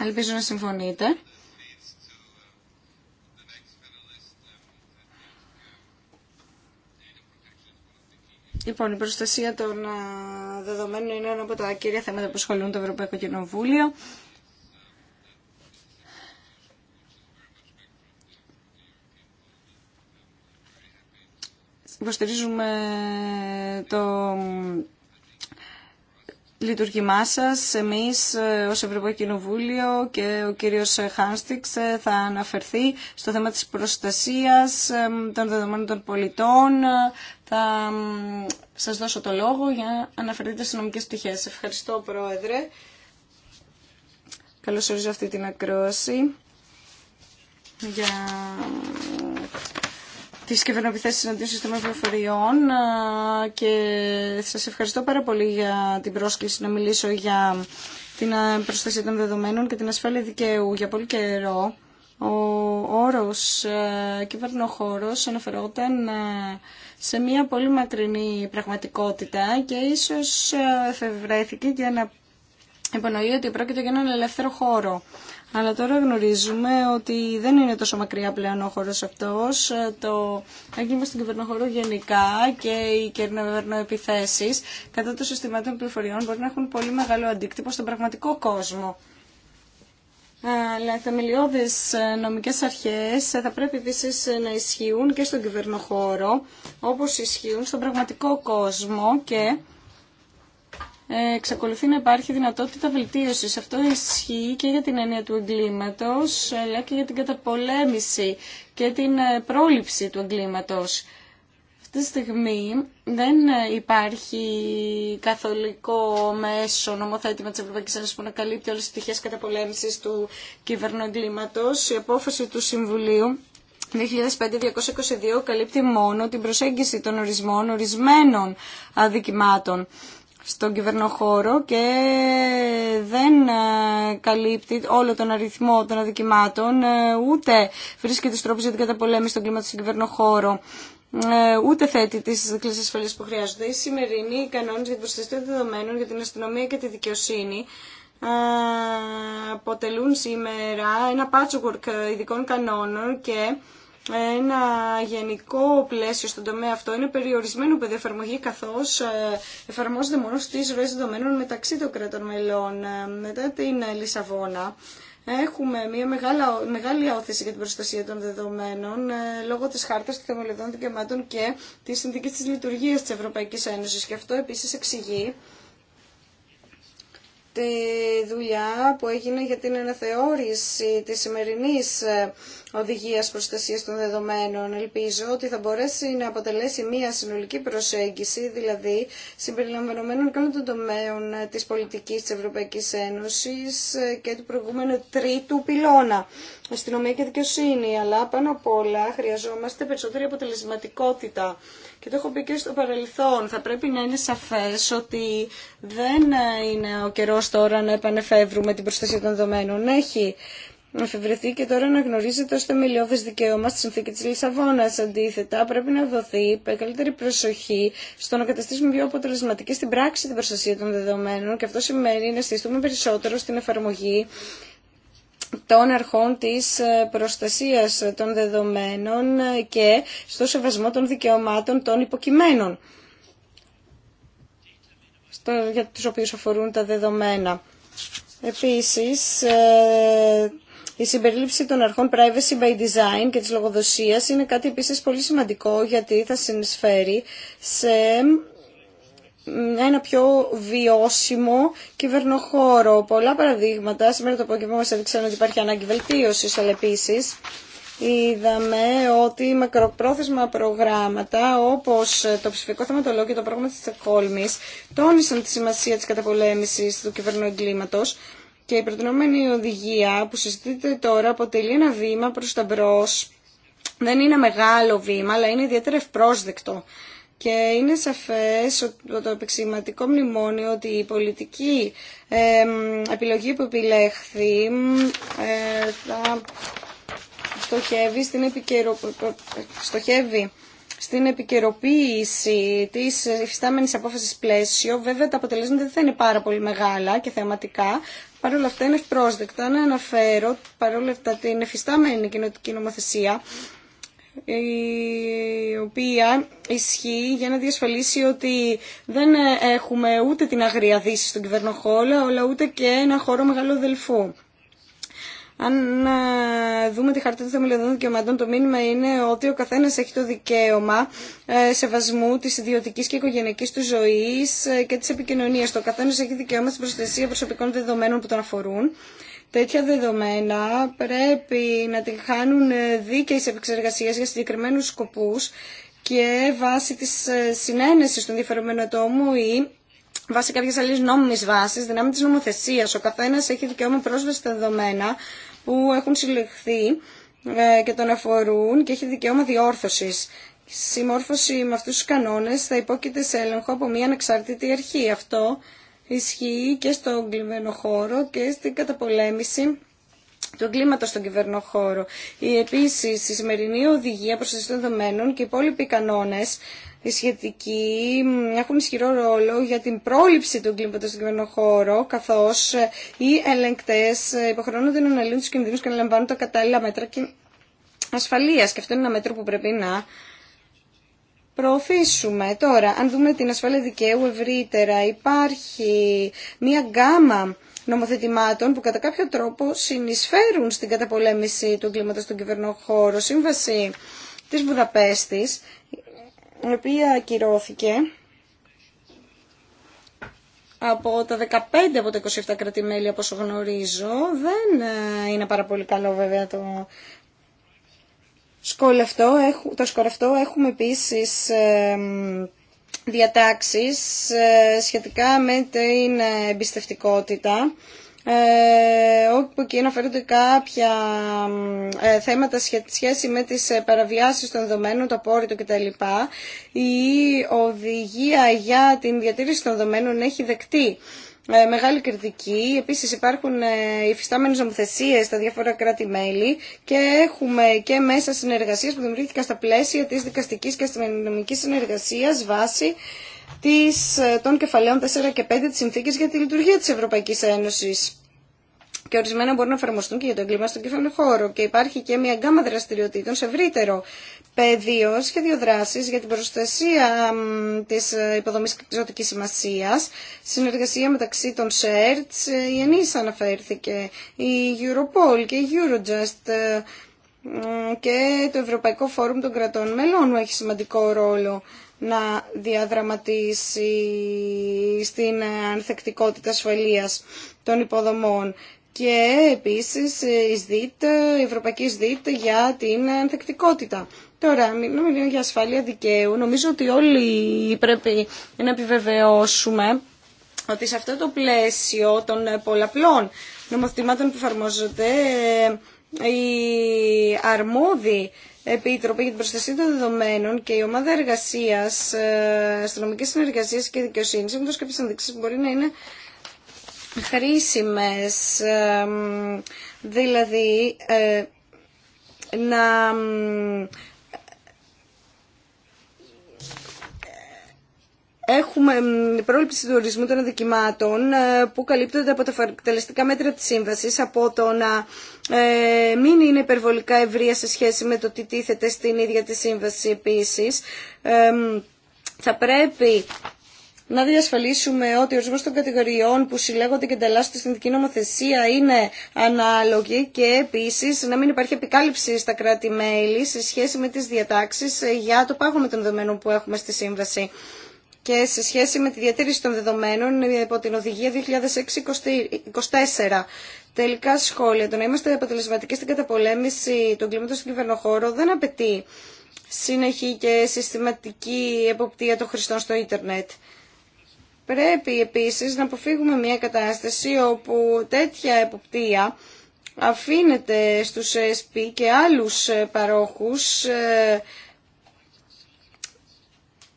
Ελπίζω να συμφωνείτε. Λοιπόν, η προστασία των δεδομένων είναι ένα από τα κύρια θέματα που ασχολούν το Ευρωπαϊκό Κοινοβούλιο. Υποστηρίζουμε το λειτουργήμά σα. Εμεί ε, ω Ευρωπαϊκό Κοινοβούλιο και ο κύριος Χάνστιξ ε, θα αναφερθεί στο θέμα τη προστασίας ε, των δεδομένων των πολιτών. Θα σα δώσω το λόγο για να αναφερθείτε στι νομικέ πτυχέ. Ευχαριστώ, Πρόεδρε. Καλώς ορίζω αυτή την ακρόαση για τις κυβερνοπιθέσεις συναντήσεις των πληροφοριών και σας ευχαριστώ πάρα πολύ για την πρόσκληση να μιλήσω για την προστασία των δεδομένων και την ασφάλεια δικαίου για πολύ καιρό. Ο όρος κυβερνοχώρος αναφερόταν σε μια πολύ μακρινή πραγματικότητα και ίσως εφευρέθηκε για να υπονοεί ότι πρόκειται για έναν ελεύθερο χώρο. Αλλά τώρα γνωρίζουμε ότι δεν είναι τόσο μακριά πλέον ο χώρος αυτός. Το έγκλημα στον κυβερνοχώρο γενικά και οι κυβερνοεπιθέσεις κατά των συστημάτων πληροφοριών μπορεί να έχουν πολύ μεγάλο αντίκτυπο στον πραγματικό κόσμο. Αλλά θεμελιώδε νομικές αρχές θα πρέπει επίση να ισχύουν και στον κυβερνοχώρο, όπως ισχύουν στον πραγματικό κόσμο και εξακολουθεί να υπάρχει δυνατότητα βελτίωσης. Αυτό ισχύει και για την έννοια του εγκλήματος, αλλά και για την καταπολέμηση και την ε, πρόληψη του εγκλήματος. Αυτή τη στιγμή δεν ε, υπάρχει καθολικό μέσο νομοθέτημα της Ευρωπαϊκής Ένωσης που να καλύπτει όλες τις πτυχές καταπολέμησης του κυβερνοεγκλήματος. Η απόφαση του Συμβουλίου 2005-222 καλύπτει μόνο την προσέγγιση των ορισμών ορισμένων αδικημάτων στον κυβερνοχώρο και δεν ε, καλύπτει όλο τον αριθμό των αδικημάτων, ε, ούτε βρίσκεται τους τρόπους για την καταπολέμηση των κλίματων στον κυβερνοχώρο ε, ούτε θέτει τι δικλείε ασφαλεία που χρειάζονται. Οι σημερινοί κανόνε για την προστασία των δεδομένων για την αστυνομία και τη δικαιοσύνη αποτελούν σήμερα ένα patchwork ειδικών κανόνων και ένα γενικό πλαίσιο στον τομέα αυτό είναι περιορισμένο παιδί εφαρμογή καθώς ε, εφαρμόζεται μόνο στις ροές δεδομένων μεταξύ των κρατών μελών. Ε, μετά την Λισαβόνα έχουμε μια μεγάλη, μεγάλη για την προστασία των δεδομένων ε, λόγω της χάρτας των θεμελιωδών δικαιωμάτων και της συνθήκης της λειτουργίας της Ευρωπαϊκής Ένωσης και αυτό επίσης εξηγεί τη δουλειά που έγινε για την αναθεώρηση της σημερινής ε, οδηγίας προστασίας των δεδομένων. Ελπίζω ότι θα μπορέσει να αποτελέσει μια συνολική προσέγγιση, δηλαδή συμπεριλαμβανομένων και όλων των τομέων ε, της πολιτικής της Ευρωπαϊκής Ένωσης ε, και του προηγούμενου τρίτου πυλώνα. Αστυνομία και δικαιοσύνη, αλλά πάνω απ' όλα χρειαζόμαστε περισσότερη αποτελεσματικότητα και το έχω πει και στο παρελθόν. Θα πρέπει να είναι σαφές ότι δεν είναι ο καιρός τώρα να επανεφεύρουμε την προστασία των δεδομένων. Έχει εφευρεθεί και τώρα να γνωρίζεται ως θεμελιώδες δικαίωμα στη συνθήκη της Λισαβόνας. Αντίθετα, πρέπει να δοθεί καλύτερη προσοχή στο να καταστήσουμε πιο αποτελεσματική στην πράξη την προστασία των δεδομένων και αυτό σημαίνει να στήσουμε περισσότερο στην εφαρμογή των αρχών της ε, προστασίας των δεδομένων και στο σεβασμό των δικαιωμάτων των υποκειμένων για τους οποίους αφορούν τα δεδομένα. Επίσης, ε, η συμπερίληψη των αρχών privacy by design και της λογοδοσίας είναι κάτι επίσης πολύ σημαντικό γιατί θα συνεισφέρει σε ένα πιο βιώσιμο κυβερνοχώρο. Πολλά παραδείγματα, σήμερα το απόγευμα μας έδειξαν ότι υπάρχει ανάγκη βελτίωση αλλά επίση είδαμε ότι μακροπρόθεσμα προγράμματα όπω το ψηφικό θεματολόγιο και το πρόγραμμα τη Στοκχόλμης τόνισαν τη σημασία τη καταπολέμηση του κυβερνού εγκλήματο και η προτινόμενη οδηγία που συζητείται τώρα αποτελεί ένα βήμα προ τα μπρο. Δεν είναι μεγάλο βήμα, αλλά είναι ιδιαίτερα ευπρόσδεκτο. Και είναι σαφές το επεξηγηματικό μνημόνιο ότι η πολιτική επιλογή που επιλέχθη ε, θα στοχεύει στην, στοχεύει στην επικαιροποίηση της υφιστάμενης απόφασης πλαίσιο. Βέβαια τα αποτελέσματα δεν θα είναι πάρα πολύ μεγάλα και θεματικά. Παρ' όλα αυτά είναι ευπρόσδεκτα να αναφέρω παρόλα αυτά την εφιστάμενη κοινωτική νομοθεσία η οποία ισχύει για να διασφαλίσει ότι δεν έχουμε ούτε την αγρία δύση στον κυβερνοχώλο, αλλά ούτε και ένα χώρο μεγάλο δελφού. Αν ε, δούμε τη χαρτί των θεμελιωδών δικαιωμάτων, το μήνυμα είναι ότι ο καθένα έχει το δικαίωμα ε, σεβασμού τη ιδιωτική και οικογενειακή του ζωή ε, και τη επικοινωνία. Το καθένα έχει δικαίωμα στην προστασία προσωπικών δεδομένων που τον αφορούν τέτοια δεδομένα πρέπει να τη χάνουν δίκαιες επεξεργασίες για συγκεκριμένους σκοπούς και βάσει της ε, συνένεσης των διαφορεμένων ατόμου ή βάσει κάποιες άλλες νόμιμης βάσεις, δυνάμει της νομοθεσίας. Ο καθένας έχει δικαίωμα πρόσβαση στα δεδομένα που έχουν συλλεχθεί ε, και τον αφορούν και έχει δικαίωμα διόρθωσης. Συμμόρφωση με αυτούς τους κανόνες θα υπόκειται σε έλεγχο από μια ανεξάρτητη αρχή. Αυτό ισχύει και στον κλειμένο χώρο και στην καταπολέμηση του εγκλήματος στον χώρο. Η επίσης η σημερινή οδηγία προστασία των δεδομένων και οι υπόλοιποι κανόνες οι σχετικοί έχουν ισχυρό ρόλο για την πρόληψη του εγκλήματος στον κυβερνό χώρο καθώς ε, οι ελεγκτές ε, υποχρεώνονται να αναλύουν τους κινδύνους και να λαμβάνουν τα κατάλληλα μέτρα ασφαλείας. Και αυτό είναι ένα μέτρο που πρέπει να προωθήσουμε. Τώρα, αν δούμε την ασφάλεια δικαίου ευρύτερα, υπάρχει μια γκάμα νομοθετημάτων που κατά κάποιο τρόπο συνεισφέρουν στην καταπολέμηση του εγκλήματος στον χώρο. Σύμβαση της Βουδαπέστης, η οποία ακυρώθηκε από τα 15 από τα 27 κρατημέλη, όπως γνωρίζω, δεν ε, είναι πάρα πολύ καλό βέβαια το σκορευτό, το σκορευτό έχουμε επίσης διατάξεις ε, σχετικά με την ε, εμπιστευτικότητα ε, όπου εκεί αναφέρονται κάποια θέματα σχέση με τις παραβιάσεις των δεδομένων, το απόρριτο κτλ. Η οδηγία για την διατήρηση των δεδομένων έχει δεκτεί ε, μεγάλη κριτική. Επίσης υπάρχουν ε, υφιστάμενες νομοθεσίες στα διάφορα κράτη-μέλη και έχουμε και μέσα συνεργασίες που δημιουργήθηκαν στα πλαίσια της δικαστικής και αστυνομικής συνεργασίας βάσει ε, των κεφαλαίων 4 και 5 της Συνθήκης για τη Λειτουργία της Ευρωπαϊκής Ένωσης και ορισμένα μπορούν να εφαρμοστούν και για το εγκλήμα στον κεφαλαίο χώρο. Και υπάρχει και μια γκάμα δραστηριοτήτων σε ευρύτερο πεδίο σχέδιο δράση για την προστασία τη ε, υποδομή ζωτική σημασία, συνεργασία μεταξύ των ΣΕΡΤΣ, ε, η ΕΝΗΣ αναφέρθηκε, η Europol και η Eurojust ε, και το Ευρωπαϊκό Φόρουμ των Κρατών Μελών έχει σημαντικό ρόλο να διαδραματίσει στην ανθεκτικότητα ασφαλείας των υποδομών και επίσης ε, ε, η Ευρωπαϊκή ΔΙΤ για την ανθεκτικότητα. Τώρα, μιλούμε για ασφάλεια δικαίου. Νομίζω ότι όλοι πρέπει να επιβεβαιώσουμε ότι σε αυτό το πλαίσιο των πολλαπλών νομοθετημάτων που εφαρμόζονται ε, οι αρμόδιοι Επίτροποι για την Προστασία των Δεδομένων και η Ομάδα Εργασία Αστυνομική Συνεργασία και Δικαιοσύνη έχουν δώσει κάποιε ενδείξει που μπορεί να είναι χρήσιμες, δηλαδή ε, να Έχουμε πρόληψη του ορισμού των αδικημάτων ε, που καλύπτονται από τα εκτελεστικά μέτρα της σύμβασης από το να ε, μην είναι υπερβολικά ευρεία σε σχέση με το τι τίθεται στην ίδια τη σύμβαση επίσης. θα πρέπει να διασφαλίσουμε ότι ο ορισμό των κατηγοριών που συλλέγονται και ενταλλάσσονται στην δική νομοθεσία είναι ανάλογη και επίση να μην υπάρχει επικάλυψη στα κράτη-μέλη σε σχέση με τι διατάξει για το πάγωμα των δεδομένων που έχουμε στη σύμβαση. Και σε σχέση με τη διατήρηση των δεδομένων υπό την οδηγία 2006-24. Τελικά σχόλια. Το να είμαστε αποτελεσματικοί στην καταπολέμηση των κλίματων στον κυβερνοχώρο δεν απαιτεί συνεχή και συστηματική εποπτεία των χρηστών στο ίντερνετ. Πρέπει επίσης να αποφύγουμε μια κατάσταση όπου τέτοια εποπτεία αφήνεται στους ΕΣΠΗ και άλλους ε, παρόχους ε,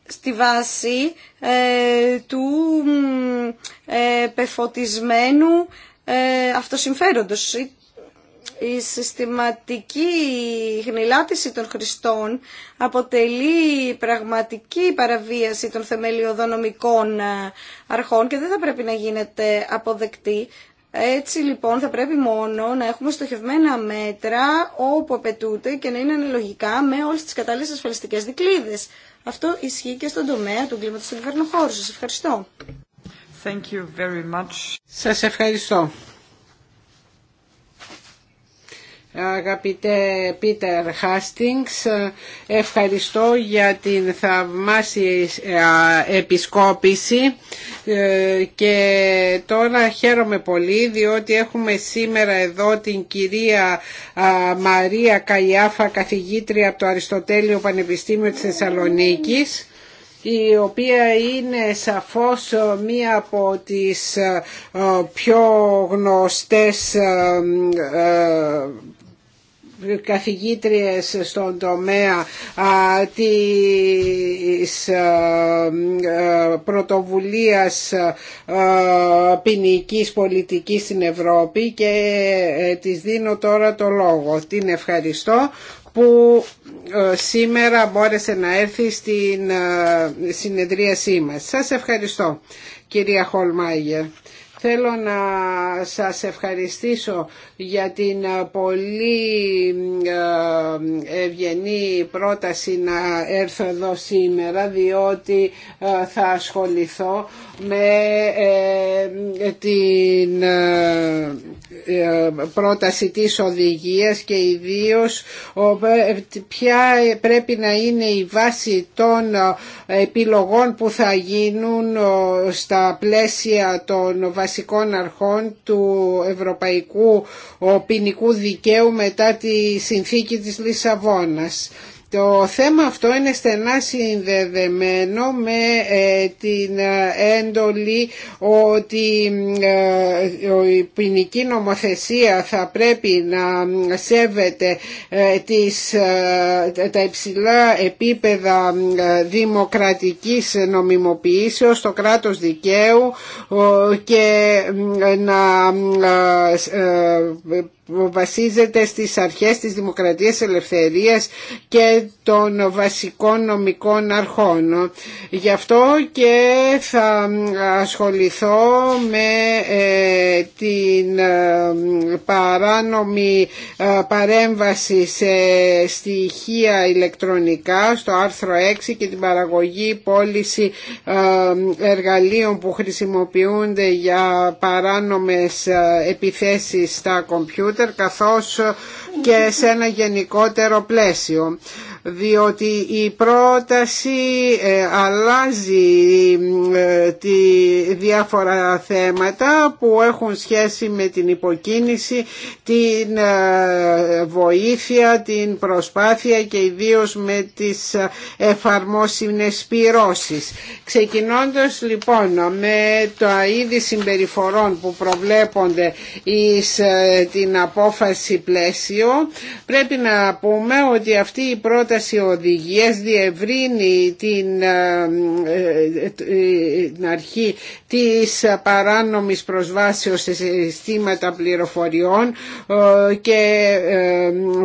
στη βάση ε, του πεφωτισμένου αυτοσυμφέροντος η συστηματική γνηλάτιση των χρηστών αποτελεί πραγματική παραβίαση των θεμελιωδονομικών ε, αρχών και δεν θα πρέπει να γίνεται αποδεκτή. Έτσι λοιπόν θα πρέπει μόνο να έχουμε στοχευμένα μέτρα όπου απαιτούνται και να είναι αναλογικά με όλες τις κατάλληλες ασφαλιστικές δικλείδες. Αυτό ισχύει και στον τομέα του κλίματος του κυβερνοχώρου. Σας ευχαριστώ. Thank Σας ευχαριστώ. Αγαπητέ Πίτερ Χάστινγκς, ευχαριστώ για την θαυμάσια επισκόπηση ε, και τώρα χαίρομαι πολύ διότι έχουμε σήμερα εδώ την κυρία Μαρία Καϊάφα, καθηγήτρια από το Αριστοτέλειο Πανεπιστήμιο της Θεσσαλονίκης η οποία είναι σαφώς μία από τις ε, πιο γνωστές ε, καθηγήτριες στον τομέα της πρωτοβουλίας ποινική πολιτικής στην Ευρώπη και ε, της δίνω τώρα το λόγο. Την ευχαριστώ που ε, σήμερα μπόρεσε να έρθει στην ε, συνεδρίασή μας. Σας ευχαριστώ κυρία Χολμάγερ. Θέλω να σας ευχαριστήσω για την πολύ ε, ευγενή πρόταση να έρθω εδώ σήμερα διότι ε, θα ασχοληθώ με ε, την ε, πρόταση της οδηγίας και ιδίως ε, ποια πρέπει να είναι η βάση των επιλογών που θα γίνουν στα πλαίσια των βασικών αρχών του ευρωπαϊκού ποινικού δικαίου μετά τη συνθήκη της Λισαβόνας. Το θέμα αυτό είναι στενά συνδεδεμένο με ε, την ε, έντολη ότι ε, η ποινική νομοθεσία θα πρέπει να σέβεται τις, τα υψηλά επίπεδα δημοκρατικής νομιμοποιήσεως, το κράτος δικαίου και να βασίζεται στις αρχές της δημοκρατίας ελευθερίας και των βασικών νομικών αρχών. Γι' αυτό και θα ασχοληθώ με ε, την ε, παράνομη ε, παρέμβαση σε στοιχεία ηλεκτρονικά στο άρθρο 6 και την παραγωγή πώληση εργαλείων που χρησιμοποιούνται για παράνομες επιθέσεις στα κομπιούτερ κομπιούτερ καθώς και σε ένα γενικότερο πλαίσιο διότι η πρόταση ε, αλλάζει ε, τη διάφορα θέματα που έχουν σχέση με την υποκίνηση, την ε, βοήθεια, την προσπάθεια και ιδίως με τις εφαρμόσιμες πυρώσει. Ξεκινώντας λοιπόν με το είδη συμπεριφορών που προβλέπονται εις την απόφαση πλαίσιο, πρέπει να πούμε ότι αυτή η πρόταση οι οδηγίες διευρύνει ε, ε, ε, την, αρχή της παράνομης προσβάσεως σε συστήματα πληροφοριών και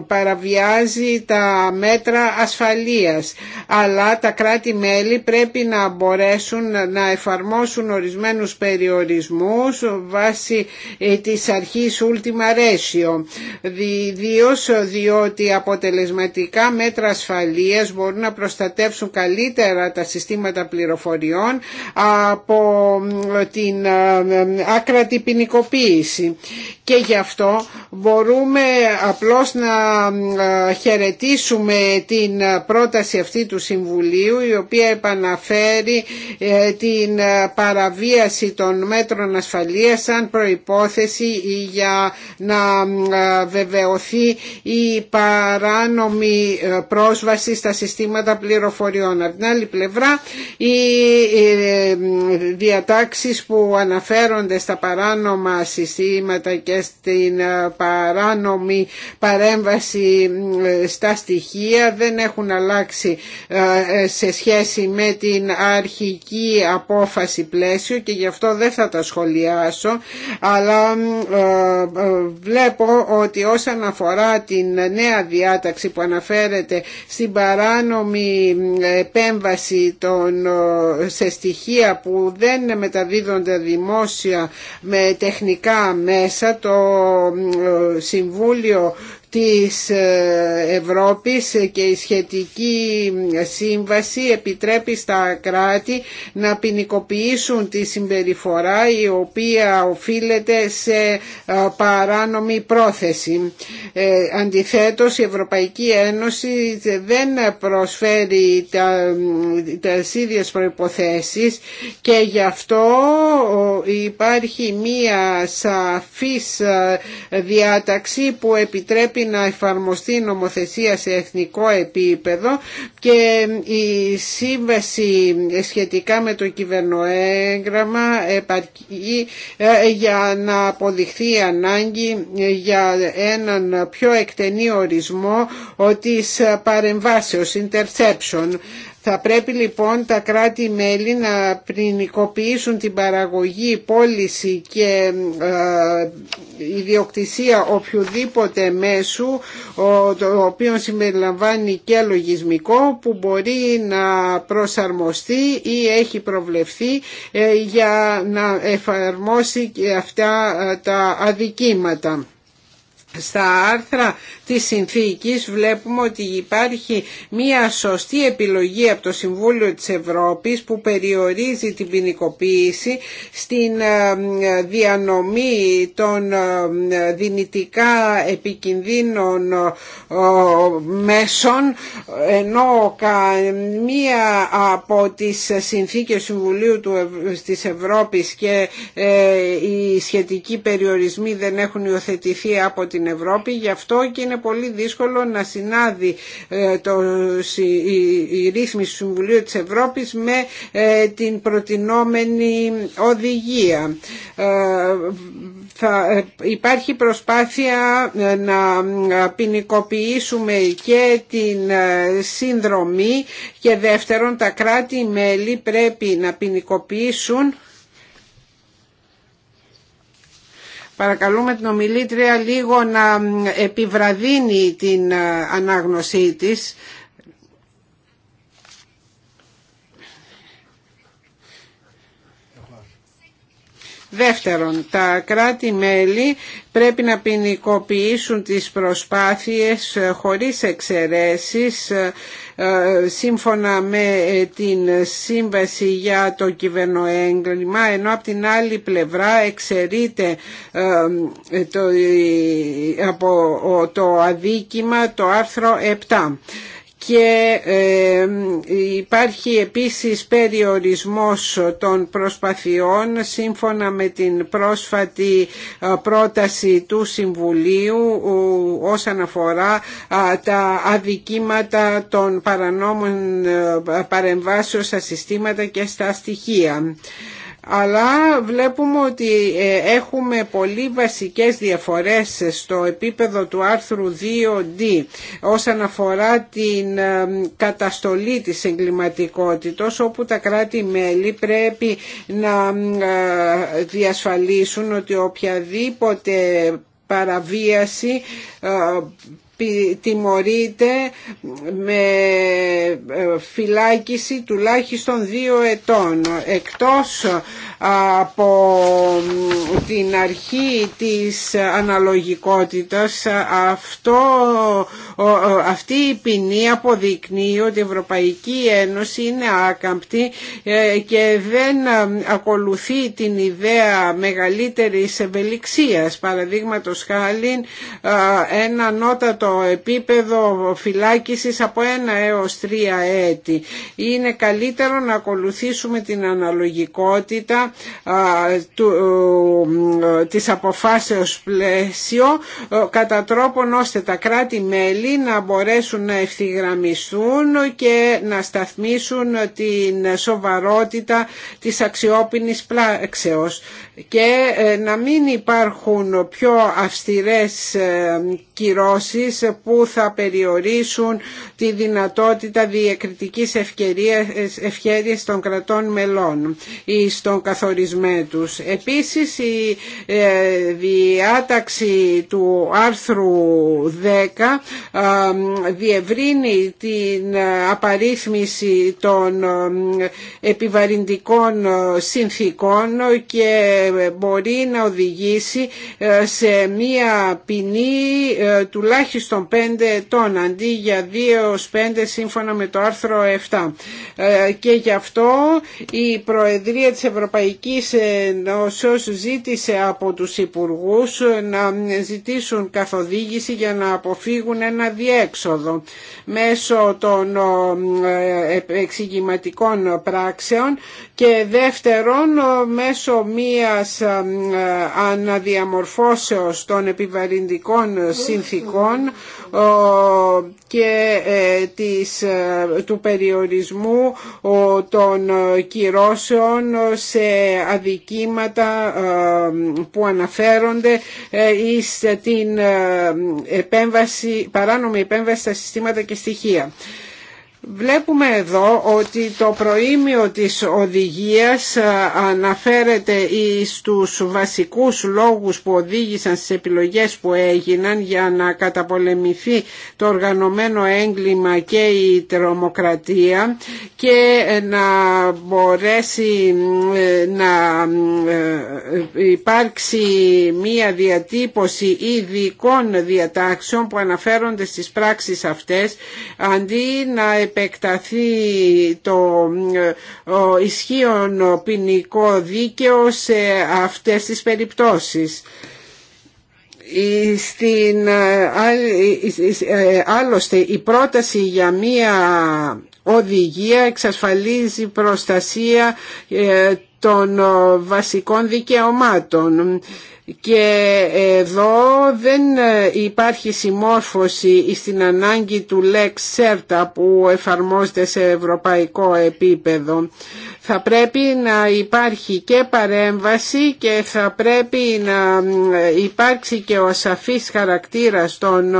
παραβιάζει τα μέτρα ασφαλείας. Αλλά τα κράτη-μέλη πρέπει να μπορέσουν να εφαρμόσουν ορισμένους περιορισμούς βάσει της αρχής ultima ratio. Διότι αποτελεσματικά μέτρα ασφαλείας μπορούν να προστατεύσουν καλύτερα τα συστήματα πληροφοριών από την ε, άκρατη ποινικοποίηση. Και γι' αυτό μπορούμε απλώς να ε, χαιρετήσουμε την πρόταση αυτή του Συμβουλίου η οποία επαναφέρει ε, την παραβίαση των μέτρων ασφαλείας σαν προϋπόθεση για να βεβαιωθεί η παράνομη πρόταση πρόσβαση στα συστήματα πληροφοριών. Από την άλλη πλευρά οι ε, διατάξεις που αναφέρονται στα παράνομα συστήματα και στην ε, παράνομη παρέμβαση ε, στα στοιχεία δεν έχουν αλλάξει σε σχέση με την αρχική απόφαση πλαίσιο και γι' αυτό δεν θα τα σχολιάσω αλλά βλέπω ότι όσον αφορά την νέα διάταξη που αναφέρεται στην παράνομη ε, επέμβαση των, ε, σε στοιχεία που δεν μεταδίδονται δημόσια με τεχνικά μέσα. Το ε, Συμβούλιο της ε, Ευρώπης και η σχετική σύμβαση επιτρέπει στα κράτη να ποινικοποιήσουν τη συμπεριφορά η οποία οφείλεται σε ε, παράνομη πρόθεση. Ε, αντιθέτως η Ευρωπαϊκή Ένωση δεν προσφέρει τα, τις ίδιες προϋποθέσεις και γι' αυτό υπάρχει μία σαφής διάταξη που επιτρέπει πρέπει να εφαρμοστεί νομοθεσία σε εθνικό επίπεδο και η σύμβαση σχετικά με το κυβερνοέγγραμμα επαρκεί ε, για να αποδειχθεί η ανάγκη για έναν πιο εκτενή ορισμό ε, της παρεμβάσεως, interception. Θα πρέπει λοιπόν τα κράτη-μέλη να πρινικοποιήσουν την παραγωγή, πώληση και ε, ιδιοκτησία οποιοδήποτε μέσου το οποίο συμπεριλαμβάνει και λογισμικό που μπορεί να προσαρμοστεί ή έχει προβλεφθεί ε, για να εφαρμόσει αυτά ε, τα αδικήματα. Στα άρθρα τη συνθήκης βλέπουμε ότι υπάρχει μια σωστή επιλογή από το Συμβούλιο της Ευρώπης που περιορίζει την ποινικοποίηση στην ε, διανομή των ε, δυνητικά επικινδύνων ε, μέσων ενώ μία από τις συνθήκες Συμβουλίου της Ευρώπης και οι σχετικοί περιορισμοί δεν έχουν υιοθετηθεί από την Ευρώπη γι' αυτό και είναι πολύ δύσκολο να συνάδει ε, το, η, ρύθμιση του Συμβουλίου της Ευρώπης με ε, την προτινόμενη οδηγία. Ε, θα υπάρχει προσπάθεια να ποινικοποιήσουμε και την σύνδρομη και δεύτερον τα κράτη-μέλη πρέπει να ποινικοποιήσουν Παρακαλούμε την ομιλήτρια λίγο να επιβραδύνει την ε, ανάγνωσή της. Δεύτερον, τα κράτη-μέλη πρέπει να ποινικοποιήσουν τις προσπάθειες ε, χωρίς εξαιρέσεις ε, ε, σύμφωνα με ε, την σύμβαση για το κυβερνοέγκλημα ενώ από την άλλη πλευρά εξαιρείται ε, από το αδίκημα το άρθρο 7 και ε, υπάρχει επίσης περιορισμός των προσπαθειών σύμφωνα με την πρόσφατη ε, πρόταση του Συμβουλίου όσον αφορά τα αδικήματα των παρανόμων ε, παρεμβάσεων στα συστήματα και στα στοιχεία αλλά βλέπουμε ότι ε, έχουμε πολύ βασικές διαφορές στο επίπεδο του άρθρου 2D όσον αφορά την ε, καταστολή της εγκληματικότητας όπου τα κράτη-μέλη πρέπει να ε, διασφαλίσουν ότι οποιαδήποτε παραβίαση τιμωρείται με ε, φυλάκιση τουλάχιστον δύο ετών εκτός από την αρχή της αναλογικότητας αυτό, αυτή η ποινή αποδεικνύει ότι η Ευρωπαϊκή Ένωση είναι άκαμπτη ε, και δεν ε, ακολουθεί την ιδέα μεγαλύτερης ευελιξίας. Παραδείγματος χάρη ένα το επίπεδο φυλάκισης από ένα έως τρία έτη. Είναι καλύτερο να ακολουθήσουμε την αναλογικότητα του, της αποφάσεως πλαίσιο ε, κατά τρόπον ώστε τα κράτη-μέλη να μπορέσουν να ευθυγραμμιστούν και να σταθμίσουν την σοβαρότητα της αξιόπινης πλάξεως και ε, να μην υπάρχουν πιο αυστηρές ε, κυρώσεις που θα περιορίσουν τη δυνατότητα διεκριτικής ευκαιρίας των κρατών μελών ή στον καθορισμένο τους. Επίσης η στον καθορισμέ τους επισης η διαταξη του άρθρου 10 ε, διευρύνει την απαρίθμηση των ε, επιβαρυντικών συνθήκων και μπορεί να οδηγήσει ε, σε μία ποινή τουλάχιστον των 5 ετών αντί για δύο 5 σύμφωνα με το άρθρο 7. Ε, και γι' αυτό η Προεδρία της Ευρωπαϊκής Ενώσεως ζήτησε από τους Υπουργούς να ζητήσουν καθοδήγηση για να αποφύγουν ένα διέξοδο μέσω των ε, ε, εξηγηματικών πράξεων και δεύτερον μέσω μίας αναδιαμορφώσεως των επιβαρυντικών συνθήκων ε, και ε, της, ε, του περιορισμού των κυρώσεων σε αδικήματα που αναφέρονται εις την παράνομη επέμβαση στα συστήματα και στοιχεία. Βλέπουμε εδώ ότι το προήμιο της οδηγίας ε, αναφέρεται στους βασικούς λόγους που οδήγησαν στις επιλογές που έγιναν για να καταπολεμηθεί το οργανωμένο έγκλημα και η τρομοκρατία και να μπορέσει ε, να ε, υπάρξει μία διατύπωση ειδικών διατάξεων που αναφέρονται στις πράξεις αυτές αντί να επεκταθεί το ισχύον ποινικό δίκαιο σε αυτές τις περιπτώσεις στην, ε, ε, άλλωστε η πρόταση για μία οδηγία εξασφαλίζει προστασία ε, των βασικών δικαιωμάτων και εδώ δεν ε, υπάρχει συμμόρφωση στην ανάγκη του Lex Certa που εφαρμόζεται σε ευρωπαϊκό επίπεδο. Θα πρέπει να υπάρχει και παρέμβαση και θα πρέπει να υπάρξει και ο σαφής χαρακτήρας των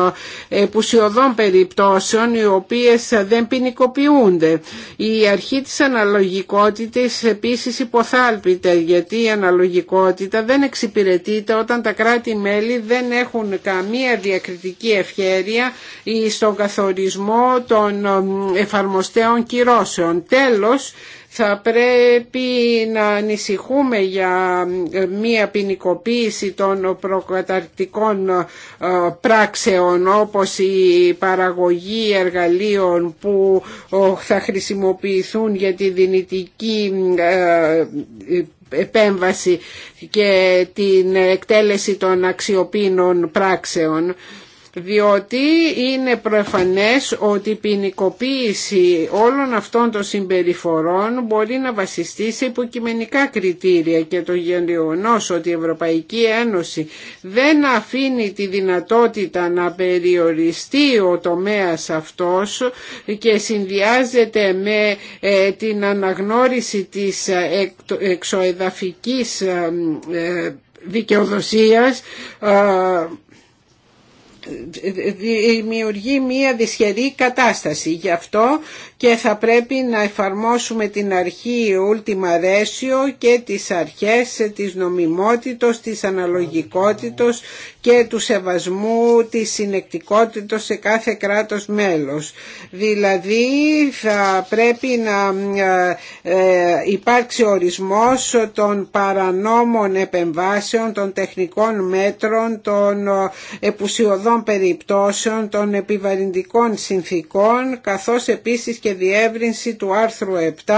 ε, επουσιωδών περιπτώσεων οι οποίες δεν ποινικοποιούνται. Η αρχή της αναλογικότητας επίσης υποθάλπιται γιατί η αναλογικότητα δεν εξυπηρετείται όταν τα κράτη-μέλη δεν έχουν καμία διακριτική ευχέρεια στον καθορισμό των εφαρμοστέων κυρώσεων. Τέλος, θα πρέπει να ανησυχούμε για ε, μία ποινικοποίηση των προκαταρκτικών ε, πράξεων όπως η παραγωγή εργαλείων που ε, θα χρησιμοποιηθούν για τη δυνητική επέμβαση και την εκτέλεση των αξιοπίνων πράξεων διότι είναι προφανές ότι η ποινικοποίηση όλων αυτών των συμπεριφορών μπορεί να βασιστεί σε υποκειμενικά κριτήρια και το γεγονό ότι η Ευρωπαϊκή Ένωση δεν αφήνει τη δυνατότητα να περιοριστεί ο τομέας αυτός και συνδυάζεται με ε, την αναγνώριση της ε, εξοεδαφικής ε, δικαιοδοσίας δημιουργεί μία δυσχερή κατάσταση. Γι' αυτό και θα πρέπει να εφαρμόσουμε την αρχή ultima ratio και τις αρχές της νομιμότητος, της αναλογικότητος και του σεβασμού της συνεκτικότητας σε κάθε κράτος μέλος. Δηλαδή θα πρέπει να ε, ε, υπάρξει ορισμός των παρανόμων επεμβάσεων, των τεχνικών μέτρων, των ε, επουσιοδών περιπτώσεων, των επιβαρυντικών συνθήκων, καθώς επίσης και διεύρυνση του άρθρου 7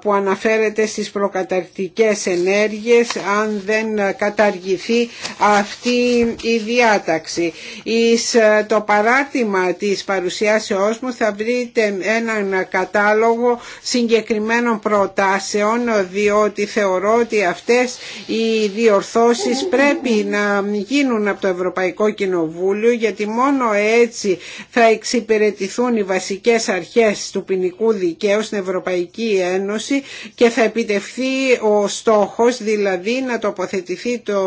που αναφέρεται στις προκαταρκτικές ενέργειες αν δεν καταργηθεί αυτή η διάταξη. Εις ε, το παράτημα της παρουσιάσεώς μου θα βρείτε έναν κατάλογο συγκεκριμένων προτάσεων διότι θεωρώ ότι αυτές οι διορθώσεις πρέπει να γίνουν από το Ευρωπαϊκό Κοινοβούλιο γιατί μόνο έτσι θα εξυπηρετηθούν οι βασικές αρχές του ποινικού δικαίου στην Ευρωπαϊκή Ένωση και θα επιτευχθεί ο στόχος δηλαδή να τοποθετηθεί το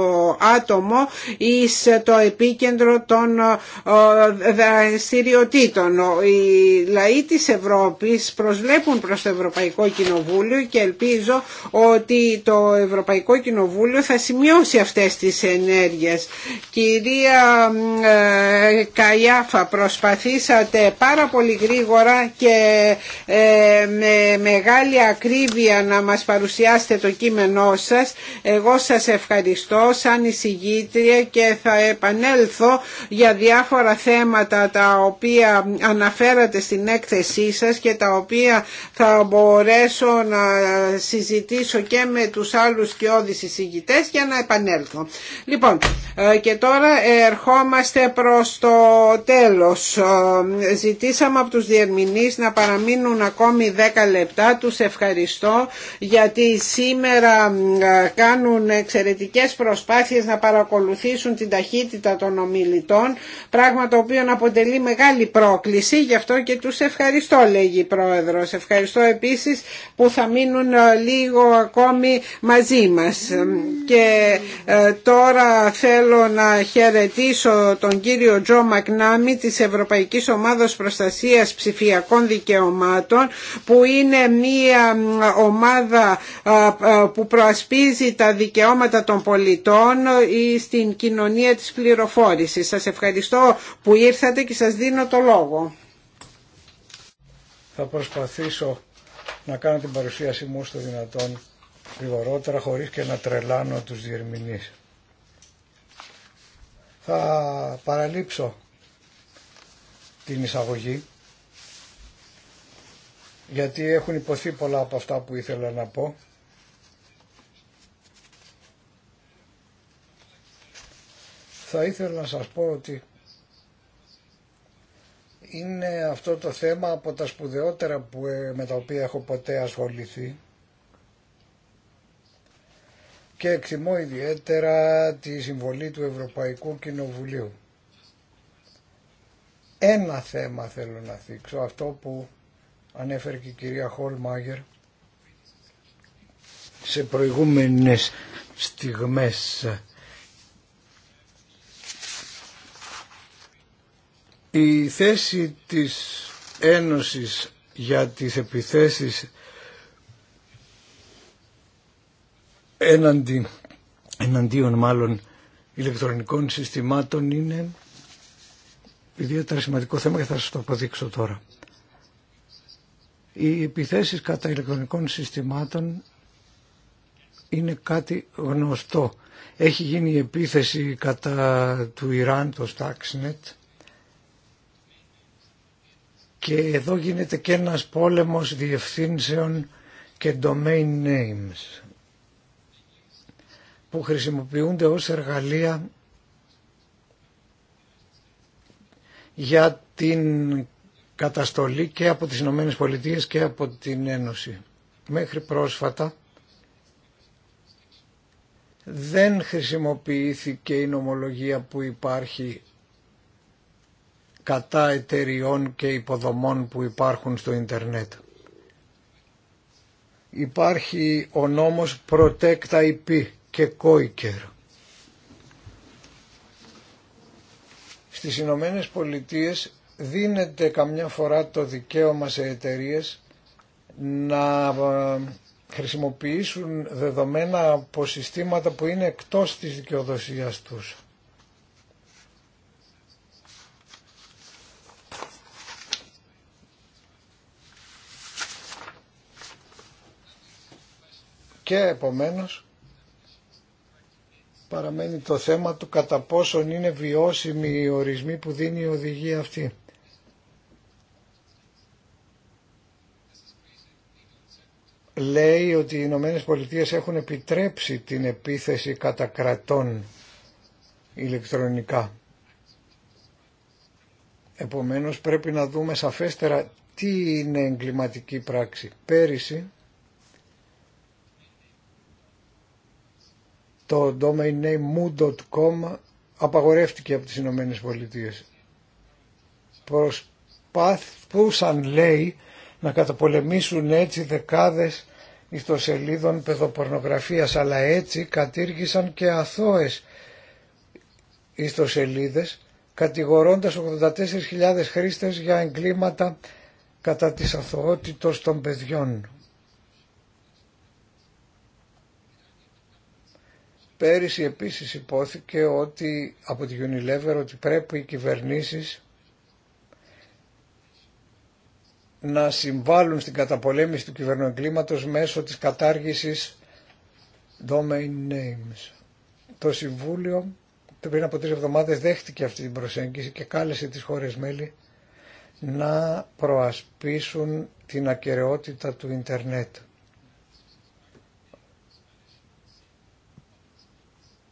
άτομο εις το επίκεντρο των ε, ε, δραστηριοτήτων. Οι λαοί της Ευρώπης προσβλέπουν προς το Ευρωπαϊκό Κοινοβούλιο και ελπίζω ότι το Ευρωπαϊκό Κοινοβούλιο θα σημειώσει αυτές τις ενέργειες. Κυρία ε, Καϊάφα, προσπαθήσατε πάρα πολύ γρήγορα και με μεγάλη ακρίβεια να μας παρουσιάσετε το κείμενό σας. Εγώ σας ευχαριστώ σαν εισηγήτρια και θα επανέλθω για διάφορα θέματα τα οποία αναφέρατε στην έκθεσή σας και τα οποία θα μπορέσω να συζητήσω και με τους άλλους και εισηγητές για να επανέλθω. Λοιπόν, ε, και τώρα ερχόμαστε προς το τέλος. Ε, ζητήσαμε από τους διερμηνείς να παραμείνουν ακόμη 10 λεπτά. Τους ευχαριστώ γιατί σήμερα ε, κάνουν εξαιρετικές προσπάθειες να παρακολουθήσουν την ταχύτητα των ομιλητών, πράγμα το οποίο αποτελεί μεγάλη πρόκληση, γι' αυτό και τους ευχαριστώ λέγει η Πρόεδρος. Ευχαριστώ επίσης που θα μείνουν ε, λίγο ακόμη μαζί μας. Και ε, τώρα θέλω να χαιρετήσω τον κύριο Τζο Μακνάμι της Ευρωπαϊκής Ομάδας Προστασίας Ψηφιακών Δικαιωμάτων που είναι μία ομάδα ε, που προασπίζει τα δικαιώματα των πολιτών ή στην κοινωνία μία της πληροφόρησης. Σας ευχαριστώ που ήρθατε και σας δίνω το λόγο. Θα προσπαθήσω να κάνω την παρουσίασή μου στο δυνατόν γρηγορότερα χωρίς και να τρελάνω τους διερμηνείς. Θα παραλείψω την εισαγωγή γιατί έχουν υποθεί πολλά από αυτά που ήθελα να πω Θα ήθελα να σας πω ότι είναι αυτό το θέμα από τα σπουδαιότερα που, ε, με τα οποία έχω ποτέ ασχοληθεί και εκτιμώ ιδιαίτερα τη συμβολή του Ευρωπαϊκού Κοινοβουλίου. Ένα θέμα θέλω να θίξω, αυτό που ανέφερε και η κυρία Χολμάγερ σε προηγούμενες στιγμές Η θέση της Ένωσης για τις επιθέσεις έναντι, εναντίον μάλλον ηλεκτρονικών συστημάτων είναι ιδιαίτερα σημαντικό θέμα και θα σας το αποδείξω τώρα. Οι επιθέσεις κατά ηλεκτρονικών συστημάτων είναι κάτι γνωστό. Έχει γίνει η επίθεση κατά του Ιράν, το Stuxnet, και εδώ γίνεται και ένας πόλεμος διευθύνσεων και domain names που χρησιμοποιούνται ως εργαλεία για την καταστολή και από τις Ηνωμένες Πολιτείες και από την Ένωση. Μέχρι πρόσφατα δεν χρησιμοποιήθηκε η νομολογία που υπάρχει κατά εταιριών και υποδομών που υπάρχουν στο ίντερνετ. Υπάρχει ο νόμος Protect IP και COICER. Στις Ηνωμένε Πολιτείες δίνεται καμιά φορά το δικαίωμα σε εταιρείε να ε, χρησιμοποιήσουν δεδομένα από συστήματα που είναι εκτός της δικαιοδοσίας τους. Και επομένως παραμένει το θέμα του κατά πόσον είναι βιώσιμοι οι ορισμοί που δίνει η οδηγία αυτή. Λέει ότι οι Ηνωμένε Πολιτείε έχουν επιτρέψει την επίθεση κατά ηλεκτρονικά. Επομένως πρέπει να δούμε σαφέστερα τι είναι εγκληματική πράξη. Πέρυσι το domain name moon.com απαγορεύτηκε από τις Ηνωμένες Πολιτείες. Προσπάθουσαν λέει να καταπολεμήσουν έτσι δεκάδες ιστοσελίδων παιδοπορνογραφίας αλλά έτσι κατήργησαν και αθώες ιστοσελίδες κατηγορώντας 84.000 χρήστες για εγκλήματα κατά της αθωότητος των παιδιών. Πέρυσι επίσης υπόθηκε ότι από τη Unilever ότι πρέπει οι κυβερνήσεις να συμβάλλουν στην καταπολέμηση του κυβερνοεγκλήματος μέσω της κατάργησης domain names. Το Συμβούλιο πριν από τρεις εβδομάδες δέχτηκε αυτή την προσέγγιση και κάλεσε τις χώρες μέλη να προασπίσουν την ακαιρεότητα του ίντερνετ.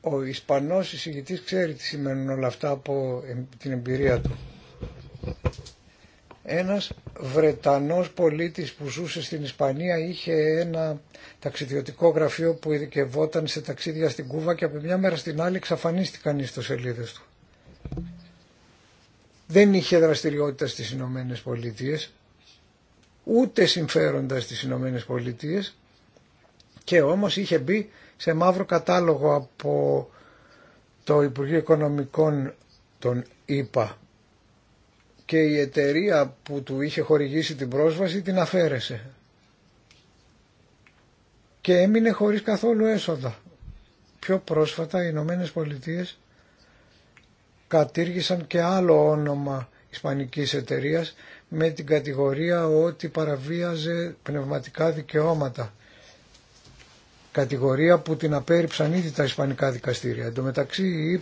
Ο Ισπανός εισηγητής ξέρει τι σημαίνουν όλα αυτά από την εμπειρία του. Ένας Βρετανός πολίτης που ζούσε στην Ισπανία είχε ένα ταξιδιωτικό γραφείο που ειδικευόταν σε ταξίδια στην Κούβα και από μια μέρα στην άλλη εξαφανίστηκαν οι ιστοσελίδες του. Δεν είχε δραστηριότητα στις Ηνωμένε Πολιτείε, ούτε συμφέροντα στις Ηνωμένε Πολιτείε και όμως είχε μπει σε μαύρο κατάλογο από το Υπουργείο Οικονομικών των ΙΠΑ και η εταιρεία που του είχε χορηγήσει την πρόσβαση την αφαίρεσε και έμεινε χωρίς καθόλου έσοδα. Πιο πρόσφατα οι Ηνωμένε Πολιτείε κατήργησαν και άλλο όνομα ισπανικής εταιρείας με την κατηγορία ότι παραβίαζε πνευματικά δικαιώματα κατηγορία που την απέρριψαν ήδη τα ισπανικά δικαστήρια. Εν τω μεταξύ οι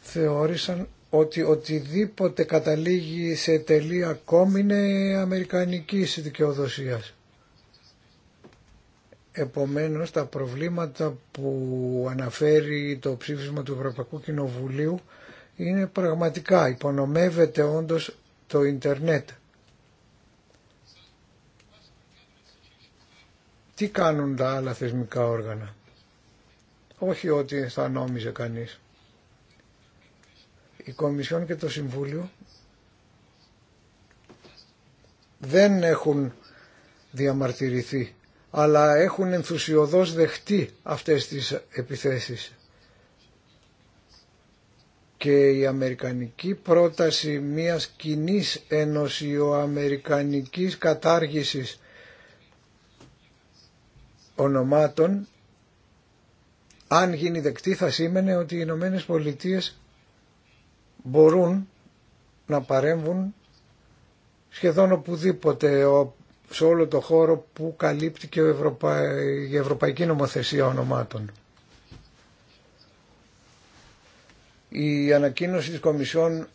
θεώρησαν ότι οτιδήποτε καταλήγει σε τελεία ακόμη είναι αμερικανικής δικαιοδοσίας. Επομένως τα προβλήματα που αναφέρει το ψήφισμα του Ευρωπαϊκού Κοινοβουλίου είναι πραγματικά. Υπονομεύεται όντως το ίντερνετ Τι κάνουν τα άλλα θεσμικά όργανα. Όχι ό,τι θα νόμιζε κανείς. Η Κομισιόν και το Συμβούλιο δεν έχουν διαμαρτυρηθεί, αλλά έχουν ενθουσιωδώς δεχτεί αυτές τις επιθέσεις. Και η αμερικανική πρόταση μιας κοινή ενωσιοαμερικανικής κατάργησης ονομάτων αν γίνει δεκτή θα σήμαινε ότι οι Ηνωμένε Πολιτείε μπορούν να παρέμβουν σχεδόν οπουδήποτε σε όλο το χώρο που καλύπτει και η Ευρωπαϊκή Νομοθεσία ονομάτων. Η ανακοίνωση της Κομισιόν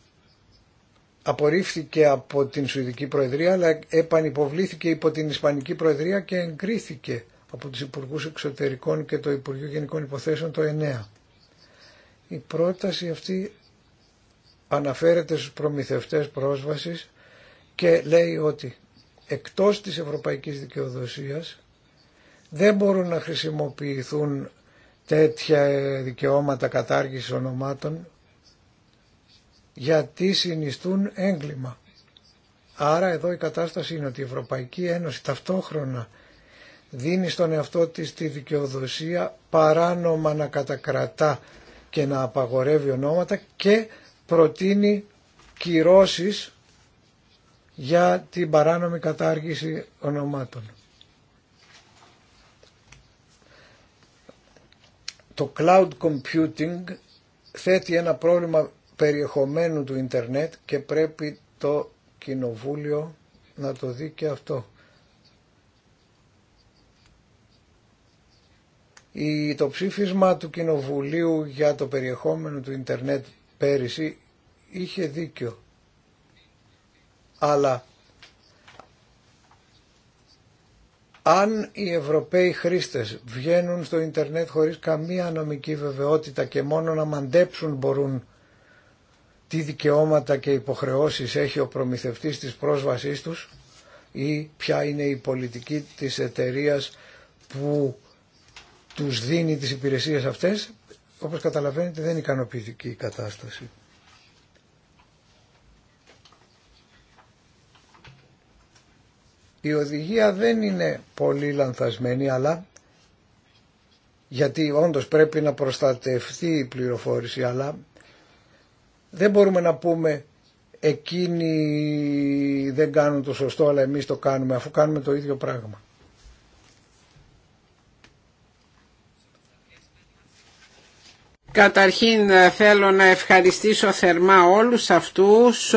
απορρίφθηκε από την Σουηδική Προεδρία αλλά επανυποβλήθηκε υπό την Ισπανική Προεδρία και εγκρίθηκε από τους Υπουργούς Εξωτερικών και το Υπουργείο Γενικών Υποθέσεων το 9. Η πρόταση αυτή αναφέρεται στους προμηθευτές πρόσβασης και λέει ότι εκτός της ευρωπαϊκής δικαιοδοσίας δεν μπορούν να χρησιμοποιηθούν τέτοια δικαιώματα κατάργησης ονομάτων γιατί συνιστούν έγκλημα. Άρα εδώ η κατάσταση είναι ότι η Ευρωπαϊκή Ένωση ταυτόχρονα δίνει στον εαυτό της τη δικαιοδοσία παράνομα να κατακρατά και να απαγορεύει ονόματα και προτείνει κυρώσεις για την παράνομη κατάργηση ονομάτων. Το cloud computing θέτει ένα πρόβλημα περιεχομένου του ίντερνετ και πρέπει το κοινοβούλιο να το δει και αυτό. Το ψήφισμα του Κοινοβουλίου για το περιεχόμενο του ίντερνετ πέρυσι είχε δίκιο. Αλλά αν οι Ευρωπαίοι χρήστες βγαίνουν στο ίντερνετ χωρίς καμία νομική βεβαιότητα και μόνο να μαντέψουν μπορούν τι δικαιώματα και υποχρεώσεις έχει ο προμηθευτής της πρόσβασής τους ή ποια είναι η πολιτική της εταιρείας που τους δίνει τις υπηρεσίες αυτές, όπως καταλαβαίνετε δεν είναι ικανοποιητική η κατάσταση. Η οδηγία δεν είναι πολύ λανθασμένη, αλλά γιατί όντως πρέπει να προστατευτεί η πληροφόρηση, αλλά δεν μπορούμε να πούμε εκείνοι δεν κάνουν το σωστό, αλλά εμείς το κάνουμε, αφού κάνουμε το ίδιο πράγμα. Καταρχήν ε, θέλω να ευχαριστήσω θερμά όλους αυτούς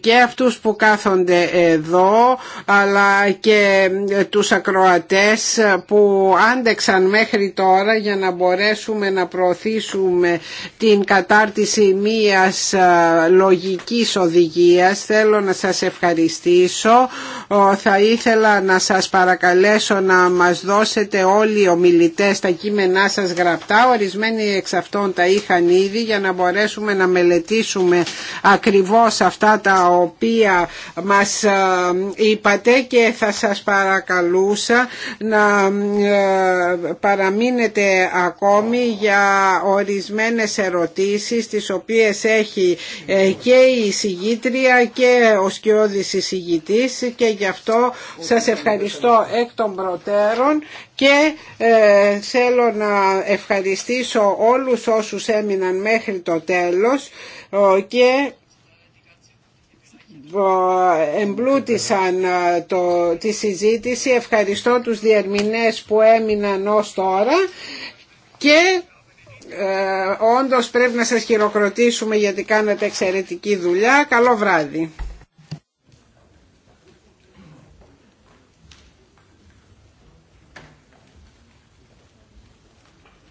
και αυτούς που κάθονται εδώ αλλά και ε, τους ακροατές που άντεξαν μέχρι τώρα για να μπορέσουμε να προωθήσουμε την κατάρτιση μίας ε, λογικής οδηγίας. Θέλω να σας ευχαριστήσω. Θα ήθελα να σας παρακαλέσω να μας δώσετε όλοι οι ομιλητές τα κείμενά σας γραπτά. Ορισμένοι εξ τα είχαν ήδη για να μπορέσουμε να μελετήσουμε ακριβώς αυτά τα οποία μας ε, είπατε και θα σας παρακαλούσα να ε, παραμείνετε ακόμη για ορισμένες ερωτήσεις τις οποίες έχει ε, και η συγγήτρια και ο σκιώδης εισηγητής και γι' αυτό σας ευχαριστώ εκ των προτέρων και ε, θέλω να ευχαριστήσω όλους όσους έμειναν μέχρι το τέλος ε, και ε, εμπλούτησαν το, τη συζήτηση. Ευχαριστώ τους διερμηνές που έμειναν ως τώρα και ε, όντως πρέπει να σας χειροκροτήσουμε γιατί κάνατε εξαιρετική δουλειά. Καλό βράδυ.